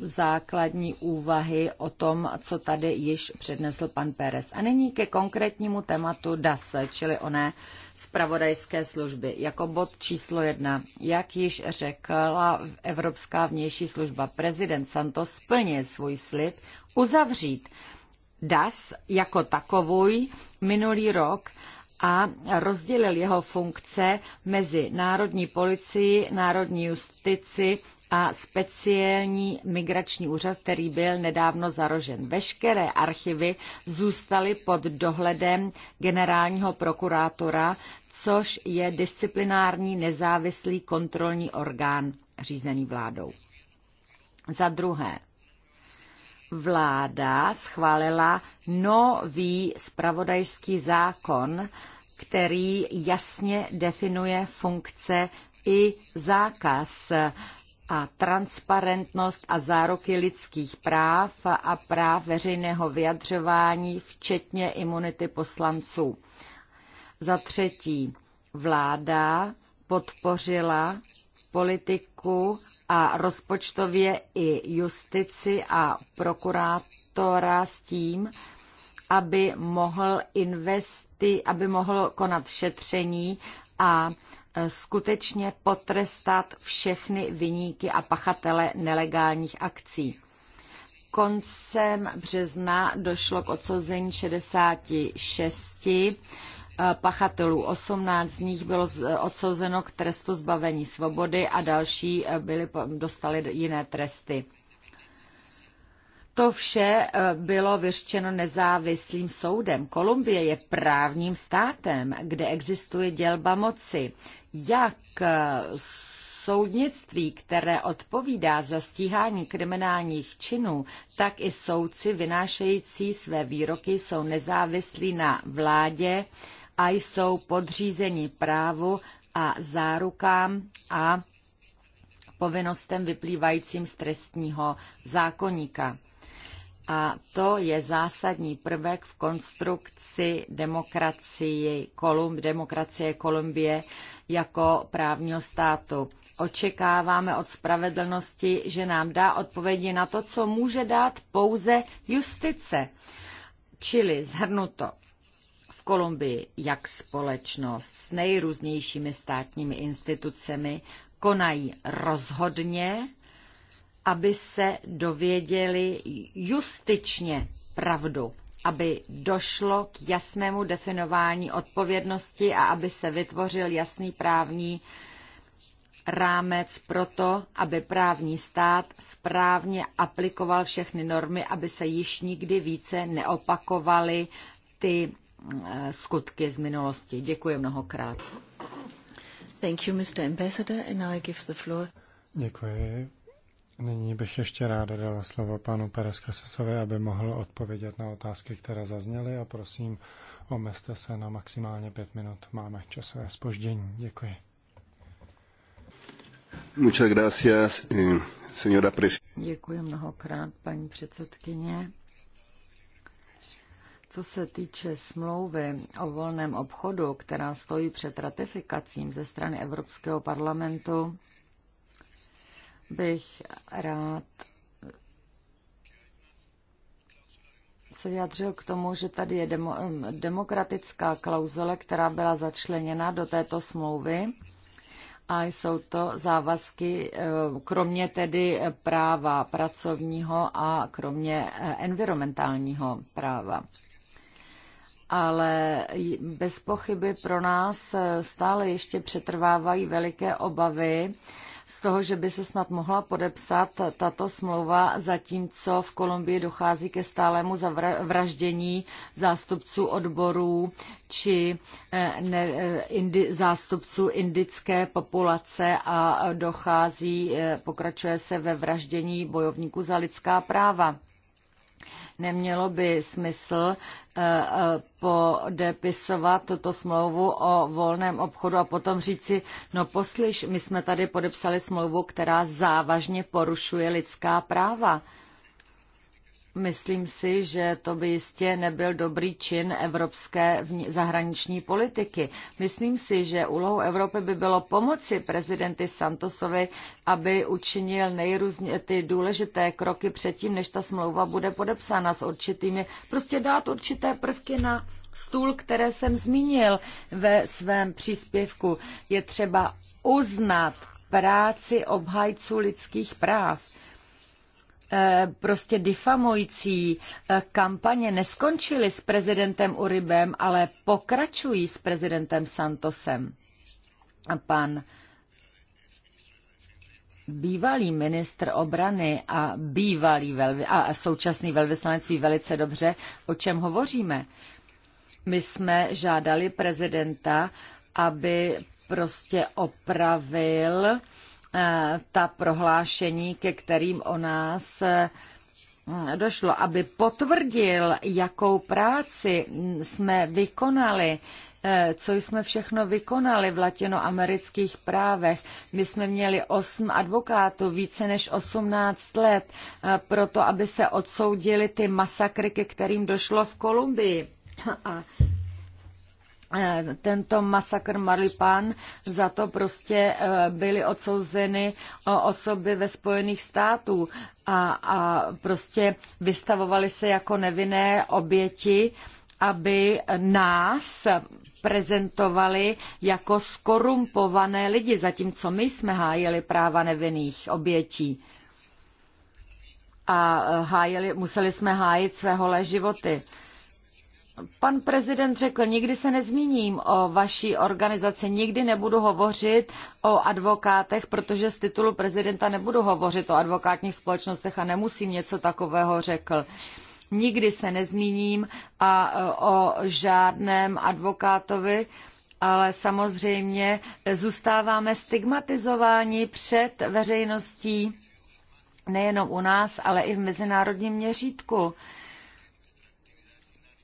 základní úvahy o tom, co tady již přednesl pan Pérez. A nyní ke konkrétnímu tématu DAS, čili oné spravodajské služby. Jako bod číslo jedna, jak již řekla Evropská vnější služba, prezident Santos splnil svůj slib uzavřít DAS jako takový minulý rok a rozdělil jeho funkce mezi Národní policii, Národní justici a speciální migrační úřad, který byl nedávno zarožen. Veškeré archivy zůstaly pod dohledem generálního prokurátora, což je disciplinární nezávislý kontrolní orgán řízený vládou. Za druhé, vláda schválila nový spravodajský zákon, který jasně definuje funkce i zákaz a transparentnost a záruky lidských práv a práv veřejného vyjadřování, včetně imunity poslanců. Za třetí, vláda podpořila politiku a rozpočtově i justici a prokurátora s tím, aby mohl investi, aby mohl konat šetření a e, skutečně potrestat všechny vyníky a pachatele nelegálních akcí. Koncem března došlo k odsouzení 66 Eh, pachatelů. 18 z nich bylo eh, odsouzeno k trestu zbavení svobody a další eh, byli, dostali jiné tresty. To vše bylo vyřčeno nezávislým soudem. Kolumbie je právním státem, kde existuje dělba moci. Jak soudnictví, které odpovídá za stíhání kriminálních činů, tak i soudci vynášející své výroky jsou nezávislí na vládě a jsou podřízeni právu a zárukám a povinnostem vyplývajícím z trestního zákoníka. A to je zásadní prvek v konstrukci demokracie, Kolum, demokracie Kolumbie jako právního státu. Očekáváme od spravedlnosti, že nám dá odpovědi na to, co může dát pouze justice. Čili zhrnuto, Kolumbii, jak společnost s nejrůznějšími státními institucemi konají rozhodně, aby se dověděli justičně pravdu, aby došlo k jasnému definování odpovědnosti a aby se vytvořil jasný právní rámec pro to, aby právní stát správně aplikoval všechny normy, aby se již nikdy více neopakovaly ty Eh, skutky z minulosti. Děkuji mnohokrát. Thank you, Mr. Ambassador, and I give the floor. Děkuji. Nyní bych ještě ráda dala slovo panu Perez Casasovi, aby mohl odpovědět na otázky, které zazněly a prosím, omezte se na maximálně pět minut. Máme časové spoždění. Děkuji. Muchas gracias, eh, señora Děkuji mnohokrát, paní předsedkyně. Co se týče smlouvy o volném obchodu, která stojí před ratifikacím ze strany Evropského parlamentu, bych rád se vyjadřil k tomu, že tady je demo, demokratická klauzule, která byla začleněna do této smlouvy a jsou to závazky, eh, kromě tedy práva pracovního a kromě eh, environmentálního práva ale bez pochyby pro nás eh, stále ještě přetrvávají veliké obavy z toho, že by se snad mohla podepsat tato smlouva, zatímco v Kolumbii dochází ke stálému zavraždění zástupců odborů či eh, ne, eh, indi, zástupců indické populace a dochází, pokračuje se ve vraždění bojovníků za lidská práva. Nemělo by smysl eh, eh, podepisovat tuto smlouvu o volném obchodu a potom říci, no poslyš, my jsme tady podepsali smlouvu, která závažně porušuje lidská práva. Myslím si, že to by jistě nebyl dobrý čin evropské zahraniční politiky. Myslím si, že úlohou Evropy by bylo pomoci prezidenti Santosovi, aby učinil nejrůzně ty důležité kroky předtím, než ta smlouva bude podepsána s určitými, prostě dát určité prvky na stůl, které jsem zmínil ve svém příspěvku. Je třeba uznat práci obhajců lidských práv Eh, prostě difamující eh, kampaně neskončily s prezidentem Uribem, ale pokračují s prezidentem Santosem. A pan bývalý ministr obrany a bývalý velvy, a současný velvyslanec ví velice dobře, o čem hovoříme. My jsme žádali prezidenta, aby prostě opravil Eh, ta prohlášení, ke kterým o nás eh, došlo, aby potvrdil, jakou práci jsme vykonali, eh, co jsme všechno vykonali v latinoamerických právech. My jsme měli osm advokátů, více než 18 let, proto aby se odsoudili ty masakry, ke kterým došlo v Kolumbii. A Eh, tento masakr Marlipan, za to prostě eh, byly odsouzeny eh, osoby ve Spojených států a, a prostě vystavovali se jako nevinné oběti, aby nás prezentovali jako skorumpované lidi, zatímco my jsme hájili práva nevinných obětí. A hájili, museli jsme hájit své holé životy. Pan prezident řekl, nikdy se nezmíním o vaší organizaci, nikdy nebudu hovořit o advokátech, protože z titulu prezidenta nebudu hovořit o advokátních společnostech a nemusím něco takového řekl. Nikdy se nezmíním a o žádném advokátovi, ale samozřejmě zůstáváme stigmatizováni před veřejností nejenom u nás, ale i v mezinárodním měřítku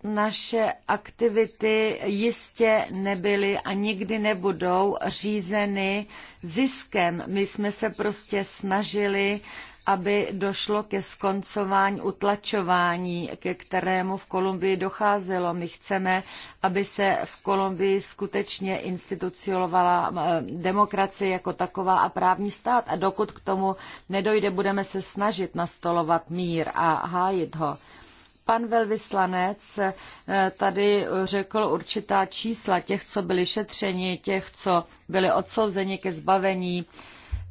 naše aktivity jistě nebyly a nikdy nebudou řízeny ziskem. My jsme se prostě snažili aby došlo ke skoncování utlačování, ke kterému v Kolumbii docházelo. My chceme, aby se v Kolumbii skutečně institucionovala eh, demokracie jako taková a právní stát. A dokud k tomu nedojde, budeme se snažit nastolovat mír a hájit ho pan velvyslanec eh, tady řekl určitá čísla těch, co byli šetřeni, těch, co byli odsouzeni ke zbavení,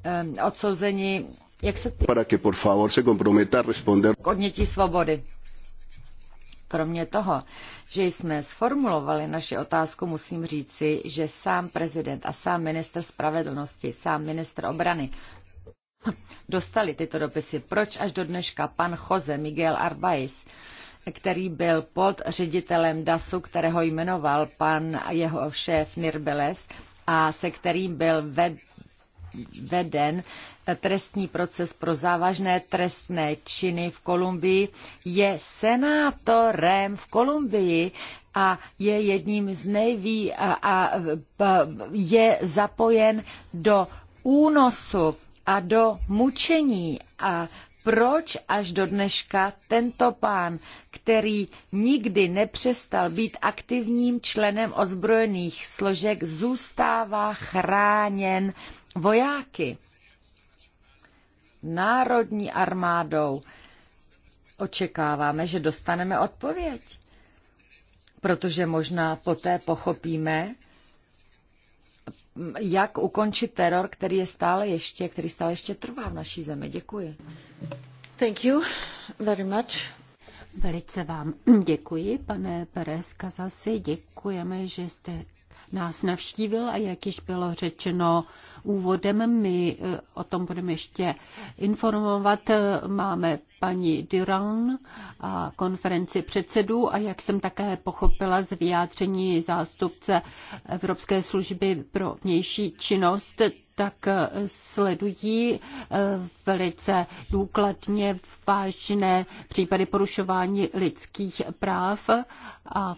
eh, odsouzeni jak se tý... Para que por favor se comprometa a responder. K odnětí svobody. Kromě toho, že jsme sformulovali naši otázku, musím říci, že sám prezident a sám minister spravedlnosti, sám minister obrany dostali tyto dopisy. Proč až do dneška pan Jose Miguel Arbaiz který byl pod ředitelem DASu, kterého jmenoval pan jeho šéf Nirbeles a se kterým byl ved, veden trestní proces pro závažné trestné činy v Kolumbii, je senátorem v Kolumbii a je jedním z nejví a, a je zapojen do únosu a do mučení a proč až do dneška tento pán, který nikdy nepřestal být aktivním členem ozbrojených složek, zůstává chráněn vojáky národní armádou. Očekáváme, že dostaneme odpověď, protože možná poté pochopíme, jak ukončit teror, který je stále ještě, který stále ještě trvá v naší zemi. Děkuji. Thank you very much. Velice vám děkuji, pane Perez Kazasi. Děkujeme, že jste nás navštívil a jak již bylo řečeno úvodem, my eh, o tom budeme ještě informovat. Máme paní Duran a konferenci předsedů a jak jsem také pochopila z vyjádření zástupce Evropské služby pro vnější činnost, tak eh, sledují eh, velice důkladně vážné případy porušování lidských práv a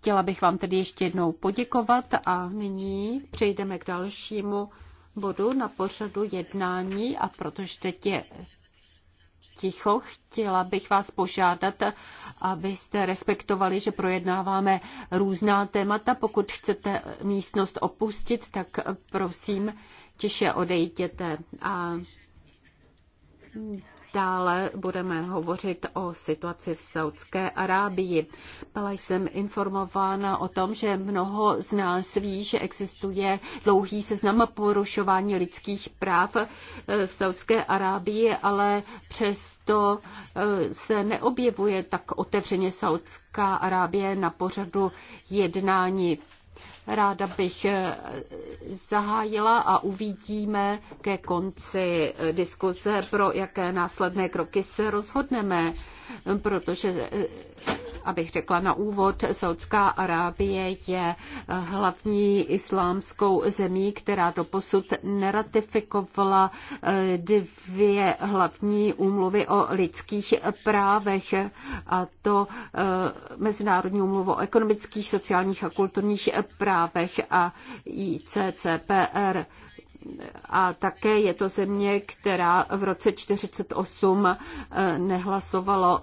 Chtěla bych vám tedy ještě jednou poděkovat a nyní přejdeme k dalšímu bodu na pořadu jednání a protože teď je ticho, chtěla bych vás požádat, abyste respektovali, že projednáváme různá témata. Pokud chcete místnost opustit, tak prosím, tiše odejděte. A Dále budeme hovořit o situaci v Saudské Arábii. Byla jsem informována o tom, že mnoho z nás ví, že existuje dlouhý seznam porušování lidských práv eh, v Saudské Arábii, ale přesto eh, se neobjevuje tak otevřeně Saudská Arábie na pořadu jednání Ráda bych eh, zahájila a uvidíme ke konci eh, diskuze, pro jaké následné kroky se rozhodneme, protože eh, abych řekla na úvod, Saudská Arábie je hlavní islámskou zemí, která doposud neratifikovala dvě hlavní úmluvy o lidských právech, a to Mezinárodní úmluvu o ekonomických, sociálních a kulturních právech a ICCPR. A také je to země, která v roce 1948 eh, nehlasovala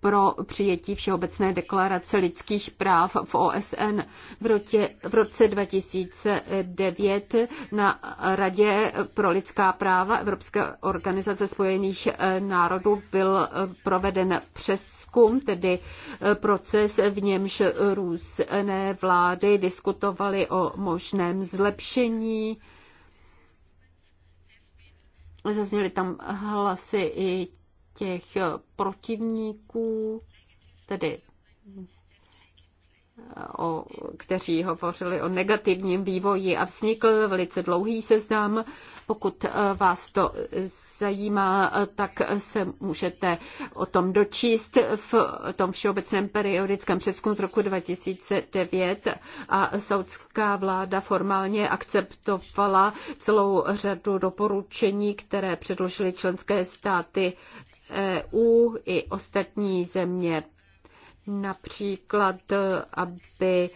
pro přijetí Všeobecné deklarace lidských práv v OSN. V, roce, v roce 2009 na Radě pro lidská práva Evropské organizace spojených eh, národů byl eh, proveden přeskum, tedy eh, proces, v němž různé vlády diskutovaly o možném zlepšení Zazněly tam hlasy i těch eh, protivníků, tedy eh, o, kteří hovořili o negativním vývoji a vznikl velice dlouhý seznam. Pokud eh, vás to zajímá, tak se můžete o tom dočíst v tom všeobecném periodickém přeskumu z roku 2009 a saudská vláda formálně akceptovala celou řadu doporučení, které předložily členské státy EU i ostatní země. Například, aby e,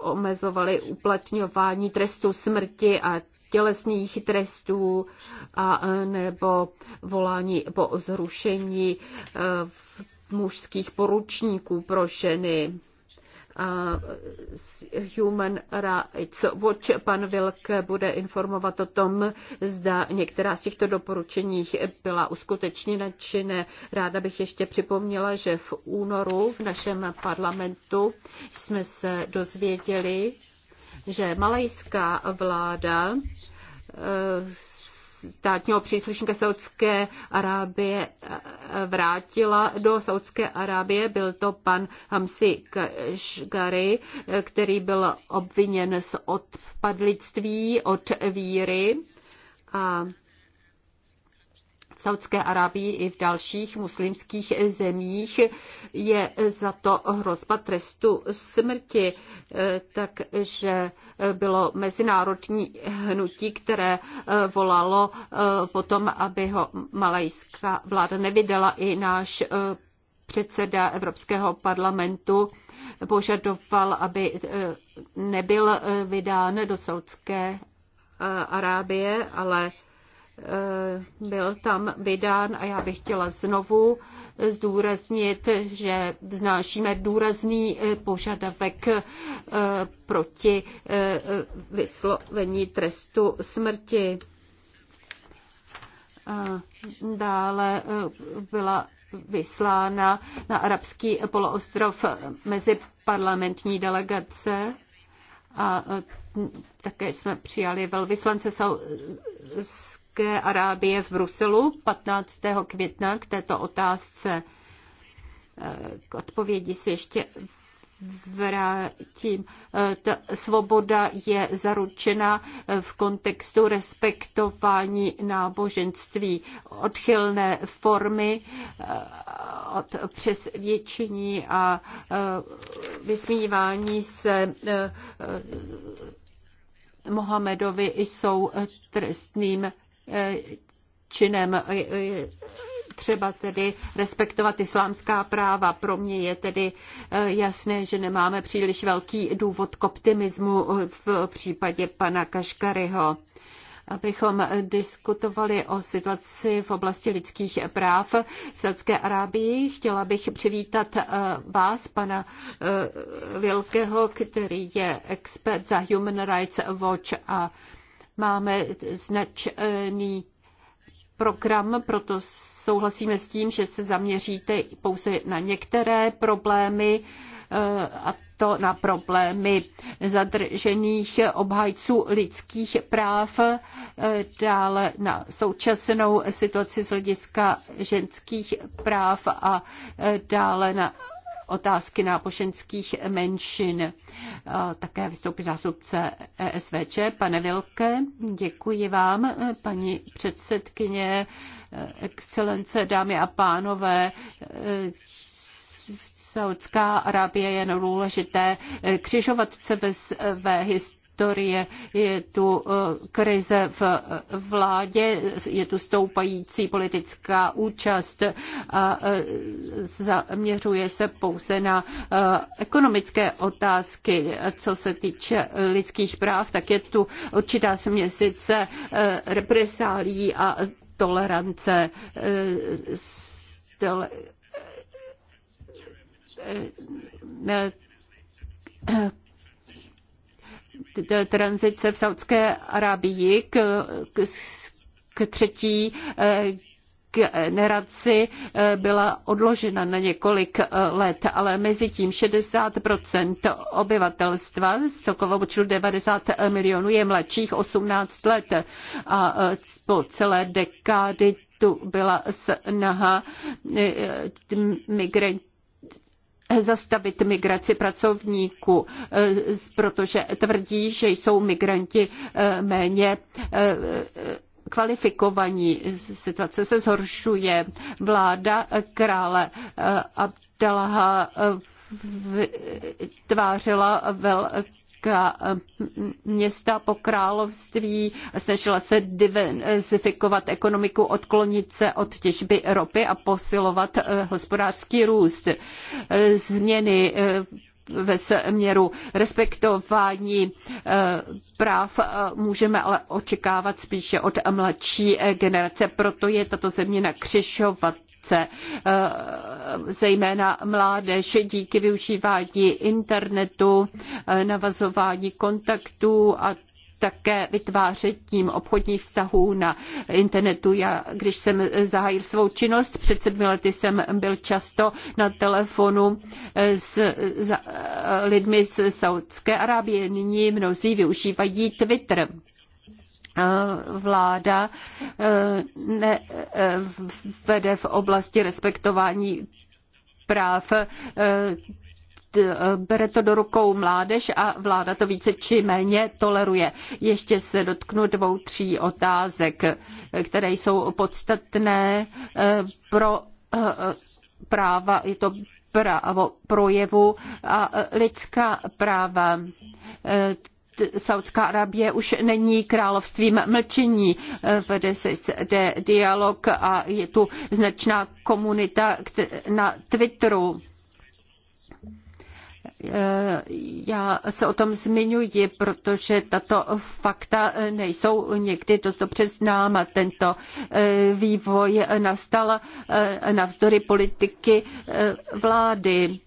omezovali uplatňování trestu smrti a tělesných trestů a e, nebo volání po zrušení e, mužských poručníků pro ženy. Human Rights Watch pan Vilk bude informovat o tom, zda některá z těchto doporučení byla uskutečněna či ne. Ráda bych ještě připomněla, že v únoru v našem parlamentu jsme se dozvěděli, že malajská vláda eh, státního příslušníka Saudské Arábie eh, vrátila do Saudské Arábie. Byl to pan Hamsi Kashgari, eh, který byl obviněn z odpadlictví od víry. A Saudské Arábii i v dalších muslimských zemích je za to hrozba trestu smrti. Takže bylo mezinárodní hnutí, které volalo potom, aby ho malajská vláda nevydala i náš předseda Evropského parlamentu požadoval, aby nebyl vydán do Saudské Arábie, ale Eh, byl tam vydán a já bych chtěla znovu zdůraznit, že vznášíme důrazný eh, požadavek eh, proti vyslovení trestu smrti. dále byla vyslána na arabský poloostrov mezi parlamentní delegace a také jsme přijali velvyslance z Saudské Arábie v Bruselu 15. května k této otázce. Eh, k odpovědi si ještě vrátím. Eh, ta svoboda je zaručena eh, v kontextu respektování náboženství. Odchylné formy od přesvědčení a vysmívání se Mohamedovi jsou trestným činem. Třeba tedy respektovat islámská práva. Pro mě je tedy eh, jasné, že nemáme příliš velký důvod k optimismu eh, v případě pana Kaškaryho abychom diskutovali o situaci v oblasti lidských práv v Saudské Arábii. Chtěla bych přivítat eh, vás, pana Vilkeho, který je expert za Human Rights Watch a Máme značný program, proto souhlasíme s tím, že se zaměříte pouze na některé problémy eh, a to na problémy zadržených obhajců lidských práv, eh, dále na současnou situaci z hlediska ženských práv a eh, dále na otázky nápošenských menšin. Také vystoupí zástupce ESVČ. Pane Vilke, děkuji vám, paní předsedkyně, excelence, dámy a pánové. Saudská Arábie je důležité křižovatce ve historii historie. Je tu eh, krize v eh, vládě, je tu stoupající politická účast a eh, zaměřuje se pouze na ekonomické otázky. Co se týče lidských práv, tak je tu určitá směsice represálí a tolerance tele, tranzice v Saudské Arábii k, k, k třetí e, generaci e, byla odložena na několik e, let, ale mezi tím 60 obyvatelstva z počtu 90 milionů je mladších 18 let a po celé dekády tu byla snaha migrantů zastavit migraci pracovníků, eh, protože tvrdí, že jsou migranti eh, méně eh, kvalifikovaní. Situace se zhoršuje. Vláda krále Abdallaha tvářila velké k eh, města po království, snažila se diversifikovat ekonomiku, odklonit se od těžby ropy a posilovat eh, hospodářský růst. Eh, změny ve směru respektování práv můžeme ale očekávat spíše od mladší generace. Proto je tato země na křižovatce generace, eh, zejména mládež, díky využívání internetu, eh, navazování kontaktů a také vytvářením obchodních vztahů na internetu. Já, když jsem zahájil svou činnost, před sedmi lety jsem byl často na telefonu eh, s, s lidmi z Saudské Arábie. Nyní mnozí využívají Twitter vláda eh, ne, eh, vede v oblasti respektování práv eh, bere to do rukou mládež a vláda to více či méně toleruje. Ještě se dotknu dvou, tří otázek, které jsou podstatné pro práva, je to právo projevu a lidská práva Saudská Arabie už není královstvím mlčení. Eh, vede se zde dialog a je tu značná komunita na Twitteru. Eh, já se o tom zmiňuji, protože tato fakta eh, nejsou někdy dost dobře známa. Tento vývoj nastal navzdory politiky vlády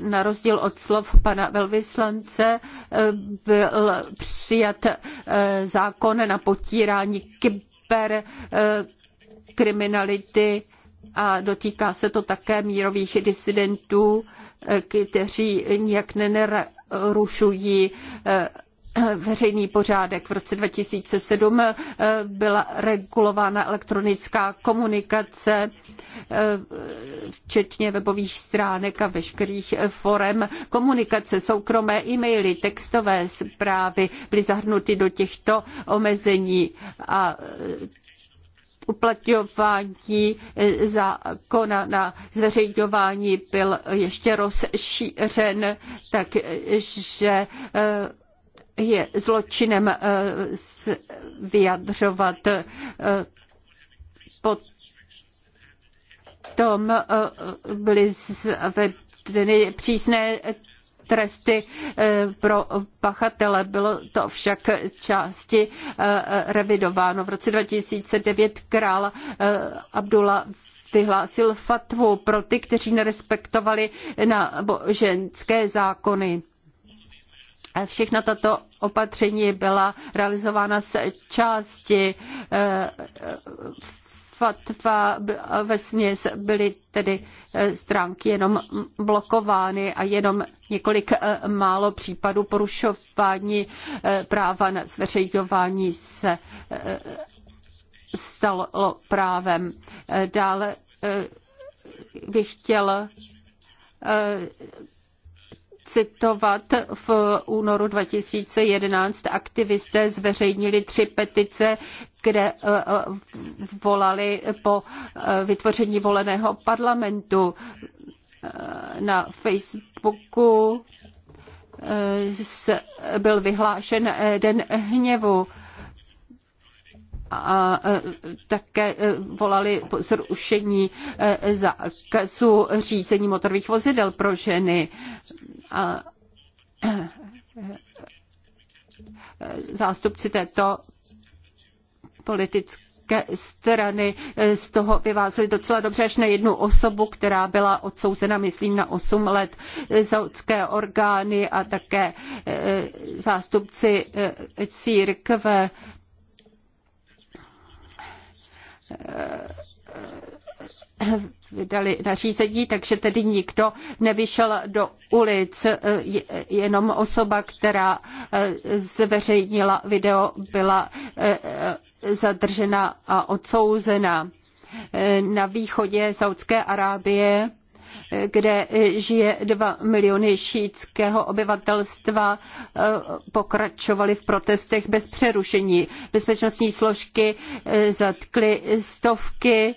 na rozdíl od slov pana velvyslance byl přijat eh, zákon na potírání kyberkriminality eh, kriminality a dotýká se to také mírových disidentů, eh, kteří nijak nenarušují veřejný pořádek. V roce 2007 eh, byla regulována elektronická komunikace, eh, včetně webových stránek a veškerých forem komunikace, soukromé e-maily, textové zprávy byly zahrnuty do těchto omezení a eh, uplatňování zákona na zveřejňování byl ještě rozšířen, takže je zločinem eh, vyjadřovat eh, tom eh, byly zavedeny přísné tresty pro pachatele. Bylo to však části revidováno. V roce 2009 král Abdullah vyhlásil fatvu pro ty, kteří nerespektovali na ženské zákony. Všechna tato opatření byla realizována z části eh, eh, fatva ve směs byly tedy eh, stránky jenom blokovány a jenom několik málo případů porušování práva na zveřejňování se stalo právem. Dále bych chtěl citovat, v únoru 2011 aktivisté zveřejnili tři petice, kde eh, eh, volali po eh, vytvoření voleného parlamentu. Na Facebooku byl vyhlášen den hněvu a e, také e, volali po zrušení e, zákazu řízení motorových vozidel pro ženy. A zástupci této politické strany z toho vyvázly docela dobře až na jednu osobu, která byla odsouzena, myslím, na 8 let saudské orgány a také zástupci církve vydali nařízení, takže tedy nikdo nevyšel do ulic, jenom osoba, která eh, zveřejnila video, byla eh, zadržena a odsouzena. Eh, na východě Saudské Arábie kde žije 2 miliony šítského obyvatelstva, eh, pokračovali v protestech bez přerušení. Bezpečnostní složky eh, zatkly stovky,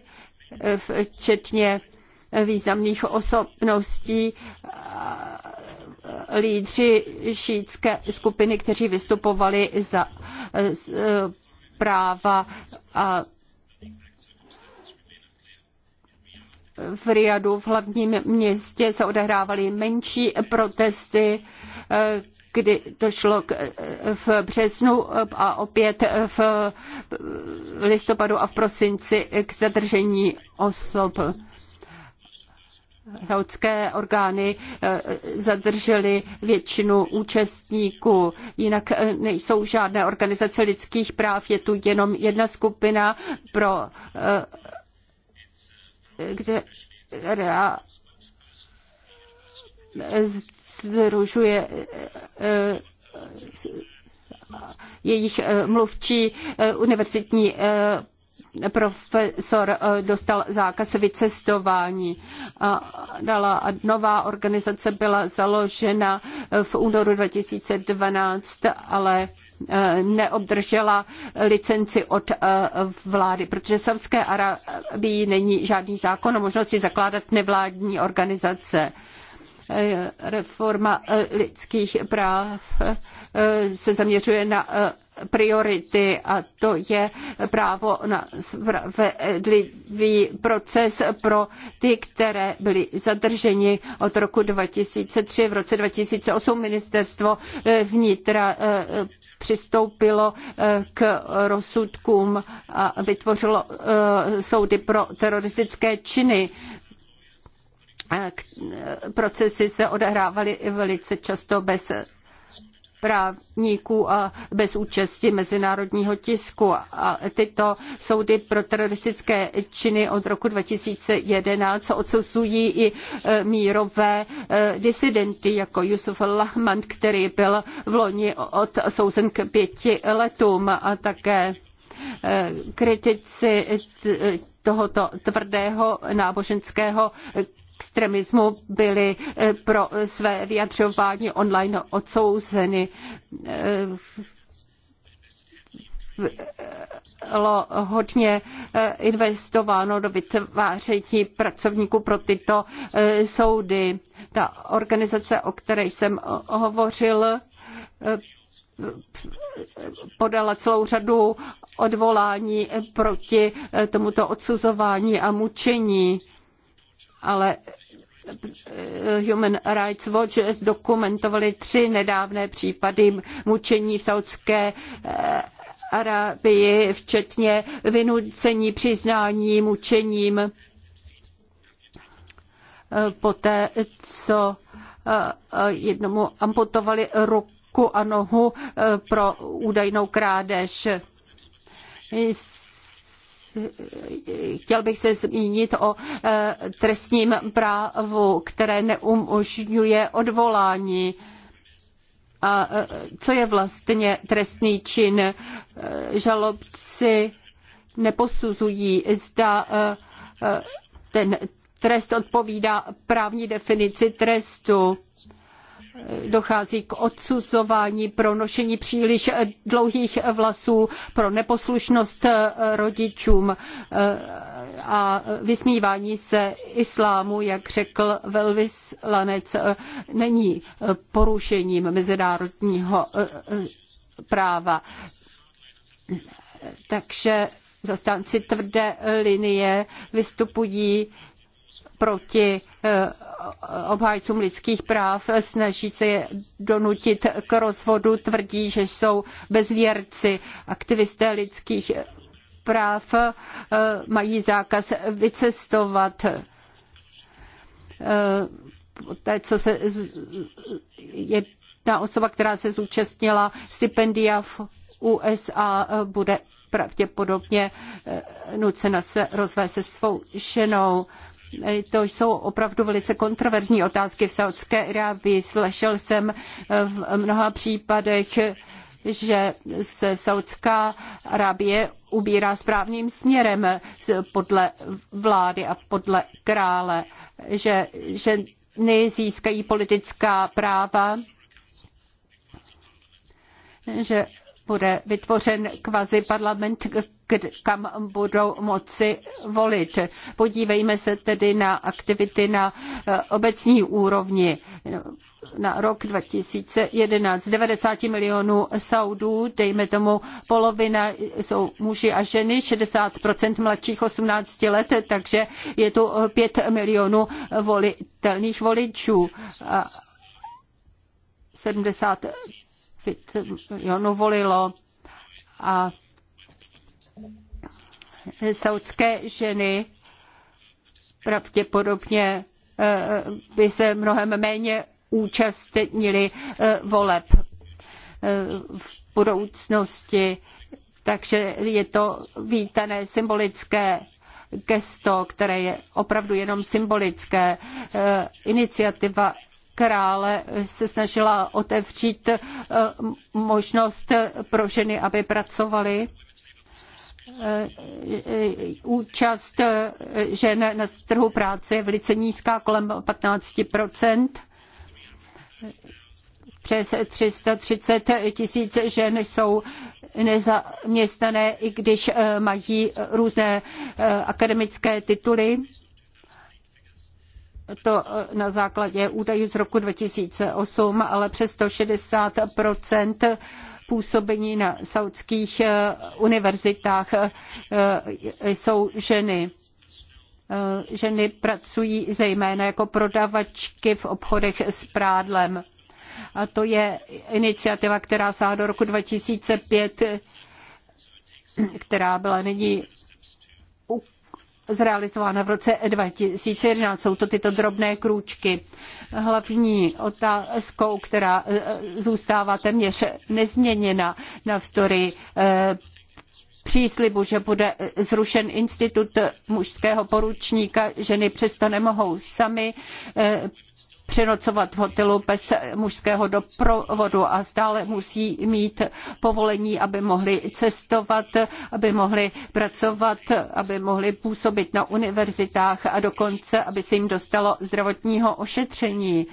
eh, včetně významných osobností lídři šítské skupiny, kteří vystupovali za práva a v Riadu, v hlavním městě, se odehrávaly menší protesty, kdy došlo k, v březnu a opět v listopadu a v prosinci k zadržení osob. Saudské orgány eh, zadržely většinu účastníků, jinak eh, nejsou žádné organizace lidských práv, je tu jenom jedna skupina pro eh, která združuje eh, jejich eh, mluvčí eh, univerzitní profesor dostal zákaz vycestování. Dala nová organizace byla založena v únoru 2012, ale Eh, neobdržela licenci od eh, vlády, protože v Savské Arabii není žádný zákon o možnosti zakládat nevládní organizace eh, reforma lidských práv se zaměřuje na priority a to je právo na spravedlivý proces pro ty, které byly zadrženi od roku 2003. V roce 2008 ministerstvo vnitra přistoupilo eh, k rozsudkům a vytvořilo eh, soudy pro teroristické činy eh, procesy se odehrávaly velice často bez právníků a bez účasti mezinárodního tisku. A tyto soudy pro teroristické činy od roku 2011 odsuzují i e, mírové e, disidenty, jako Yusuf Lahman, který byl v loni odsouzen k pěti letům a také e, kritici tohoto tvrdého náboženského extremismu byly eh, pro eh, své vyjadřování online odsouzeny eh, bylo hodně investováno do vytváření pracovníků pro tyto soudy. Ta organizace, o které jsem hovořil, podala celou řadu odvolání proti tomuto odsuzování a mučení ale eh, Human Rights Watch zdokumentovali tři nedávné případy mučení v Saudské eh, Arabii, včetně vynucení přiznání mučením eh, poté, co jednomu amputovali ruku a nohu pro údajnou krádež chtěl bych se zmínit o eh, trestním právu, které neumožňuje odvolání. A eh, co je vlastně trestný čin? Eh, žalobci neposuzují, zda ten trest odpovídá právní definici trestu dochází k odsuzování pro nošení příliš dlouhých vlasů, pro neposlušnost rodičům a vysmívání se islámu, jak řekl velvyslanec, není porušením mezinárodního práva. Takže zastánci tvrdé linie vystupují proti eh, obhájcům lidských práv, snaží se je donutit k rozvodu, tvrdí, že jsou bezvěrci, aktivisté lidských práv eh, mají zákaz vycestovat. Eh, Té, co se jedna osoba, která se zúčastnila stipendia v USA, bude pravděpodobně nucena se rozvést se svou ženou. To jsou opravdu velice kontroverzní otázky v Saudské Arábii. Slyšel jsem v mnoha případech, že se Saudská Arábie ubírá správným směrem podle vlády a podle krále, že ženy získají politická práva, že bude vytvořen kvazi parlament kam budou moci volit. Podívejme se tedy na aktivity na eh, obecní úrovni. Na rok 2011 90 milionů Saudů, dejme tomu polovina jsou muži a ženy, 60% mladších 18 let, takže je tu 5 milionů volitelných voličů. 70 milionů volilo a saudské ženy pravděpodobně eh, by se mnohem méně účastnili eh, voleb eh, v budoucnosti. Takže je to vítané symbolické gesto, které je opravdu jenom symbolické. Iniciativa krále se snažila otevřít možnost pro ženy, aby pracovaly Eh, účast žen na trhu práce je velice nízká, kolem 15 přes 330 tisíc žen jsou nezaměstnané, i když eh, mají různé eh, akademické tituly. To na základě údajů z roku 2008, ale přesto 60 působení na saudských eh, univerzitách eh, eh, jsou ženy. Ženy pracují zejména jako prodavačky v obchodech s prádlem. A to je iniciativa, která sáhla do roku 2005, která byla nyní zrealizována v roce 2011. Jsou to tyto drobné krůčky. Hlavní otázkou, která e, e, zůstává téměř nezměněna navzdory e, příslibu, že bude zrušen institut mužského poručníka, ženy přesto nemohou sami přenocovat v hotelu bez mužského doprovodu a stále musí mít povolení, aby mohli cestovat, aby mohli pracovat, aby mohli působit na univerzitách a dokonce, aby se jim dostalo zdravotního ošetření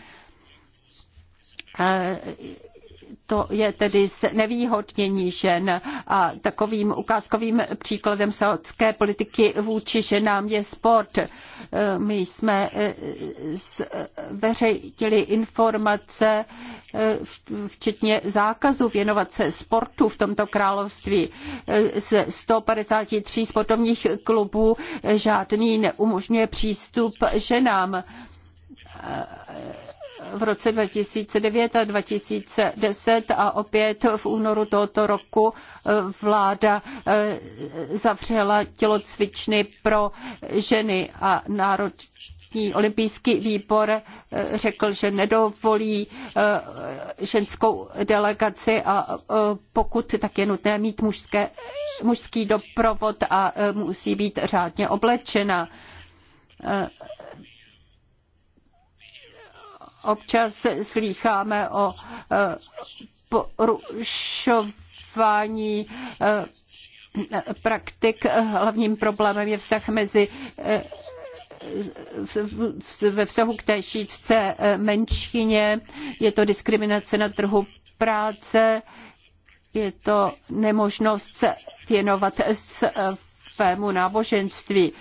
to je tedy znevýhodnění žen a takovým ukázkovým příkladem saudské politiky vůči ženám je sport. My jsme zveřejnili eh, eh, informace, eh, včetně zákazu věnovat se sportu v tomto království. Z 153 sportovních klubů žádný neumožňuje přístup ženám v roce 2009 a 2010 a opět v únoru tohoto roku eh, vláda eh, zavřela tělocvičny pro ženy a národ Národní olympijský výbor eh, řekl, že nedovolí ženskou delegaci a pokud tak je nutné mít mužské, mužský doprovod a musí být řádně oblečena. Občas slýcháme o eh, porušování eh, praktik. Hlavním problémem je vztah mezi eh, ve vztahu k té šítce menšině, je to diskriminace na trhu práce, je to nemožnost se věnovat svému náboženství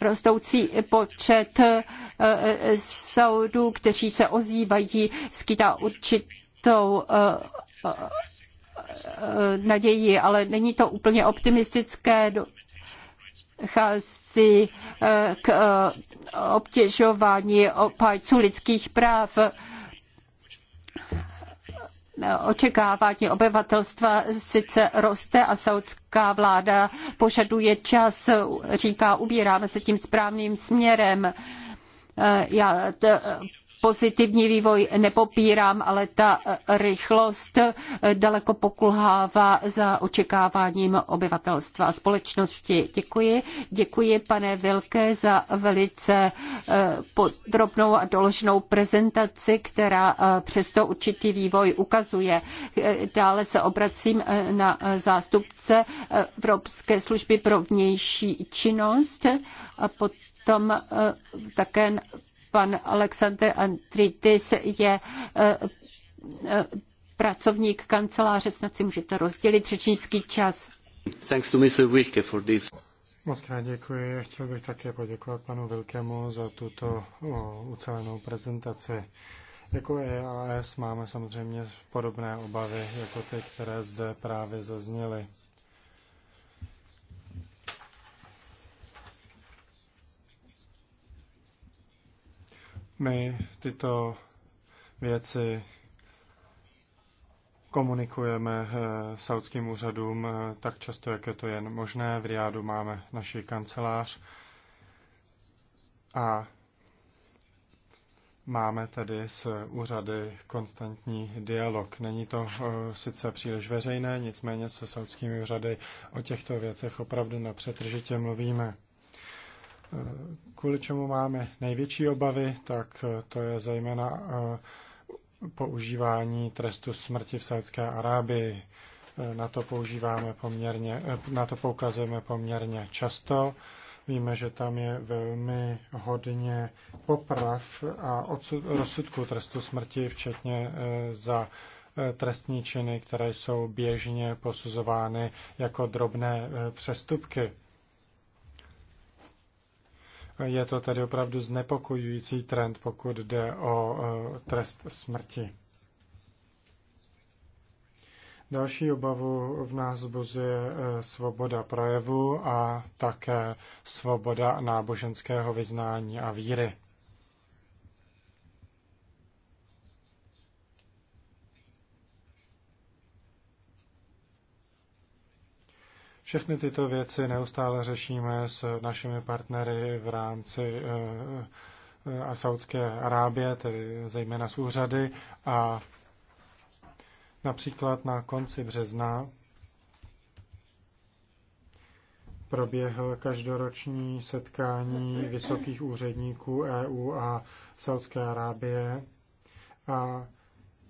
rostoucí počet eh, eh, soudů, kteří se ozývají, skýtá určitou eh, naději, ale není to úplně optimistické. Chází k obtěžování opájců lidských práv očekávání obyvatelstva sice roste a saudská vláda požaduje čas, říká, ubíráme se tím správným směrem. Já pozitivní vývoj nepopírám, ale ta e, rychlost e, daleko pokulhává za očekáváním obyvatelstva a společnosti. Děkuji. Děkuji, pane Vilke, za velice e, podrobnou a doložnou prezentaci, která přesto určitý vývoj ukazuje. Dále se obracím na zástupce Evropské služby pro vnější činnost a potom také Pan Alexander Antritis je e, e, pracovník kanceláře, snad si můžete rozdělit řečnický čas. Thanks to Mr. Wilke for this. Moc krát děkuji. Chtěl bych také poděkovat panu Vilkemu za tuto o, ucelenou prezentaci. Jako EAS máme samozřejmě podobné obavy, jako ty, které zde právě zazněly. My tyto věci komunikujeme eh, saudským úřadům eh, tak často, jak je to jen možné. V Riádu máme naši kancelář a máme tedy s úřady konstantní dialog. Není to eh, sice příliš veřejné, nicméně se saudskými úřady o těchto věcech opravdu napřetržitě mluvíme kvůli čemu máme největší obavy, tak eh, to je zejména eh, používání trestu smrti v Saudské Arábii. Eh, na to používáme poměrně, na to poukazujeme poměrně často. Víme, že tam je velmi hodně poprav a odsud, rozsudků trestu smrti, včetně za trestní činy, které jsou běžně posuzovány jako drobné přestupky. Je to tedy opravdu znepokojující trend, pokud jde o e, trest smrti. Další obavu v nás zbuzuje e, svoboda projevu a také svoboda náboženského vyznání a víry. Všechny tyto věci neustále řešíme s našimi partnery v rámci eh, eh, a Saudské Arábie, tedy zejména z úřady. A například na konci března proběhl každoroční setkání vysokých úředníků EU a Saudské Arábie. A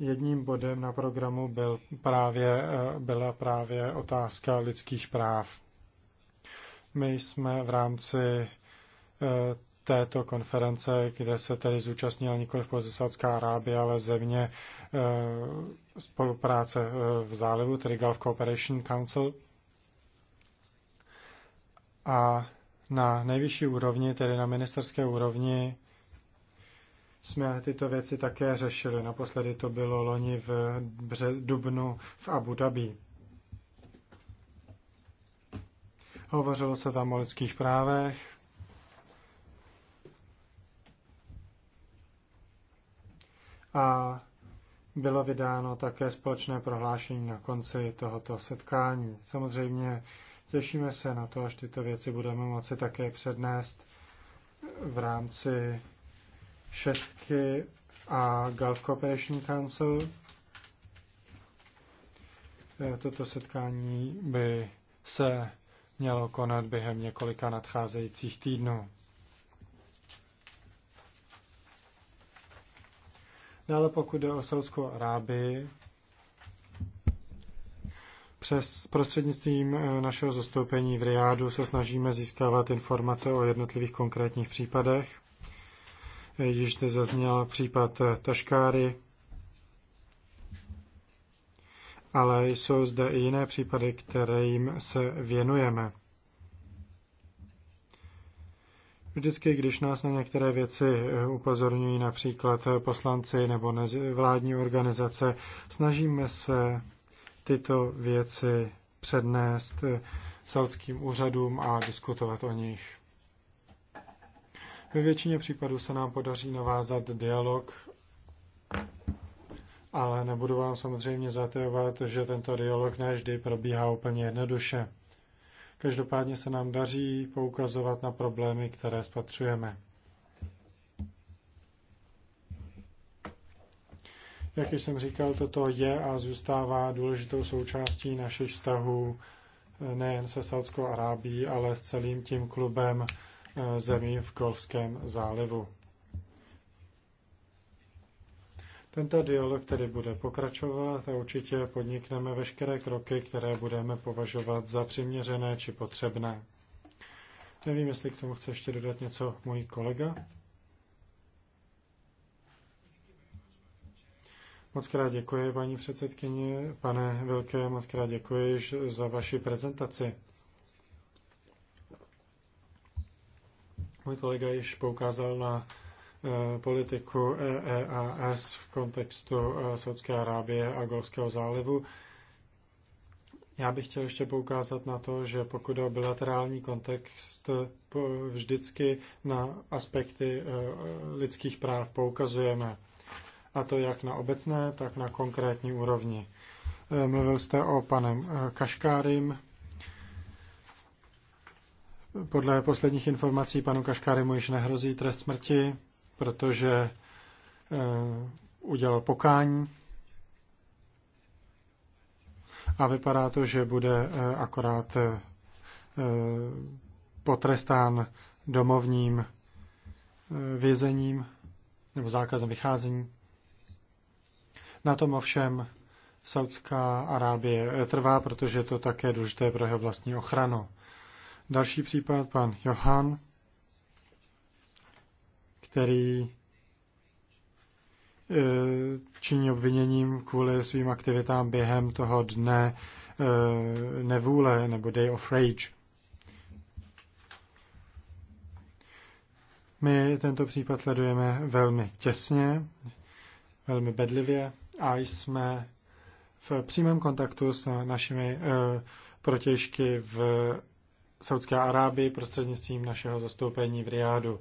Jedním bodem na programu byl právě, eh, byla právě otázka lidských práv. My jsme v rámci eh, této konference, kde se tedy zúčastnila nikoli pouze Saudská Arábie, ale země eh, spolupráce v zálivu, tedy Gulf Cooperation Council. A na nejvyšší úrovni, tedy na ministerské úrovni, jsme tyto věci také řešili. Naposledy to bylo loni v dubnu v Abu Dhabi. Hovořilo se tam o lidských právech. A bylo vydáno také společné prohlášení na konci tohoto setkání. Samozřejmě těšíme se na to, až tyto věci budeme moci také přednést v rámci šestky a Gulf Cooperation Council. E, toto setkání by se mělo konat během několika nadcházejících týdnů. Dále pokud jde o Saudskou Arábii, přes prostřednictvím e, našeho zastoupení v Riádu se snažíme získávat informace o jednotlivých konkrétních případech již zde zazněl případ eh, Taškáry, ale jsou zde i jiné případy, které jim se věnujeme. Vždycky, když nás na některé věci eh, upozorňují například eh, poslanci nebo vládní organizace, snažíme se tyto věci přednést saudským úřadům a diskutovat o nich. Ve většině případů se nám podaří navázat dialog, ale nebudu vám samozřejmě zatajovat, že tento dialog ne vždy probíhá úplně jednoduše. Každopádně se nám daří poukazovat na problémy, které spatřujeme. Jak jsem říkal, toto je a zůstává důležitou součástí našich vztahů nejen se Saudskou Arábí, ale s celým tím klubem zemí v Golfském zálivu. Tento dialog tedy bude pokračovat a určitě podnikneme veškeré kroky, které budeme považovat za přiměřené či potřebné. Nevím, jestli k tomu chce ještě dodat něco můj kolega. Moc krát děkuji, paní předsedkyně. Pane Velké, moc krát děkuji za vaši prezentaci. Můj kolega již poukázal na eh, politiku EEAS v kontextu eh, Saudské Arábie a Golského zálivu. Já bych chtěl ještě poukázat na to, že pokud o bilaterální kontext, vždycky na aspekty eh, lidských práv poukazujeme. A to jak na obecné, tak na konkrétní úrovni. Mluvil jste o panem Kaškárim, podle posledních informací panu Kaškárimu již nehrozí trest smrti, protože eh, udělal pokání a vypadá to, že bude eh, akorát eh, potrestán domovním vězením nebo zákazem vycházení. Na tom ovšem Saudská Arábie trvá, protože to také důležité pro jeho vlastní ochranu. Další případ, pan Johan, který e, činí obviněním kvůli svým aktivitám během toho dne e, nevůle nebo Day of Rage. My tento případ sledujeme velmi těsně, velmi bedlivě a jsme v přímém kontaktu s našimi e, protěžky v Saudské Arábii prostřednictvím našeho zastoupení v Riádu.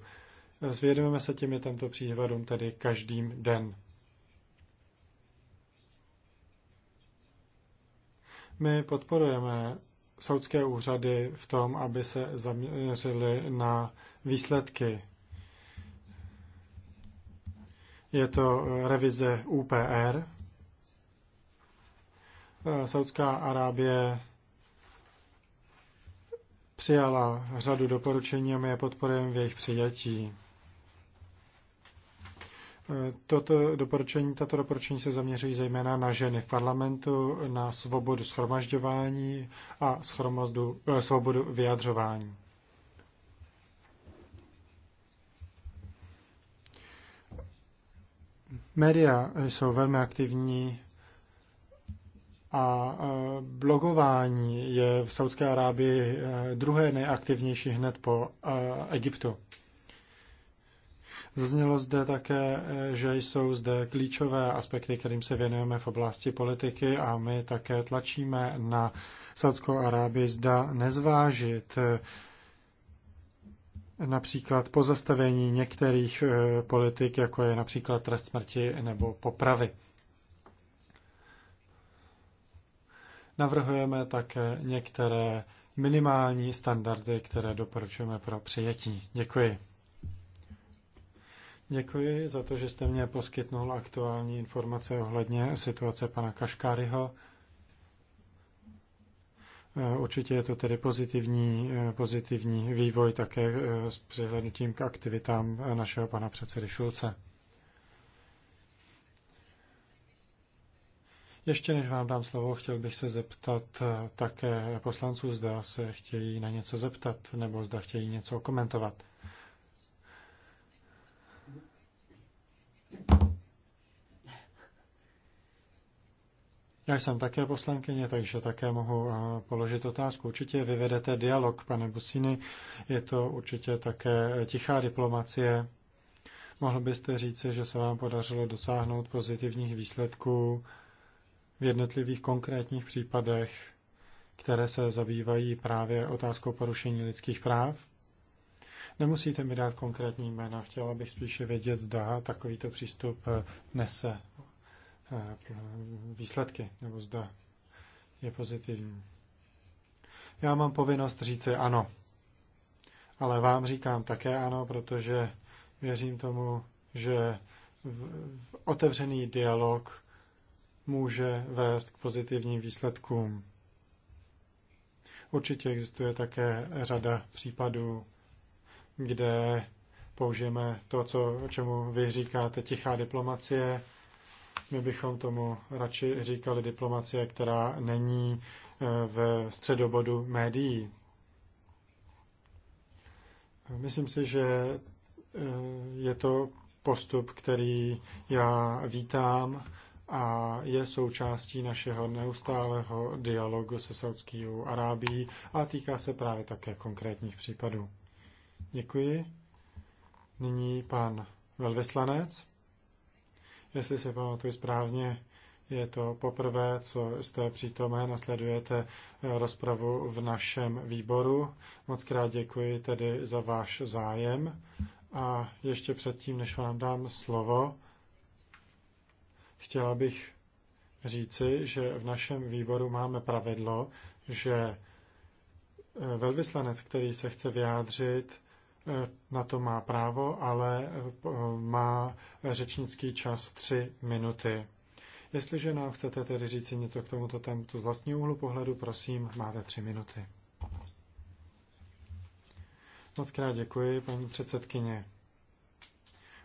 Zvědujeme se těmi těmto příhledům tedy každým den. My podporujeme soudské úřady v tom, aby se zaměřili na výsledky. Je to revize UPR. Saudská Arábie přijala řadu doporučení a my je podporujeme v jejich přijetí. Toto doporučení, tato doporučení se zaměřují zejména na ženy v parlamentu, na svobodu schromažďování a schromodu, eh, svobodu vyjadřování. Média jsou velmi aktivní a blogování je v Saudské Arábii e, druhé nejaktivnější hned po e, Egyptu. Zaznělo zde také, e, že jsou zde klíčové aspekty, kterým se věnujeme v oblasti politiky a my také tlačíme na Saudskou Arábii zda nezvážit například pozastavení některých politik, jako je například trest smrti nebo popravy. Navrhujeme také některé minimální standardy, které doporučujeme pro přijetí. Děkuji. Děkuji za to, že jste mě poskytnul aktuální informace ohledně situace pana Kaškáryho. Eh, určitě je to tedy pozitivní, eh, pozitivní vývoj také eh, s přihlednutím k aktivitám našeho pana předsedy Šulce. Ještě než vám dám slovo, chtěl bych se zeptat eh, také poslanců, zda se chtějí na něco zeptat nebo zda chtějí něco komentovat. Já jsem také poslankyně, takže také mohu eh, položit otázku. Určitě vyvedete dialog, pane Businy. Je to určitě také tichá diplomacie. Mohl byste říci, že se vám podařilo dosáhnout pozitivních výsledků v jednotlivých konkrétních případech, které se zabývají právě otázkou porušení lidských práv. Nemusíte mi dát konkrétní jména, chtěla bych spíše vědět, zda takovýto přístup eh, nese eh, výsledky, nebo zda je pozitivní. Já mám povinnost říci ano. Ale vám říkám také ano, protože věřím tomu, že v otevřený dialog může vést k pozitivním výsledkům. Určitě existuje také řada případů, kde použijeme to, co, čemu vy říkáte tichá diplomacie. My bychom tomu radši říkali diplomacie, která není eh, v středobodu médií. Myslím si, že eh, je to postup, který já vítám a je součástí našeho neustálého dialogu se Saudskou Arábií a týká se právě také konkrétních případů. Děkuji. Nyní pan velvyslanec. Jestli se pamatuju správně, je to poprvé, co jste přítomé, nasledujete eh, rozpravu v našem výboru. Moc krát děkuji tedy za váš zájem. A ještě předtím, než vám dám slovo, Chtěla bych říci, že v našem výboru máme pravidlo, že eh, velvyslanec, který se chce vyjádřit, eh, na to má právo, ale eh, má řečnický čas tři minuty. Jestliže nám chcete tedy říci něco k tomuto tématu z vlastního úhlu pohledu, prosím, máte tři minuty. Moc krát děkuji, paní předsedkyně.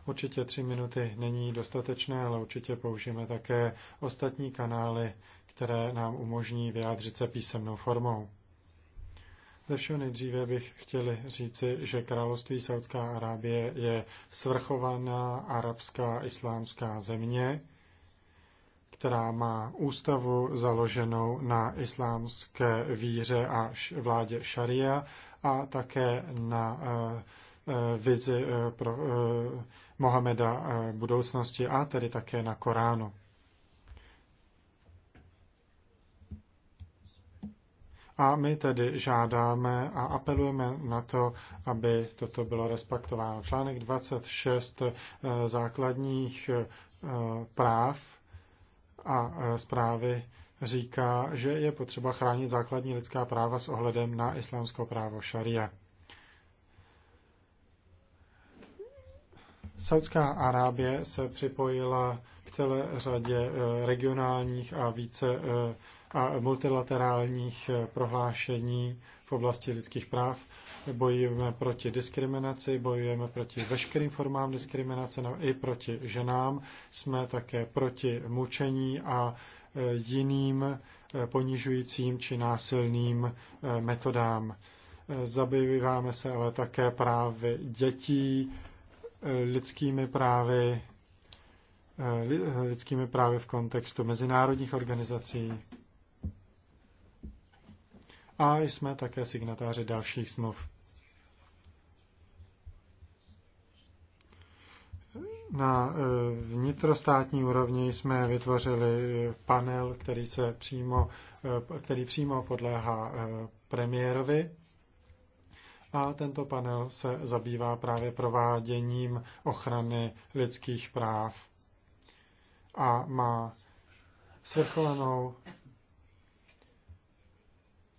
Určitě tři minuty není dostatečné, ale určitě použijeme také ostatní kanály, které nám umožní vyjádřit se písemnou formou. Ze všeho nejdříve bych chtěl říci, že království Saudská Arábie je svrchovaná arabská islámská země, která má ústavu založenou na islámské víře a vládě šaria a také na eh, Eh, vizi eh, pro eh, Mohameda budoucnosti a tedy také na Koránu. A my tedy žádáme a apelujeme na to, aby toto bylo respektováno. Článek 26 základních práv a zprávy říká, že je potřeba chránit základní lidská práva s ohledem na islámské právo šaria. Saudská Arábie se připojila k celé řadě eh, regionálních a více eh, a multilaterálních eh, prohlášení v oblasti lidských práv. Bojujeme proti diskriminaci, bojujeme proti veškerým formám diskriminace, no i proti ženám. Jsme také proti mučení a jiným ponižujícím či násilným metodám. Zabýváme se ale také právy dětí, lidskými právy, eh, eh, lidskými právy v kontextu mezinárodních organizací. A jsme také signatáři dalších smluv. Na eh, vnitrostátní úrovni jsme vytvořili panel, který, se přímo, který přímo podléhá premiérovi a tento panel se zabývá právě prováděním ochrany lidských práv a má svrchovanou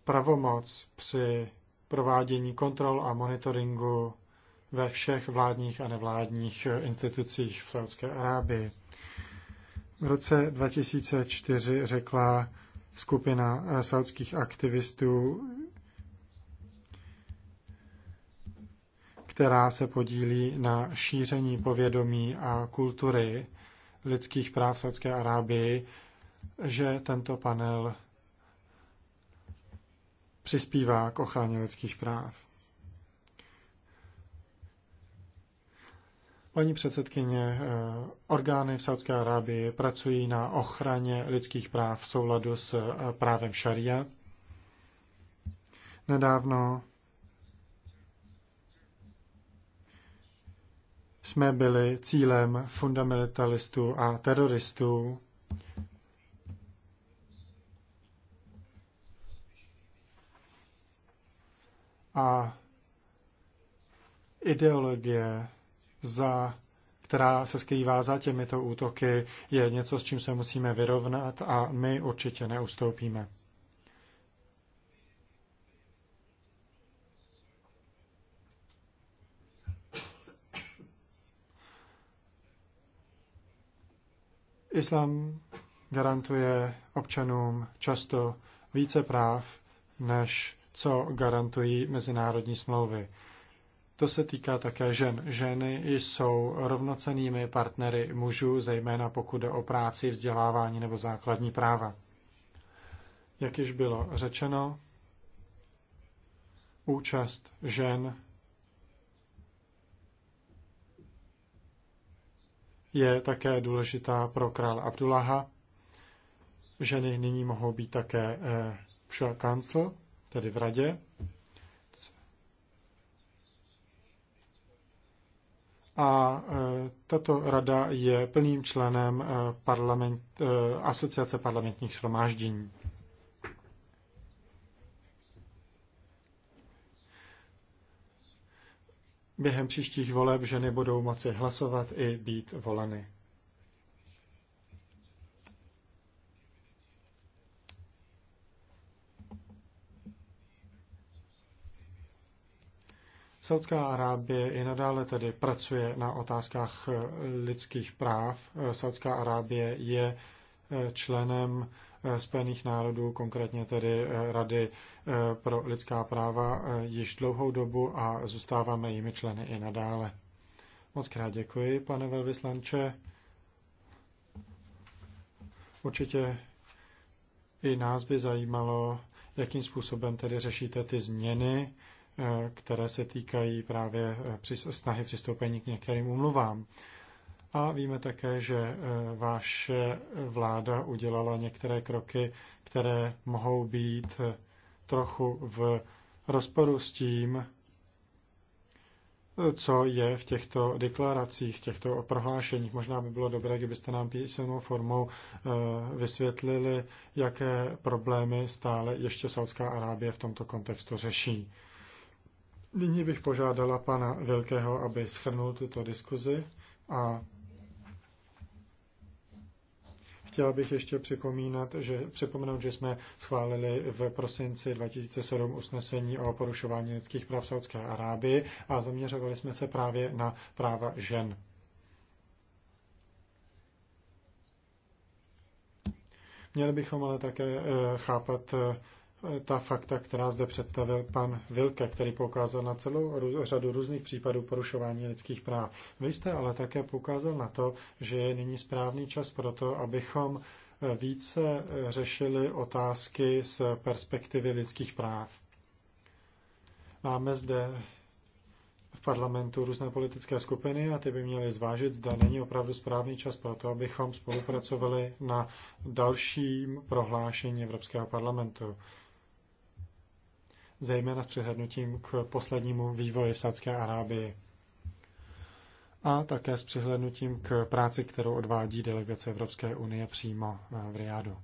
pravomoc při provádění kontrol a monitoringu ve všech vládních a nevládních institucích v Saudské Arábii. V roce 2004 řekla skupina saudských aktivistů, která se podílí na šíření povědomí a kultury lidských práv v Saudské Arábii, že tento panel přispívá k ochraně lidských práv. Paní předsedkyně, eh, orgány v Saudské Arábii pracují na ochraně lidských práv v souladu s eh, právem šaria. Nedávno jsme byli cílem fundamentalistů a teroristů. A ideologie, za, která se skrývá za těmito útoky, je něco, s čím se musíme vyrovnat a my určitě neustoupíme. Islám garantuje občanům často více práv, než co garantují mezinárodní smlouvy. To se týká také žen. Ženy jsou rovnocenými partnery mužů, zejména pokud jde o práci, vzdělávání nebo základní práva. Jak již bylo řečeno, účast žen je také důležitá pro krále Abdullaha. Ženy nyní mohou být také v Shah Council, tedy v radě. A eh, tato rada je plným členem eh, parlament, eh, asociace parlamentních shromáždění. během příštích voleb ženy budou moci hlasovat i být voleny. Saudská Arábie i nadále tedy pracuje na otázkách eh, lidských práv. Eh, Saudská Arábie je eh, členem Eh, Spojených národů, konkrétně tedy eh, Rady eh, pro lidská práva, již dlouhou dobu a zůstáváme jimi členy i nadále. Moc krát děkuji, pane velvyslanče. Určitě i nás by zajímalo, jakým způsobem tedy řešíte ty změny, které se týkají právě snahy přistoupení k některým umluvám. A víme také, že eh, vaše vláda udělala některé kroky, které mohou být eh, trochu v rozporu s tím, eh, co je v těchto deklaracích, těchto prohlášeních. Možná by bylo dobré, kdybyste nám písemnou formou vysvětlili, jaké problémy stále ještě Saudská Arábie v tomto kontextu řeší. Nyní bych požádala pana Velkého, aby schrnul tuto diskuzi a Chtěla bych ještě připomínat, že, připomenout, že jsme schválili v prosinci 2007 usnesení o porušování lidských práv Saudské Arábii a zaměřovali jsme se právě na práva žen. Měli bychom ale také eh, chápat eh, ta fakta, která zde představil pan Vilke, který poukázal na celou řadu různých případů porušování lidských práv. Vy jste ale také poukázal na to, že je nyní správný čas pro to, abychom eh, více eh, řešili otázky z perspektivy lidských práv. Máme zde v parlamentu různé politické skupiny a ty by měly zvážit, zda není opravdu správný čas pro to, abychom spolupracovali na dalším prohlášení Evropského parlamentu zejména s přihlednutím k poslednímu vývoji v Saudské Arábii a také s přihlednutím k práci, kterou odvádí delegace Evropské unie přímo eh, v Riádu.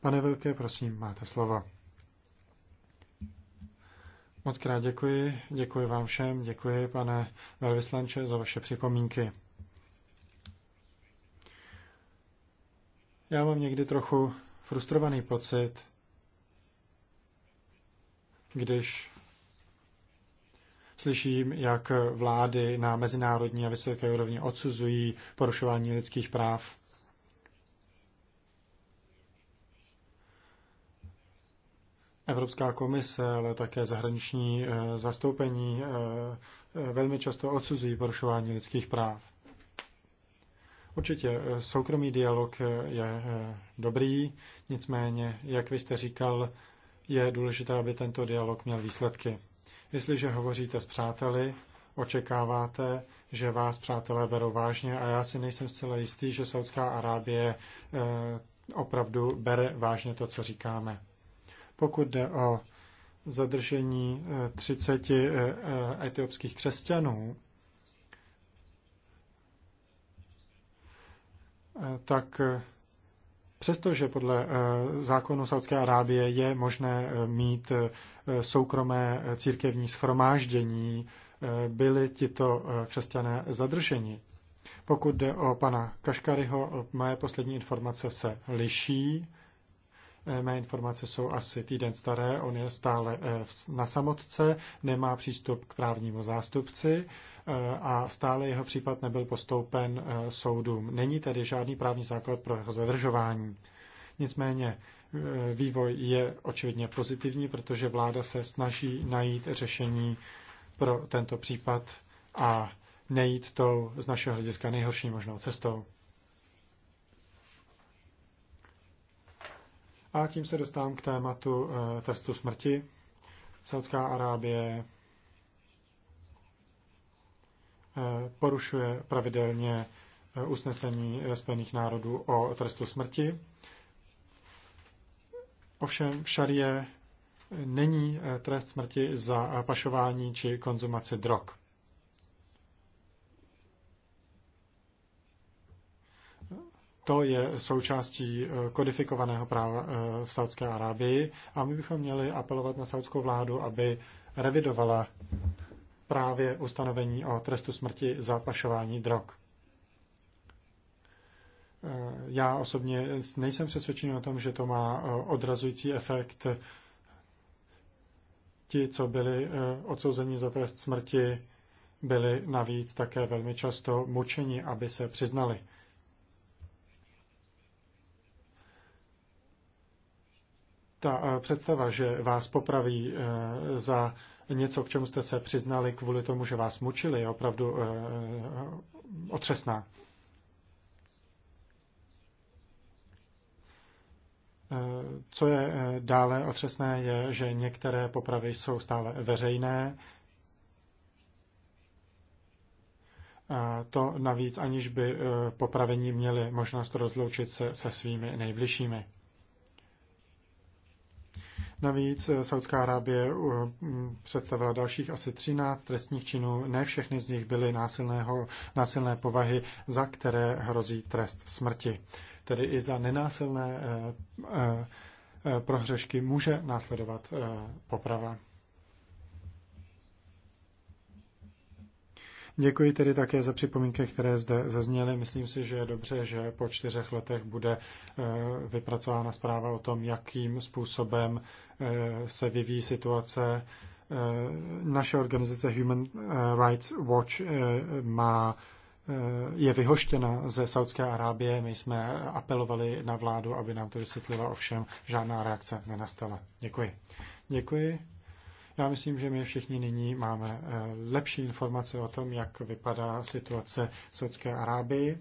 Pane Velké, prosím, máte slovo. Moc krát děkuji, děkuji vám všem, děkuji pane velvyslanče za vaše připomínky. Já mám někdy trochu frustrovaný pocit, když slyším, jak vlády na mezinárodní a vysoké úrovni odsuzují porušování lidských práv. Evropská komise, ale také zahraniční eh, zastoupení eh, eh, velmi často odsuzují porušování lidských práv. Určitě soukromý dialog je dobrý, nicméně, jak vy jste říkal, je důležité, aby tento dialog měl výsledky. Jestliže hovoříte s přáteli, očekáváte, že vás přátelé berou vážně a já si nejsem zcela jistý, že Saudská Arábie eh, opravdu bere vážně to, co říkáme. Pokud jde o zadržení 30 eh, eh, etiopských křesťanů, tak Přestože podle eh, zákonu Saudské Arábie je možné eh, mít eh, soukromé církevní schromáždění, byli tito křesťané zadrženi. Pokud jde o pana Kaškaryho, moje poslední informace se liší. Eh, mé informace jsou asi týden staré, on je stále eh, na samotce, nemá přístup k právnímu zástupci eh, a stále jeho případ nebyl postoupen soudům. Není tedy žádný právní základ pro jeho zadržování. Nicméně vývoj je očividně pozitivní, protože vláda se snaží najít řešení pro tento případ a nejít tou z našeho hlediska nejhorší možnou cestou. A tím se dostávám k tématu eh, testu smrti. Saudská Arábie eh, porušuje pravidelně eh, usnesení Spojených národů o trestu smrti. Ovšem v šarie není trest smrti za pašování či konzumaci drog. To je součástí eh, kodifikovaného práva eh, v Saudské Arábii a my bychom měli apelovat na saudskou vládu, aby revidovala právě ustanovení o trestu smrti za pašování drog. Eh, já osobně nejsem přesvědčený o tom, že to má odrazující efekt. Ti, co byli odsouzeni za trest smrti, byli navíc také velmi často mučeni, aby se přiznali ta eh, představa, že vás popraví eh, za něco, k čemu jste se přiznali kvůli tomu, že vás mučili, je opravdu eh, otřesná. Co je dále otřesné, je, že některé popravy jsou stále veřejné. A to navíc, aniž by popravení měli možnost rozloučit se se svými nejbližšími. Navíc eh, Saudská Arábie eh, mm, představila dalších asi 13 trestních činů. Ne všechny z nich byly násilného, násilné povahy, za které hrozí trest smrti. Tedy i za nenásilné eh, prohřešky může následovat poprava. Děkuji tedy také za připomínky, které zde zazněly. Myslím si, že je dobře, že po čtyřech letech bude eh, vypracována zpráva o tom, jakým způsobem eh, se vyvíjí situace. Eh, naše organizace Human Rights Watch má je vyhoštěna ze Saudské Arábie. My jsme apelovali na vládu, aby nám to vysvětlila, ovšem žádná reakce nenastala. Děkuji. Děkuji. Já myslím, že my všichni nyní máme eh, lepší informace o tom, jak vypadá situace v Saudské Arábii.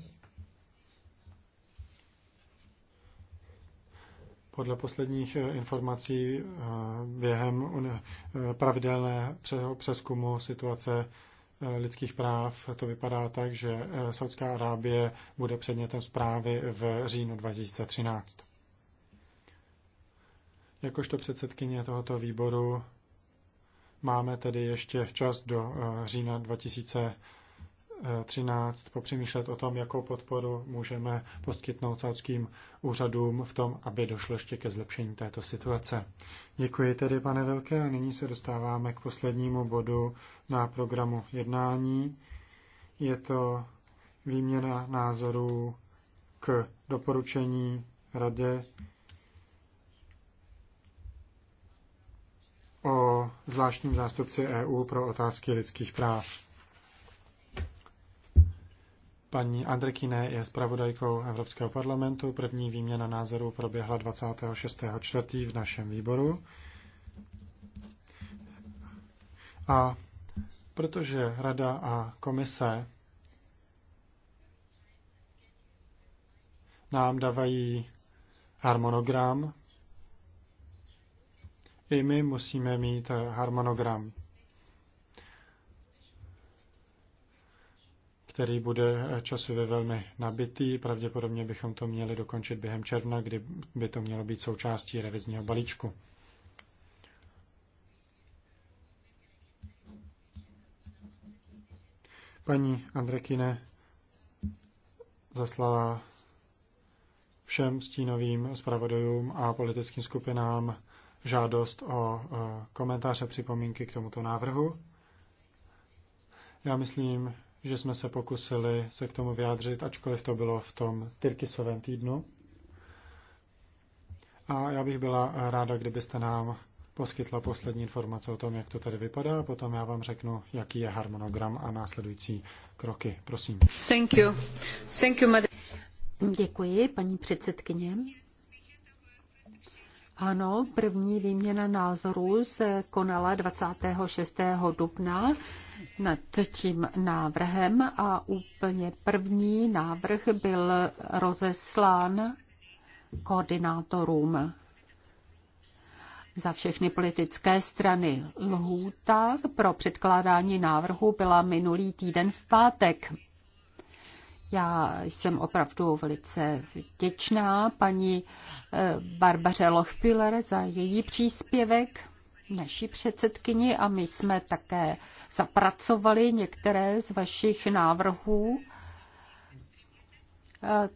Podle posledních eh, informací eh, během pravidelného přeskumu situace lidských práv to vypadá tak, že Saudská Arábie bude předmětem zprávy v říjnu 2013. Jakožto předsedkyně tohoto výboru Máme tedy ještě čas do eh, října 2013 popřemýšlet o tom, jakou podporu můžeme poskytnout saudským úřadům v tom, aby došlo ještě ke zlepšení této situace. Děkuji tedy, pane Velké, a nyní se dostáváme k poslednímu bodu na programu jednání. Je to výměna názorů k doporučení Radě zvláštním zástupci EU pro otázky lidských práv. Paní Andrekine je zpravodajkou Evropského parlamentu. První výměna názorů proběhla 26. v našem výboru. A protože Rada a komise nám dávají harmonogram i my musíme mít eh, harmonogram, který bude eh, časově velmi nabitý. Pravděpodobně bychom to měli dokončit během června, kdy by to mělo být součástí revizního balíčku. Paní Andrekine zaslala všem stínovým zpravodajům a politickým skupinám žádost o komentáře, připomínky k tomuto návrhu. Já myslím, že jsme se pokusili se k tomu vyjádřit, ačkoliv to bylo v tom Tyrkisovém týdnu. A já bych byla ráda, kdybyste nám poskytla poslední informace o tom, jak to tady vypadá, a potom já vám řeknu, jaký je harmonogram a následující kroky. Prosím. Thank you. Thank you, madam. Děkuji, paní předsedkyně. Ano, první výměna názorů se konala 26. dubna nad tím návrhem a úplně první návrh byl rozeslán koordinátorům za všechny politické strany. Lhůta pro předkládání návrhu byla minulý týden v pátek. Já jsem opravdu velice vděčná paní eh, Barbaře Lochpiller za její příspěvek naší předsedkyni a my jsme také zapracovali některé z vašich návrhů. Eh,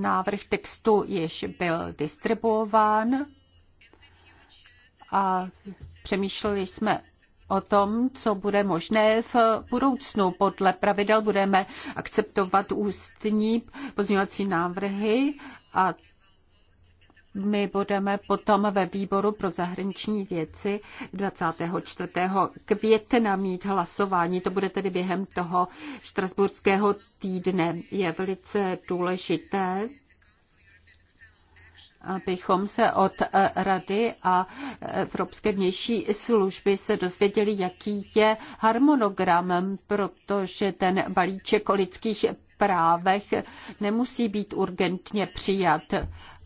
návrh textu již byl distribuován a přemýšleli jsme o tom, co bude možné v budoucnu. Podle pravidel budeme akceptovat ústní pozměňovací návrhy a my budeme potom ve výboru pro zahraniční věci 24. května mít hlasování. To bude tedy během toho štrasburského týdne. Je velice důležité, abychom se od eh, Rady a eh, Evropské vnější služby se dozvěděli, jaký je harmonogram, protože ten balíček o lidských právech nemusí být urgentně přijat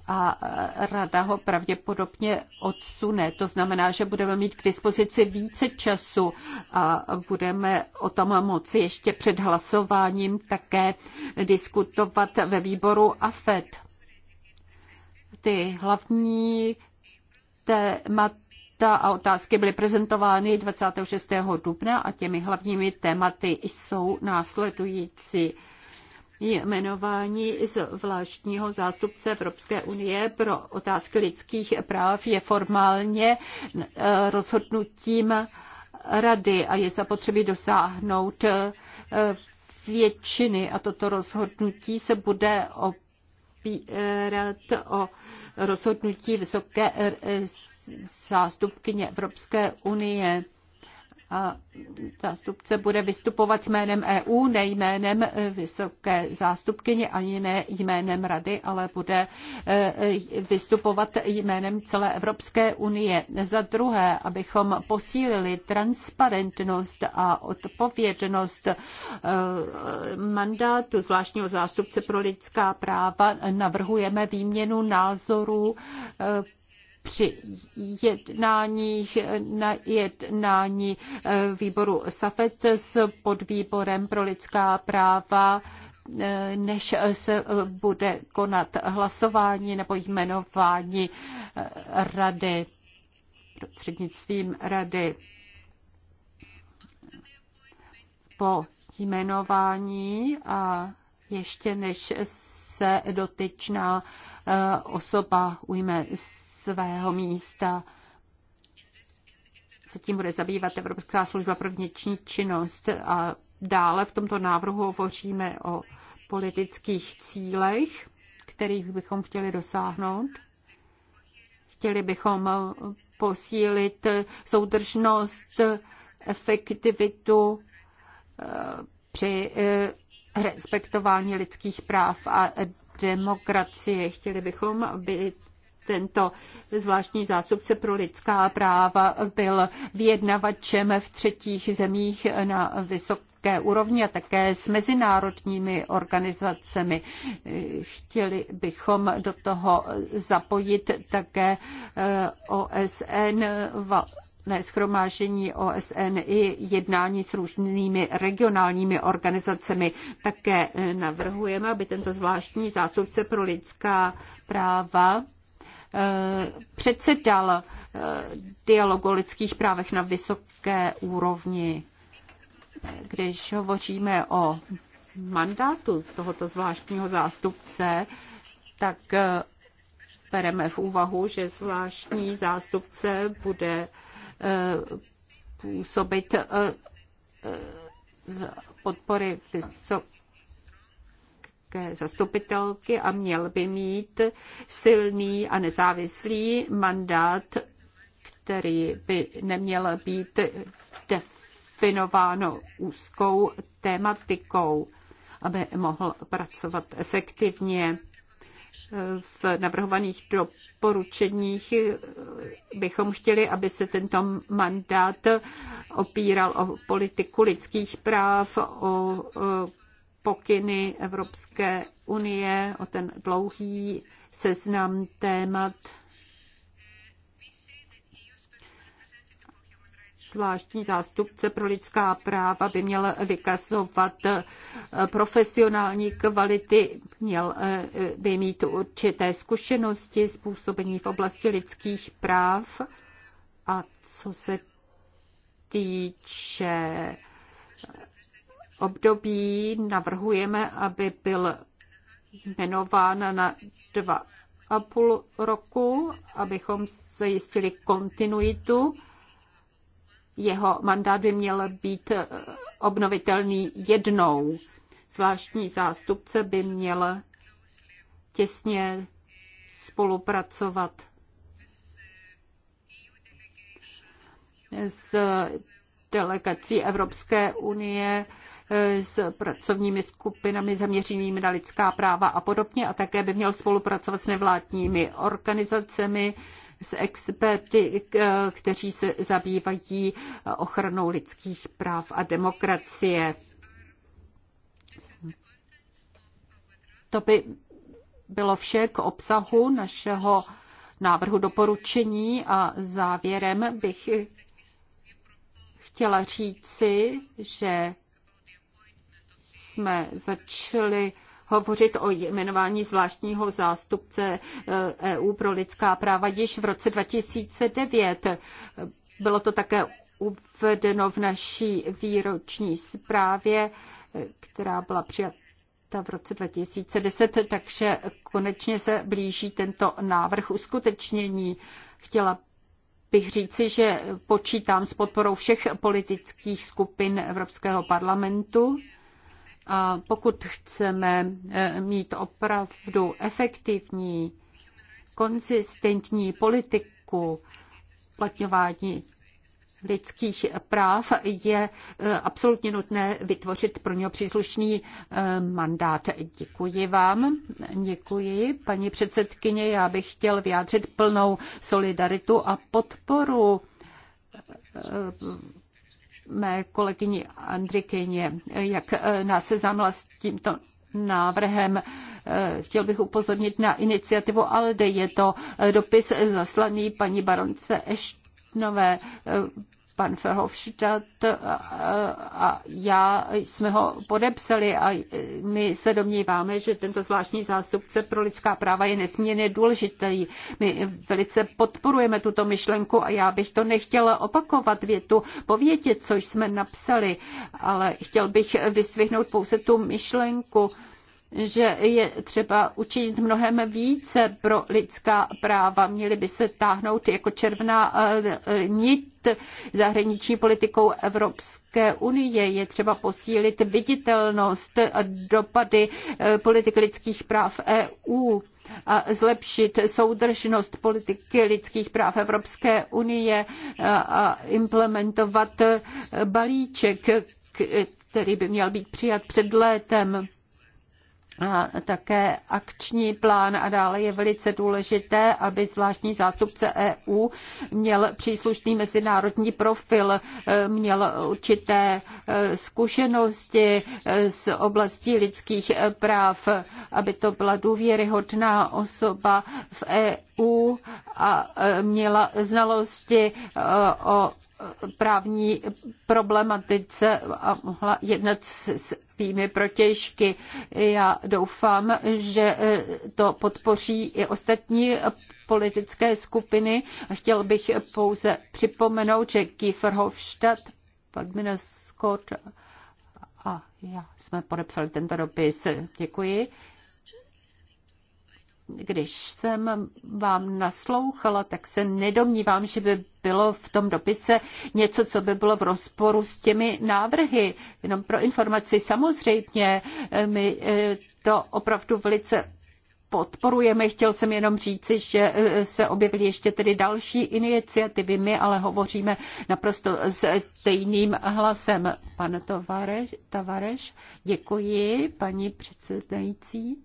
a eh, rada ho pravděpodobně odsune. To znamená, že budeme mít k dispozici více času a budeme o tom moci ještě před hlasováním také diskutovat ve výboru AFED. Ty hlavní témata a otázky byly prezentovány 26. dubna a těmi hlavními tématy jsou následující jmenování zvláštního zástupce Evropské unie pro otázky lidských práv je formálně eh, rozhodnutím rady a je zapotřebí dosáhnout eh, většiny a toto rozhodnutí se bude op opírat o rozhodnutí vysoké eh, zástupkyně Evropské unie a zástupce bude vystupovat jménem EU, ne jménem e, vysoké zástupkyně, ani ne jménem rady, ale bude e, vystupovat jménem celé Evropské unie. Za druhé, abychom posílili transparentnost a odpovědnost e, mandátu zvláštního zástupce pro lidská práva, navrhujeme výměnu názorů při jednáních na jednání eh, výboru SAFET s podvýborem pro lidská práva eh, než se bude konat hlasování nebo jmenování eh, rady prostřednictvím rady. Po jmenování a ještě než se dotyčná osoba ujme svého místa. Se tím bude zabývat Evropská služba pro vnitřní činnost a dále v tomto návrhu hovoříme o politických cílech, kterých bychom chtěli dosáhnout. Chtěli bychom posílit soudržnost, efektivitu eh, při eh, respektování lidských práv a demokracie. Chtěli bychom, aby tento zvláštní zástupce pro lidská práva byl vyjednavačem v třetích zemích na vysoké úrovni a také s mezinárodními organizacemi. Chtěli bychom do toho zapojit také OSN, valné OSN i jednání s různými regionálními organizacemi. Také navrhujeme, aby tento zvláštní zástupce pro lidská práva Eh, předsedal eh, dialogu o lidských právech na vysoké úrovni. Když hovoříme o mandátu tohoto zvláštního zástupce, tak eh, bereme v úvahu, že zvláštní zástupce bude působit z podpory vysoké zastupitelky a měl by mít silný a nezávislý mandát, který by neměl být definováno úzkou tématikou, aby mohl pracovat efektivně. V navrhovaných doporučeních bychom chtěli, aby se tento mandát opíral o politiku lidských práv, o pokyny Evropské unie, o ten dlouhý seznam témat. Zvláštní zástupce pro lidská práva by měl vykazovat profesionální kvality, měl eh, by mít určité zkušenosti způsobení v oblasti lidských práv. A co se týče období navrhujeme, aby byl jmenován na dva a půl roku, abychom zajistili kontinuitu. Jeho mandát by měl být obnovitelný jednou. Zvláštní zástupce by měl těsně spolupracovat s delegací Evropské unie s pracovními skupinami zaměřenými na lidská práva a podobně a také by měl spolupracovat s nevládními organizacemi, s experty, kteří se zabývají ochranou lidských práv a demokracie. To by bylo vše k obsahu našeho návrhu doporučení a závěrem bych chtěla říci, že jsme začali hovořit o jmenování zvláštního zástupce EU eh, e pro lidská práva již v roce 2009. Bylo to také uvedeno v naší výroční zprávě, eh, která byla přijata v roce 2010, takže konečně se blíží tento návrh uskutečnění. Chtěla bych říci, že počítám s podporou všech politických skupin Evropského parlamentu. A pokud chceme eh, mít opravdu efektivní, konzistentní politiku platňování lidských práv, je eh, absolutně nutné vytvořit pro něho příslušný eh, mandát. Děkuji vám. Děkuji, paní předsedkyně. Já bych chtěl vyjádřit plnou solidaritu a podporu mé kolegyni Andrikyně, jak eh, nás seznámila s tímto návrhem. Eh, chtěl bych upozornit na iniciativu ALDE. Je to eh, dopis zaslaný paní baronce Eštnové pan Verhofstadt a já jsme ho podepsali a my se domníváme, že tento zvláštní zástupce pro lidská práva je nesmírně důležitý. My velice podporujeme tuto myšlenku a já bych to nechtěla opakovat větu po větě, což jsme napsali, ale chtěl bych vystvihnout pouze tu myšlenku, že je třeba učinit mnohem více pro lidská práva. Měly by se táhnout jako červená eh, nit zahraniční politikou Evropské unie. Je třeba posílit viditelnost a dopady eh, politik lidských práv EU a zlepšit soudržnost politiky lidských práv Evropské unie eh, a implementovat balíček, který by měl být přijat před létem a také akční plán a dále je velice důležité, aby zvláštní zástupce EU měl příslušný mezinárodní profil, e, měl určité e, zkušenosti e, z oblastí lidských práv, aby to byla důvěryhodná osoba v EU a měla znalosti o právní problematice a mohla jednat s svými protěžky. Já doufám, že eh, to podpoří i ostatní politické skupiny. Chtěl bych pouze připomenout, že Kieferhofstadt, Hofstadt, pan Scott a já jsme podepsali tento dopis. Děkuji když jsem vám naslouchala, tak se nedomnívám, že by bylo v tom dopise něco, co by bylo v rozporu s těmi návrhy. Jenom pro informaci, samozřejmě eh, my eh, to opravdu velice podporujeme. Chtěl jsem jenom říci, že eh, se objevily ještě tedy další iniciativy. My ale hovoříme naprosto stejným hlasem. Pane Tavareš děkuji, paní předsedající.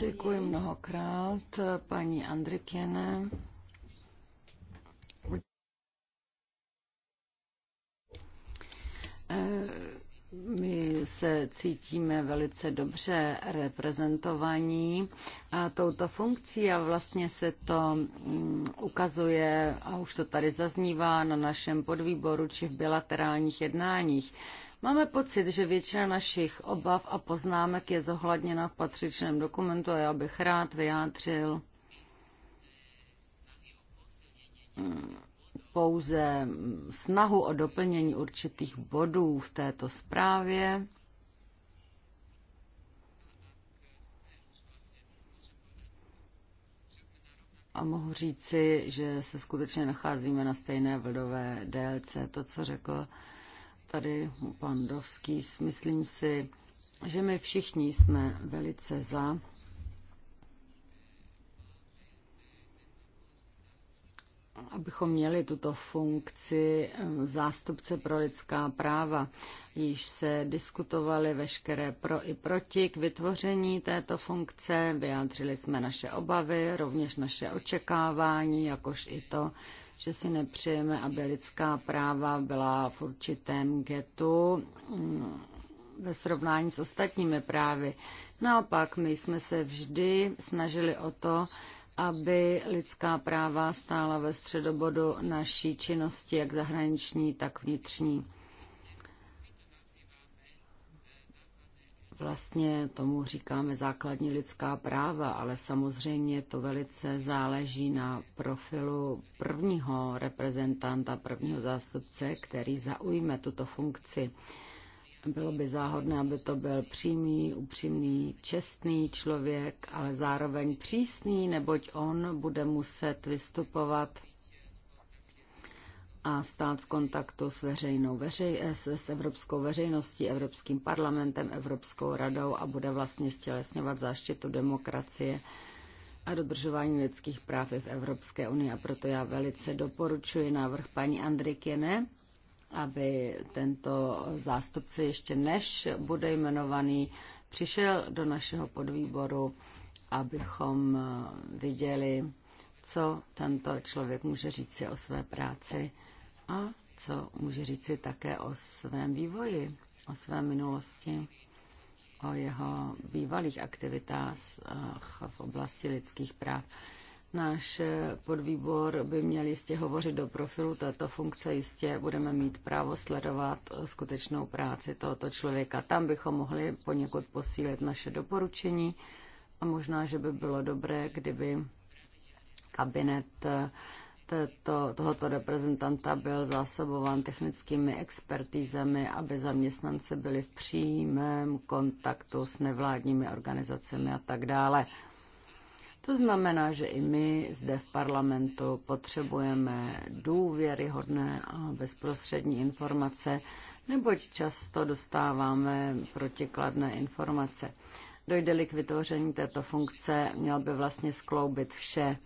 Děkuji mnohokrát, paní Andrikěne. Eh, my se cítíme velice dobře reprezentovaní a touto funkcí a vlastně se to mm, ukazuje, a už to tady zaznívá na našem podvýboru či v bilaterálních jednáních. Máme pocit, že většina našich obav a poznámek je zohledněna v patřičném dokumentu a já bych rád vyjádřil mm, pouze snahu o doplnění určitých bodů v této zprávě. A mohu říci, že se skutečně nacházíme na stejné vlnové délce. To, co řekl tady pan Dovský, myslím si, že my všichni jsme velice za abychom měli tuto funkci eh, zástupce pro lidská práva. Již se diskutovali veškeré pro i proti k vytvoření této funkce, vyjádřili jsme naše obavy, rovněž naše očekávání, jakož i to, že si nepřejeme, aby lidská práva byla v určitém getu mm, ve srovnání s ostatními právy. Naopak, my jsme se vždy snažili o to, aby lidská práva stála ve středobodu naší činnosti, jak zahraniční, tak vnitřní. Vlastně tomu říkáme základní lidská práva, ale samozřejmě to velice záleží na profilu prvního reprezentanta, prvního zástupce, který zaujme tuto funkci. Bylo by záhodné, aby to byl přímý, upřímný, čestný člověk, ale zároveň přísný, neboť on bude muset vystupovat a stát v kontaktu s, veřejnou veřej, s, s evropskou veřejností, Evropským parlamentem, Evropskou radou a bude vlastně stělesňovat záštitu demokracie a dodržování lidských práv i v Evropské unii. A proto já velice doporučuji návrh paní Andrikiene aby tento zástupce ještě než bude jmenovaný, přišel do našeho podvýboru, abychom viděli, co tento člověk může říci o své práci a co může říci také o svém vývoji, o své minulosti, o jeho bývalých aktivitách v oblasti lidských práv. Náš eh, podvýbor by měl jistě hovořit do profilu této funkce, jistě budeme mít právo sledovat eh, skutečnou práci tohoto člověka. Tam bychom mohli poněkud posílit naše doporučení a možná, že by bylo dobré, kdyby kabinet eh, této, tohoto reprezentanta byl zásobován technickými expertízemi, aby zaměstnanci byli v přímém kontaktu s nevládními organizacemi a tak dále. To znamená, že i my zde v parlamentu potřebujeme důvěryhodné a bezprostřední informace, neboť často dostáváme protikladné informace. Dojde-li k vytvoření této funkce, měl by vlastně skloubit vše,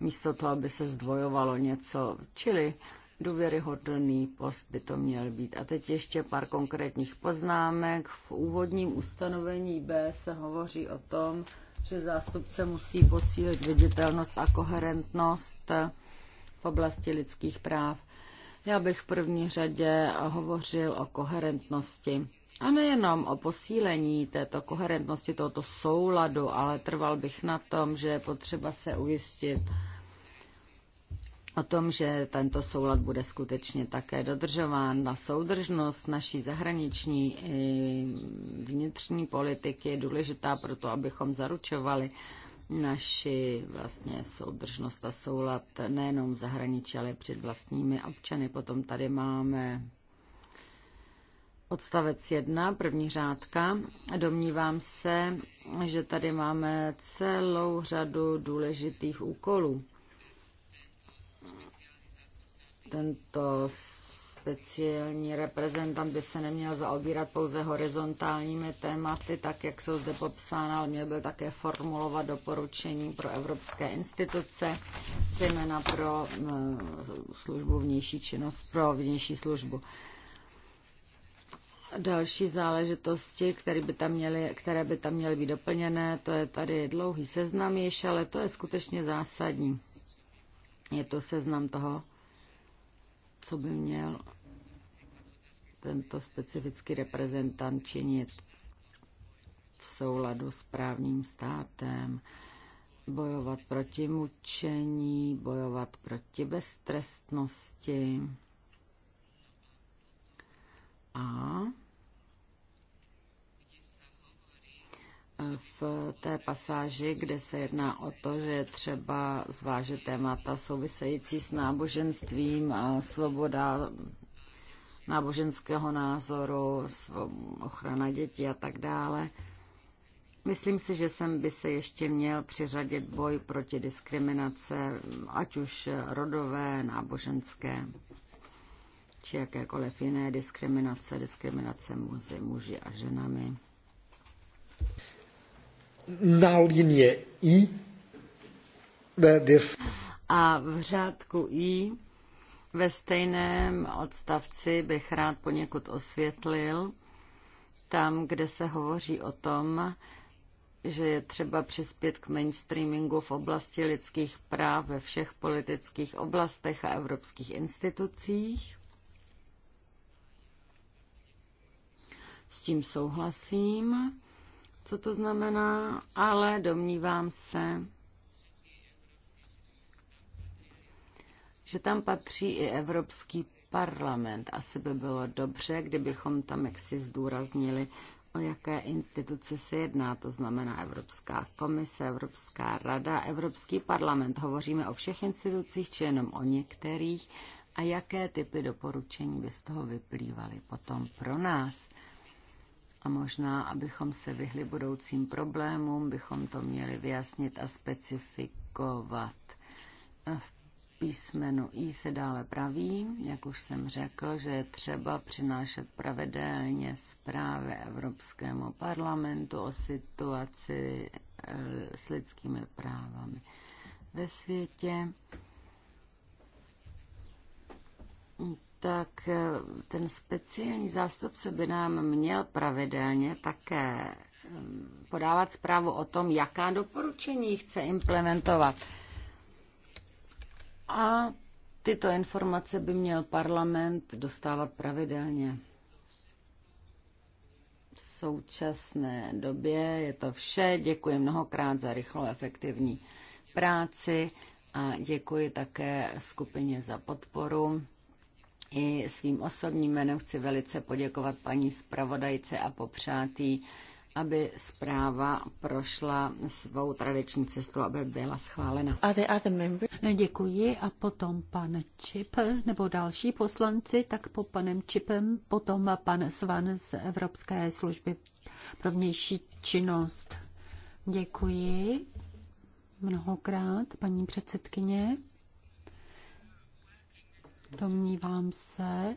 místo toho, aby se zdvojovalo něco, čili důvěryhodný post by to měl být. A teď ještě pár konkrétních poznámek. V úvodním ustanovení B se hovoří o tom, že zástupce musí posílit viditelnost a koherentnost v oblasti lidských práv. Já bych v první řadě hovořil o koherentnosti. A nejenom o posílení této koherentnosti, tohoto souladu, ale trval bych na tom, že je potřeba se ujistit, o tom, že tento soulad bude skutečně také dodržován na soudržnost naší zahraniční i vnitřní politiky je důležitá proto, abychom zaručovali naši vlastně soudržnost a soulad nejenom v zahraničí, ale před vlastními občany. Potom tady máme odstavec 1, první řádka. Domnívám se, že tady máme celou řadu důležitých úkolů tento speciální reprezentant by se neměl zaobírat pouze horizontálními tématy, tak jak jsou zde popsána, ale měl byl také formulovat doporučení pro evropské instituce, zejména pro eh, službu vnější činnost, pro vnější službu další záležitosti, které by, tam měly, které by tam měly být doplněné. To je tady dlouhý seznam již, ale to je skutečně zásadní. Je to seznam toho, co by měl tento specifický reprezentant činit v souladu s právním státem, bojovat proti mučení, bojovat proti beztrestnosti a v té pasáži, kde se jedná o to, že je třeba zvážit témata související s náboženstvím, svoboda náboženského názoru, ochrana dětí a tak dále. Myslím si, že jsem by se ještě měl přiřadit boj proti diskriminace, ať už rodové, náboženské, či jakékoliv jiné diskriminace, diskriminace muži a ženami na linie I. This... A v řádku I ve stejném odstavci bych rád poněkud osvětlil, tam, kde se hovoří o tom, že je třeba přispět k mainstreamingu v oblasti lidských práv ve všech politických oblastech a evropských institucích. S tím souhlasím co to znamená, ale domnívám se, že tam patří i Evropský parlament. Asi by bylo dobře, kdybychom tam jaksi zdůraznili, o jaké instituce se jedná. To znamená Evropská komise, Evropská rada, Evropský parlament. Hovoříme o všech institucích, či jenom o některých. A jaké typy doporučení by z toho vyplývaly potom pro nás? a možná, abychom se vyhli budoucím problémům, bychom to měli vyjasnit a specifikovat. V písmenu I se dále praví, jak už jsem řekl, že je třeba přinášet pravidelně zprávy Evropskému parlamentu o situaci eh, s lidskými právami ve světě tak eh, ten speciální zástupce by nám měl pravidelně také ehm, podávat zprávu o tom, jaká doporučení chce implementovat. A tyto informace by měl parlament dostávat pravidelně. V současné době je to vše. Děkuji mnohokrát za rychlou efektivní práci a děkuji také skupině za podporu. I svým osobním jménem chci velice poděkovat paní zpravodajce a popřát jí, aby zpráva prošla svou tradiční cestou, aby byla schválena. A the other Děkuji a potom pan Čip nebo další poslanci, tak po panem Čipem potom pan Svan z Evropské služby pro vnější činnost. Děkuji mnohokrát, paní předsedkyně. Domnívám se,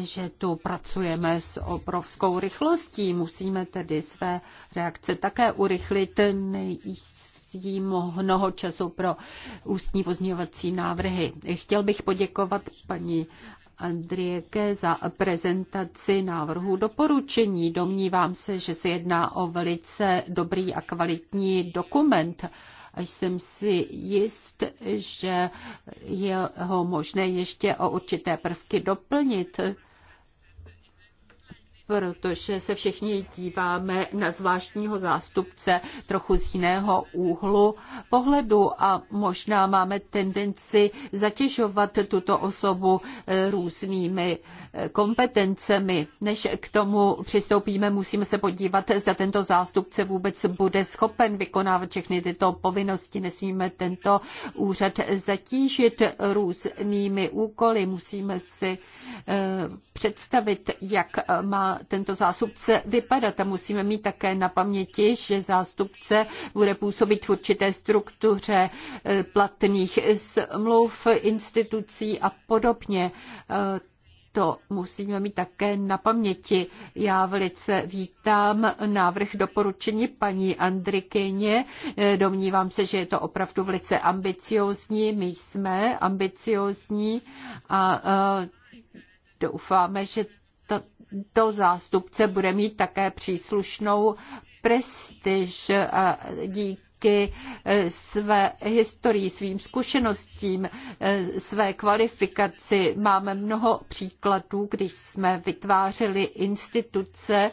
že tu pracujeme s obrovskou rychlostí. Musíme tedy své reakce také urychlit. Nejistí mnoho času pro ústní pozměňovací návrhy. Chtěl bych poděkovat paní Andrieke za prezentaci návrhu doporučení. Domnívám se, že se jedná o velice dobrý a kvalitní dokument a jsem si jist, že je ho možné ještě o určité prvky doplnit protože se všichni díváme na zvláštního zástupce trochu z jiného úhlu pohledu a možná máme tendenci zatěžovat tuto osobu eh, různými kompetencemi. Než k tomu přistoupíme, musíme se podívat, zda tento zástupce vůbec bude schopen vykonávat všechny tyto povinnosti. Nesmíme tento úřad zatížit různými úkoly. Musíme si eh, představit, jak má tento zástupce vypadat. A musíme mít také na paměti, že zástupce bude působit v určité struktuře eh, platných smluv, institucí a podobně. Eh, to musíme mít také na paměti. Já velice vítám návrh doporučení paní Andrikyně. Domnívám se, že je to opravdu velice ambiciózní. My jsme ambiciózní a doufáme, že to zástupce bude mít také příslušnou prestiž. A díky eh, své historii, svým zkušenostím, eh, své kvalifikaci. Máme mnoho příkladů, když jsme vytvářeli instituce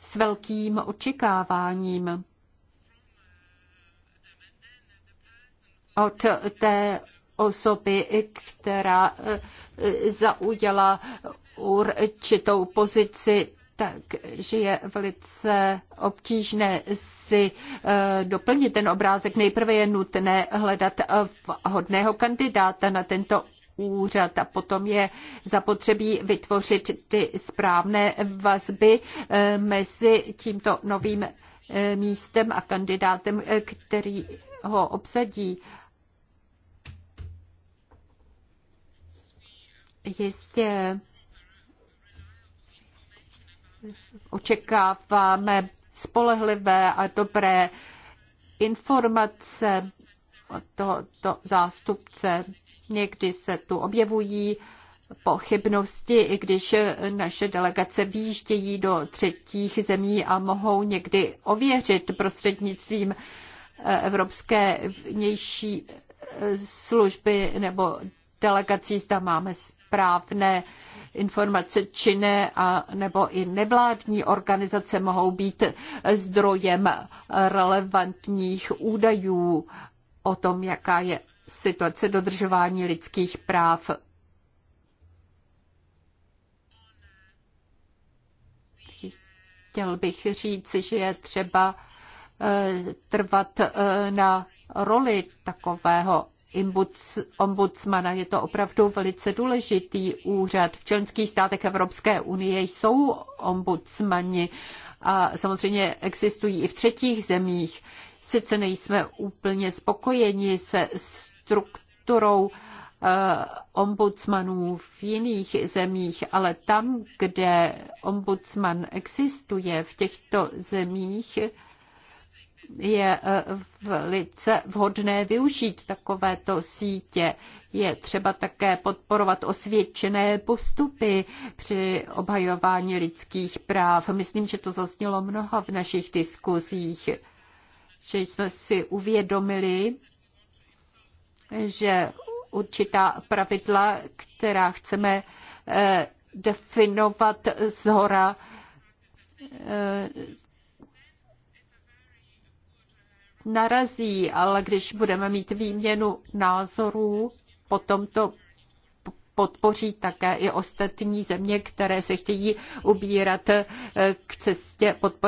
s velkým očekáváním od té osoby, která eh, zaujala určitou pozici takže je velice obtížné si eh, doplnit ten obrázek. Nejprve je nutné hledat eh, hodného kandidáta na tento úřad a potom je zapotřebí vytvořit ty správné vazby eh, mezi tímto novým místem a kandidátem, který ho obsadí. Jistě očekáváme spolehlivé a dobré informace od tohoto zástupce. Někdy se tu objevují pochybnosti, i když naše delegace výjíždějí do třetích zemí a mohou někdy ověřit prostřednictvím eh, Evropské vnější eh, služby nebo delegací, zda máme správné informace činné a nebo i nevládní organizace mohou být zdrojem relevantních údajů o tom, jaká je situace dodržování lidských práv. Chtěl bych říct, že je třeba eh, trvat eh, na roli takového ombudsmana. Je to opravdu velice důležitý úřad. V členských státech Evropské unie jsou ombudsmani a samozřejmě existují i v třetích zemích. Sice nejsme úplně spokojeni se strukturou eh, ombudsmanů v jiných zemích, ale tam, kde ombudsman existuje v těchto zemích, je eh, velice vhodné využít takovéto sítě. Je třeba také podporovat osvědčené postupy při obhajování lidských práv. Myslím, že to zaznělo mnoha v našich diskuzích, že jsme si uvědomili, že určitá pravidla, která chceme eh, definovat z hora, eh, narazí, ale když budeme mít výměnu názorů, potom to podpoří také i ostatní země, které se chtějí ubírat eh, k cestě podpory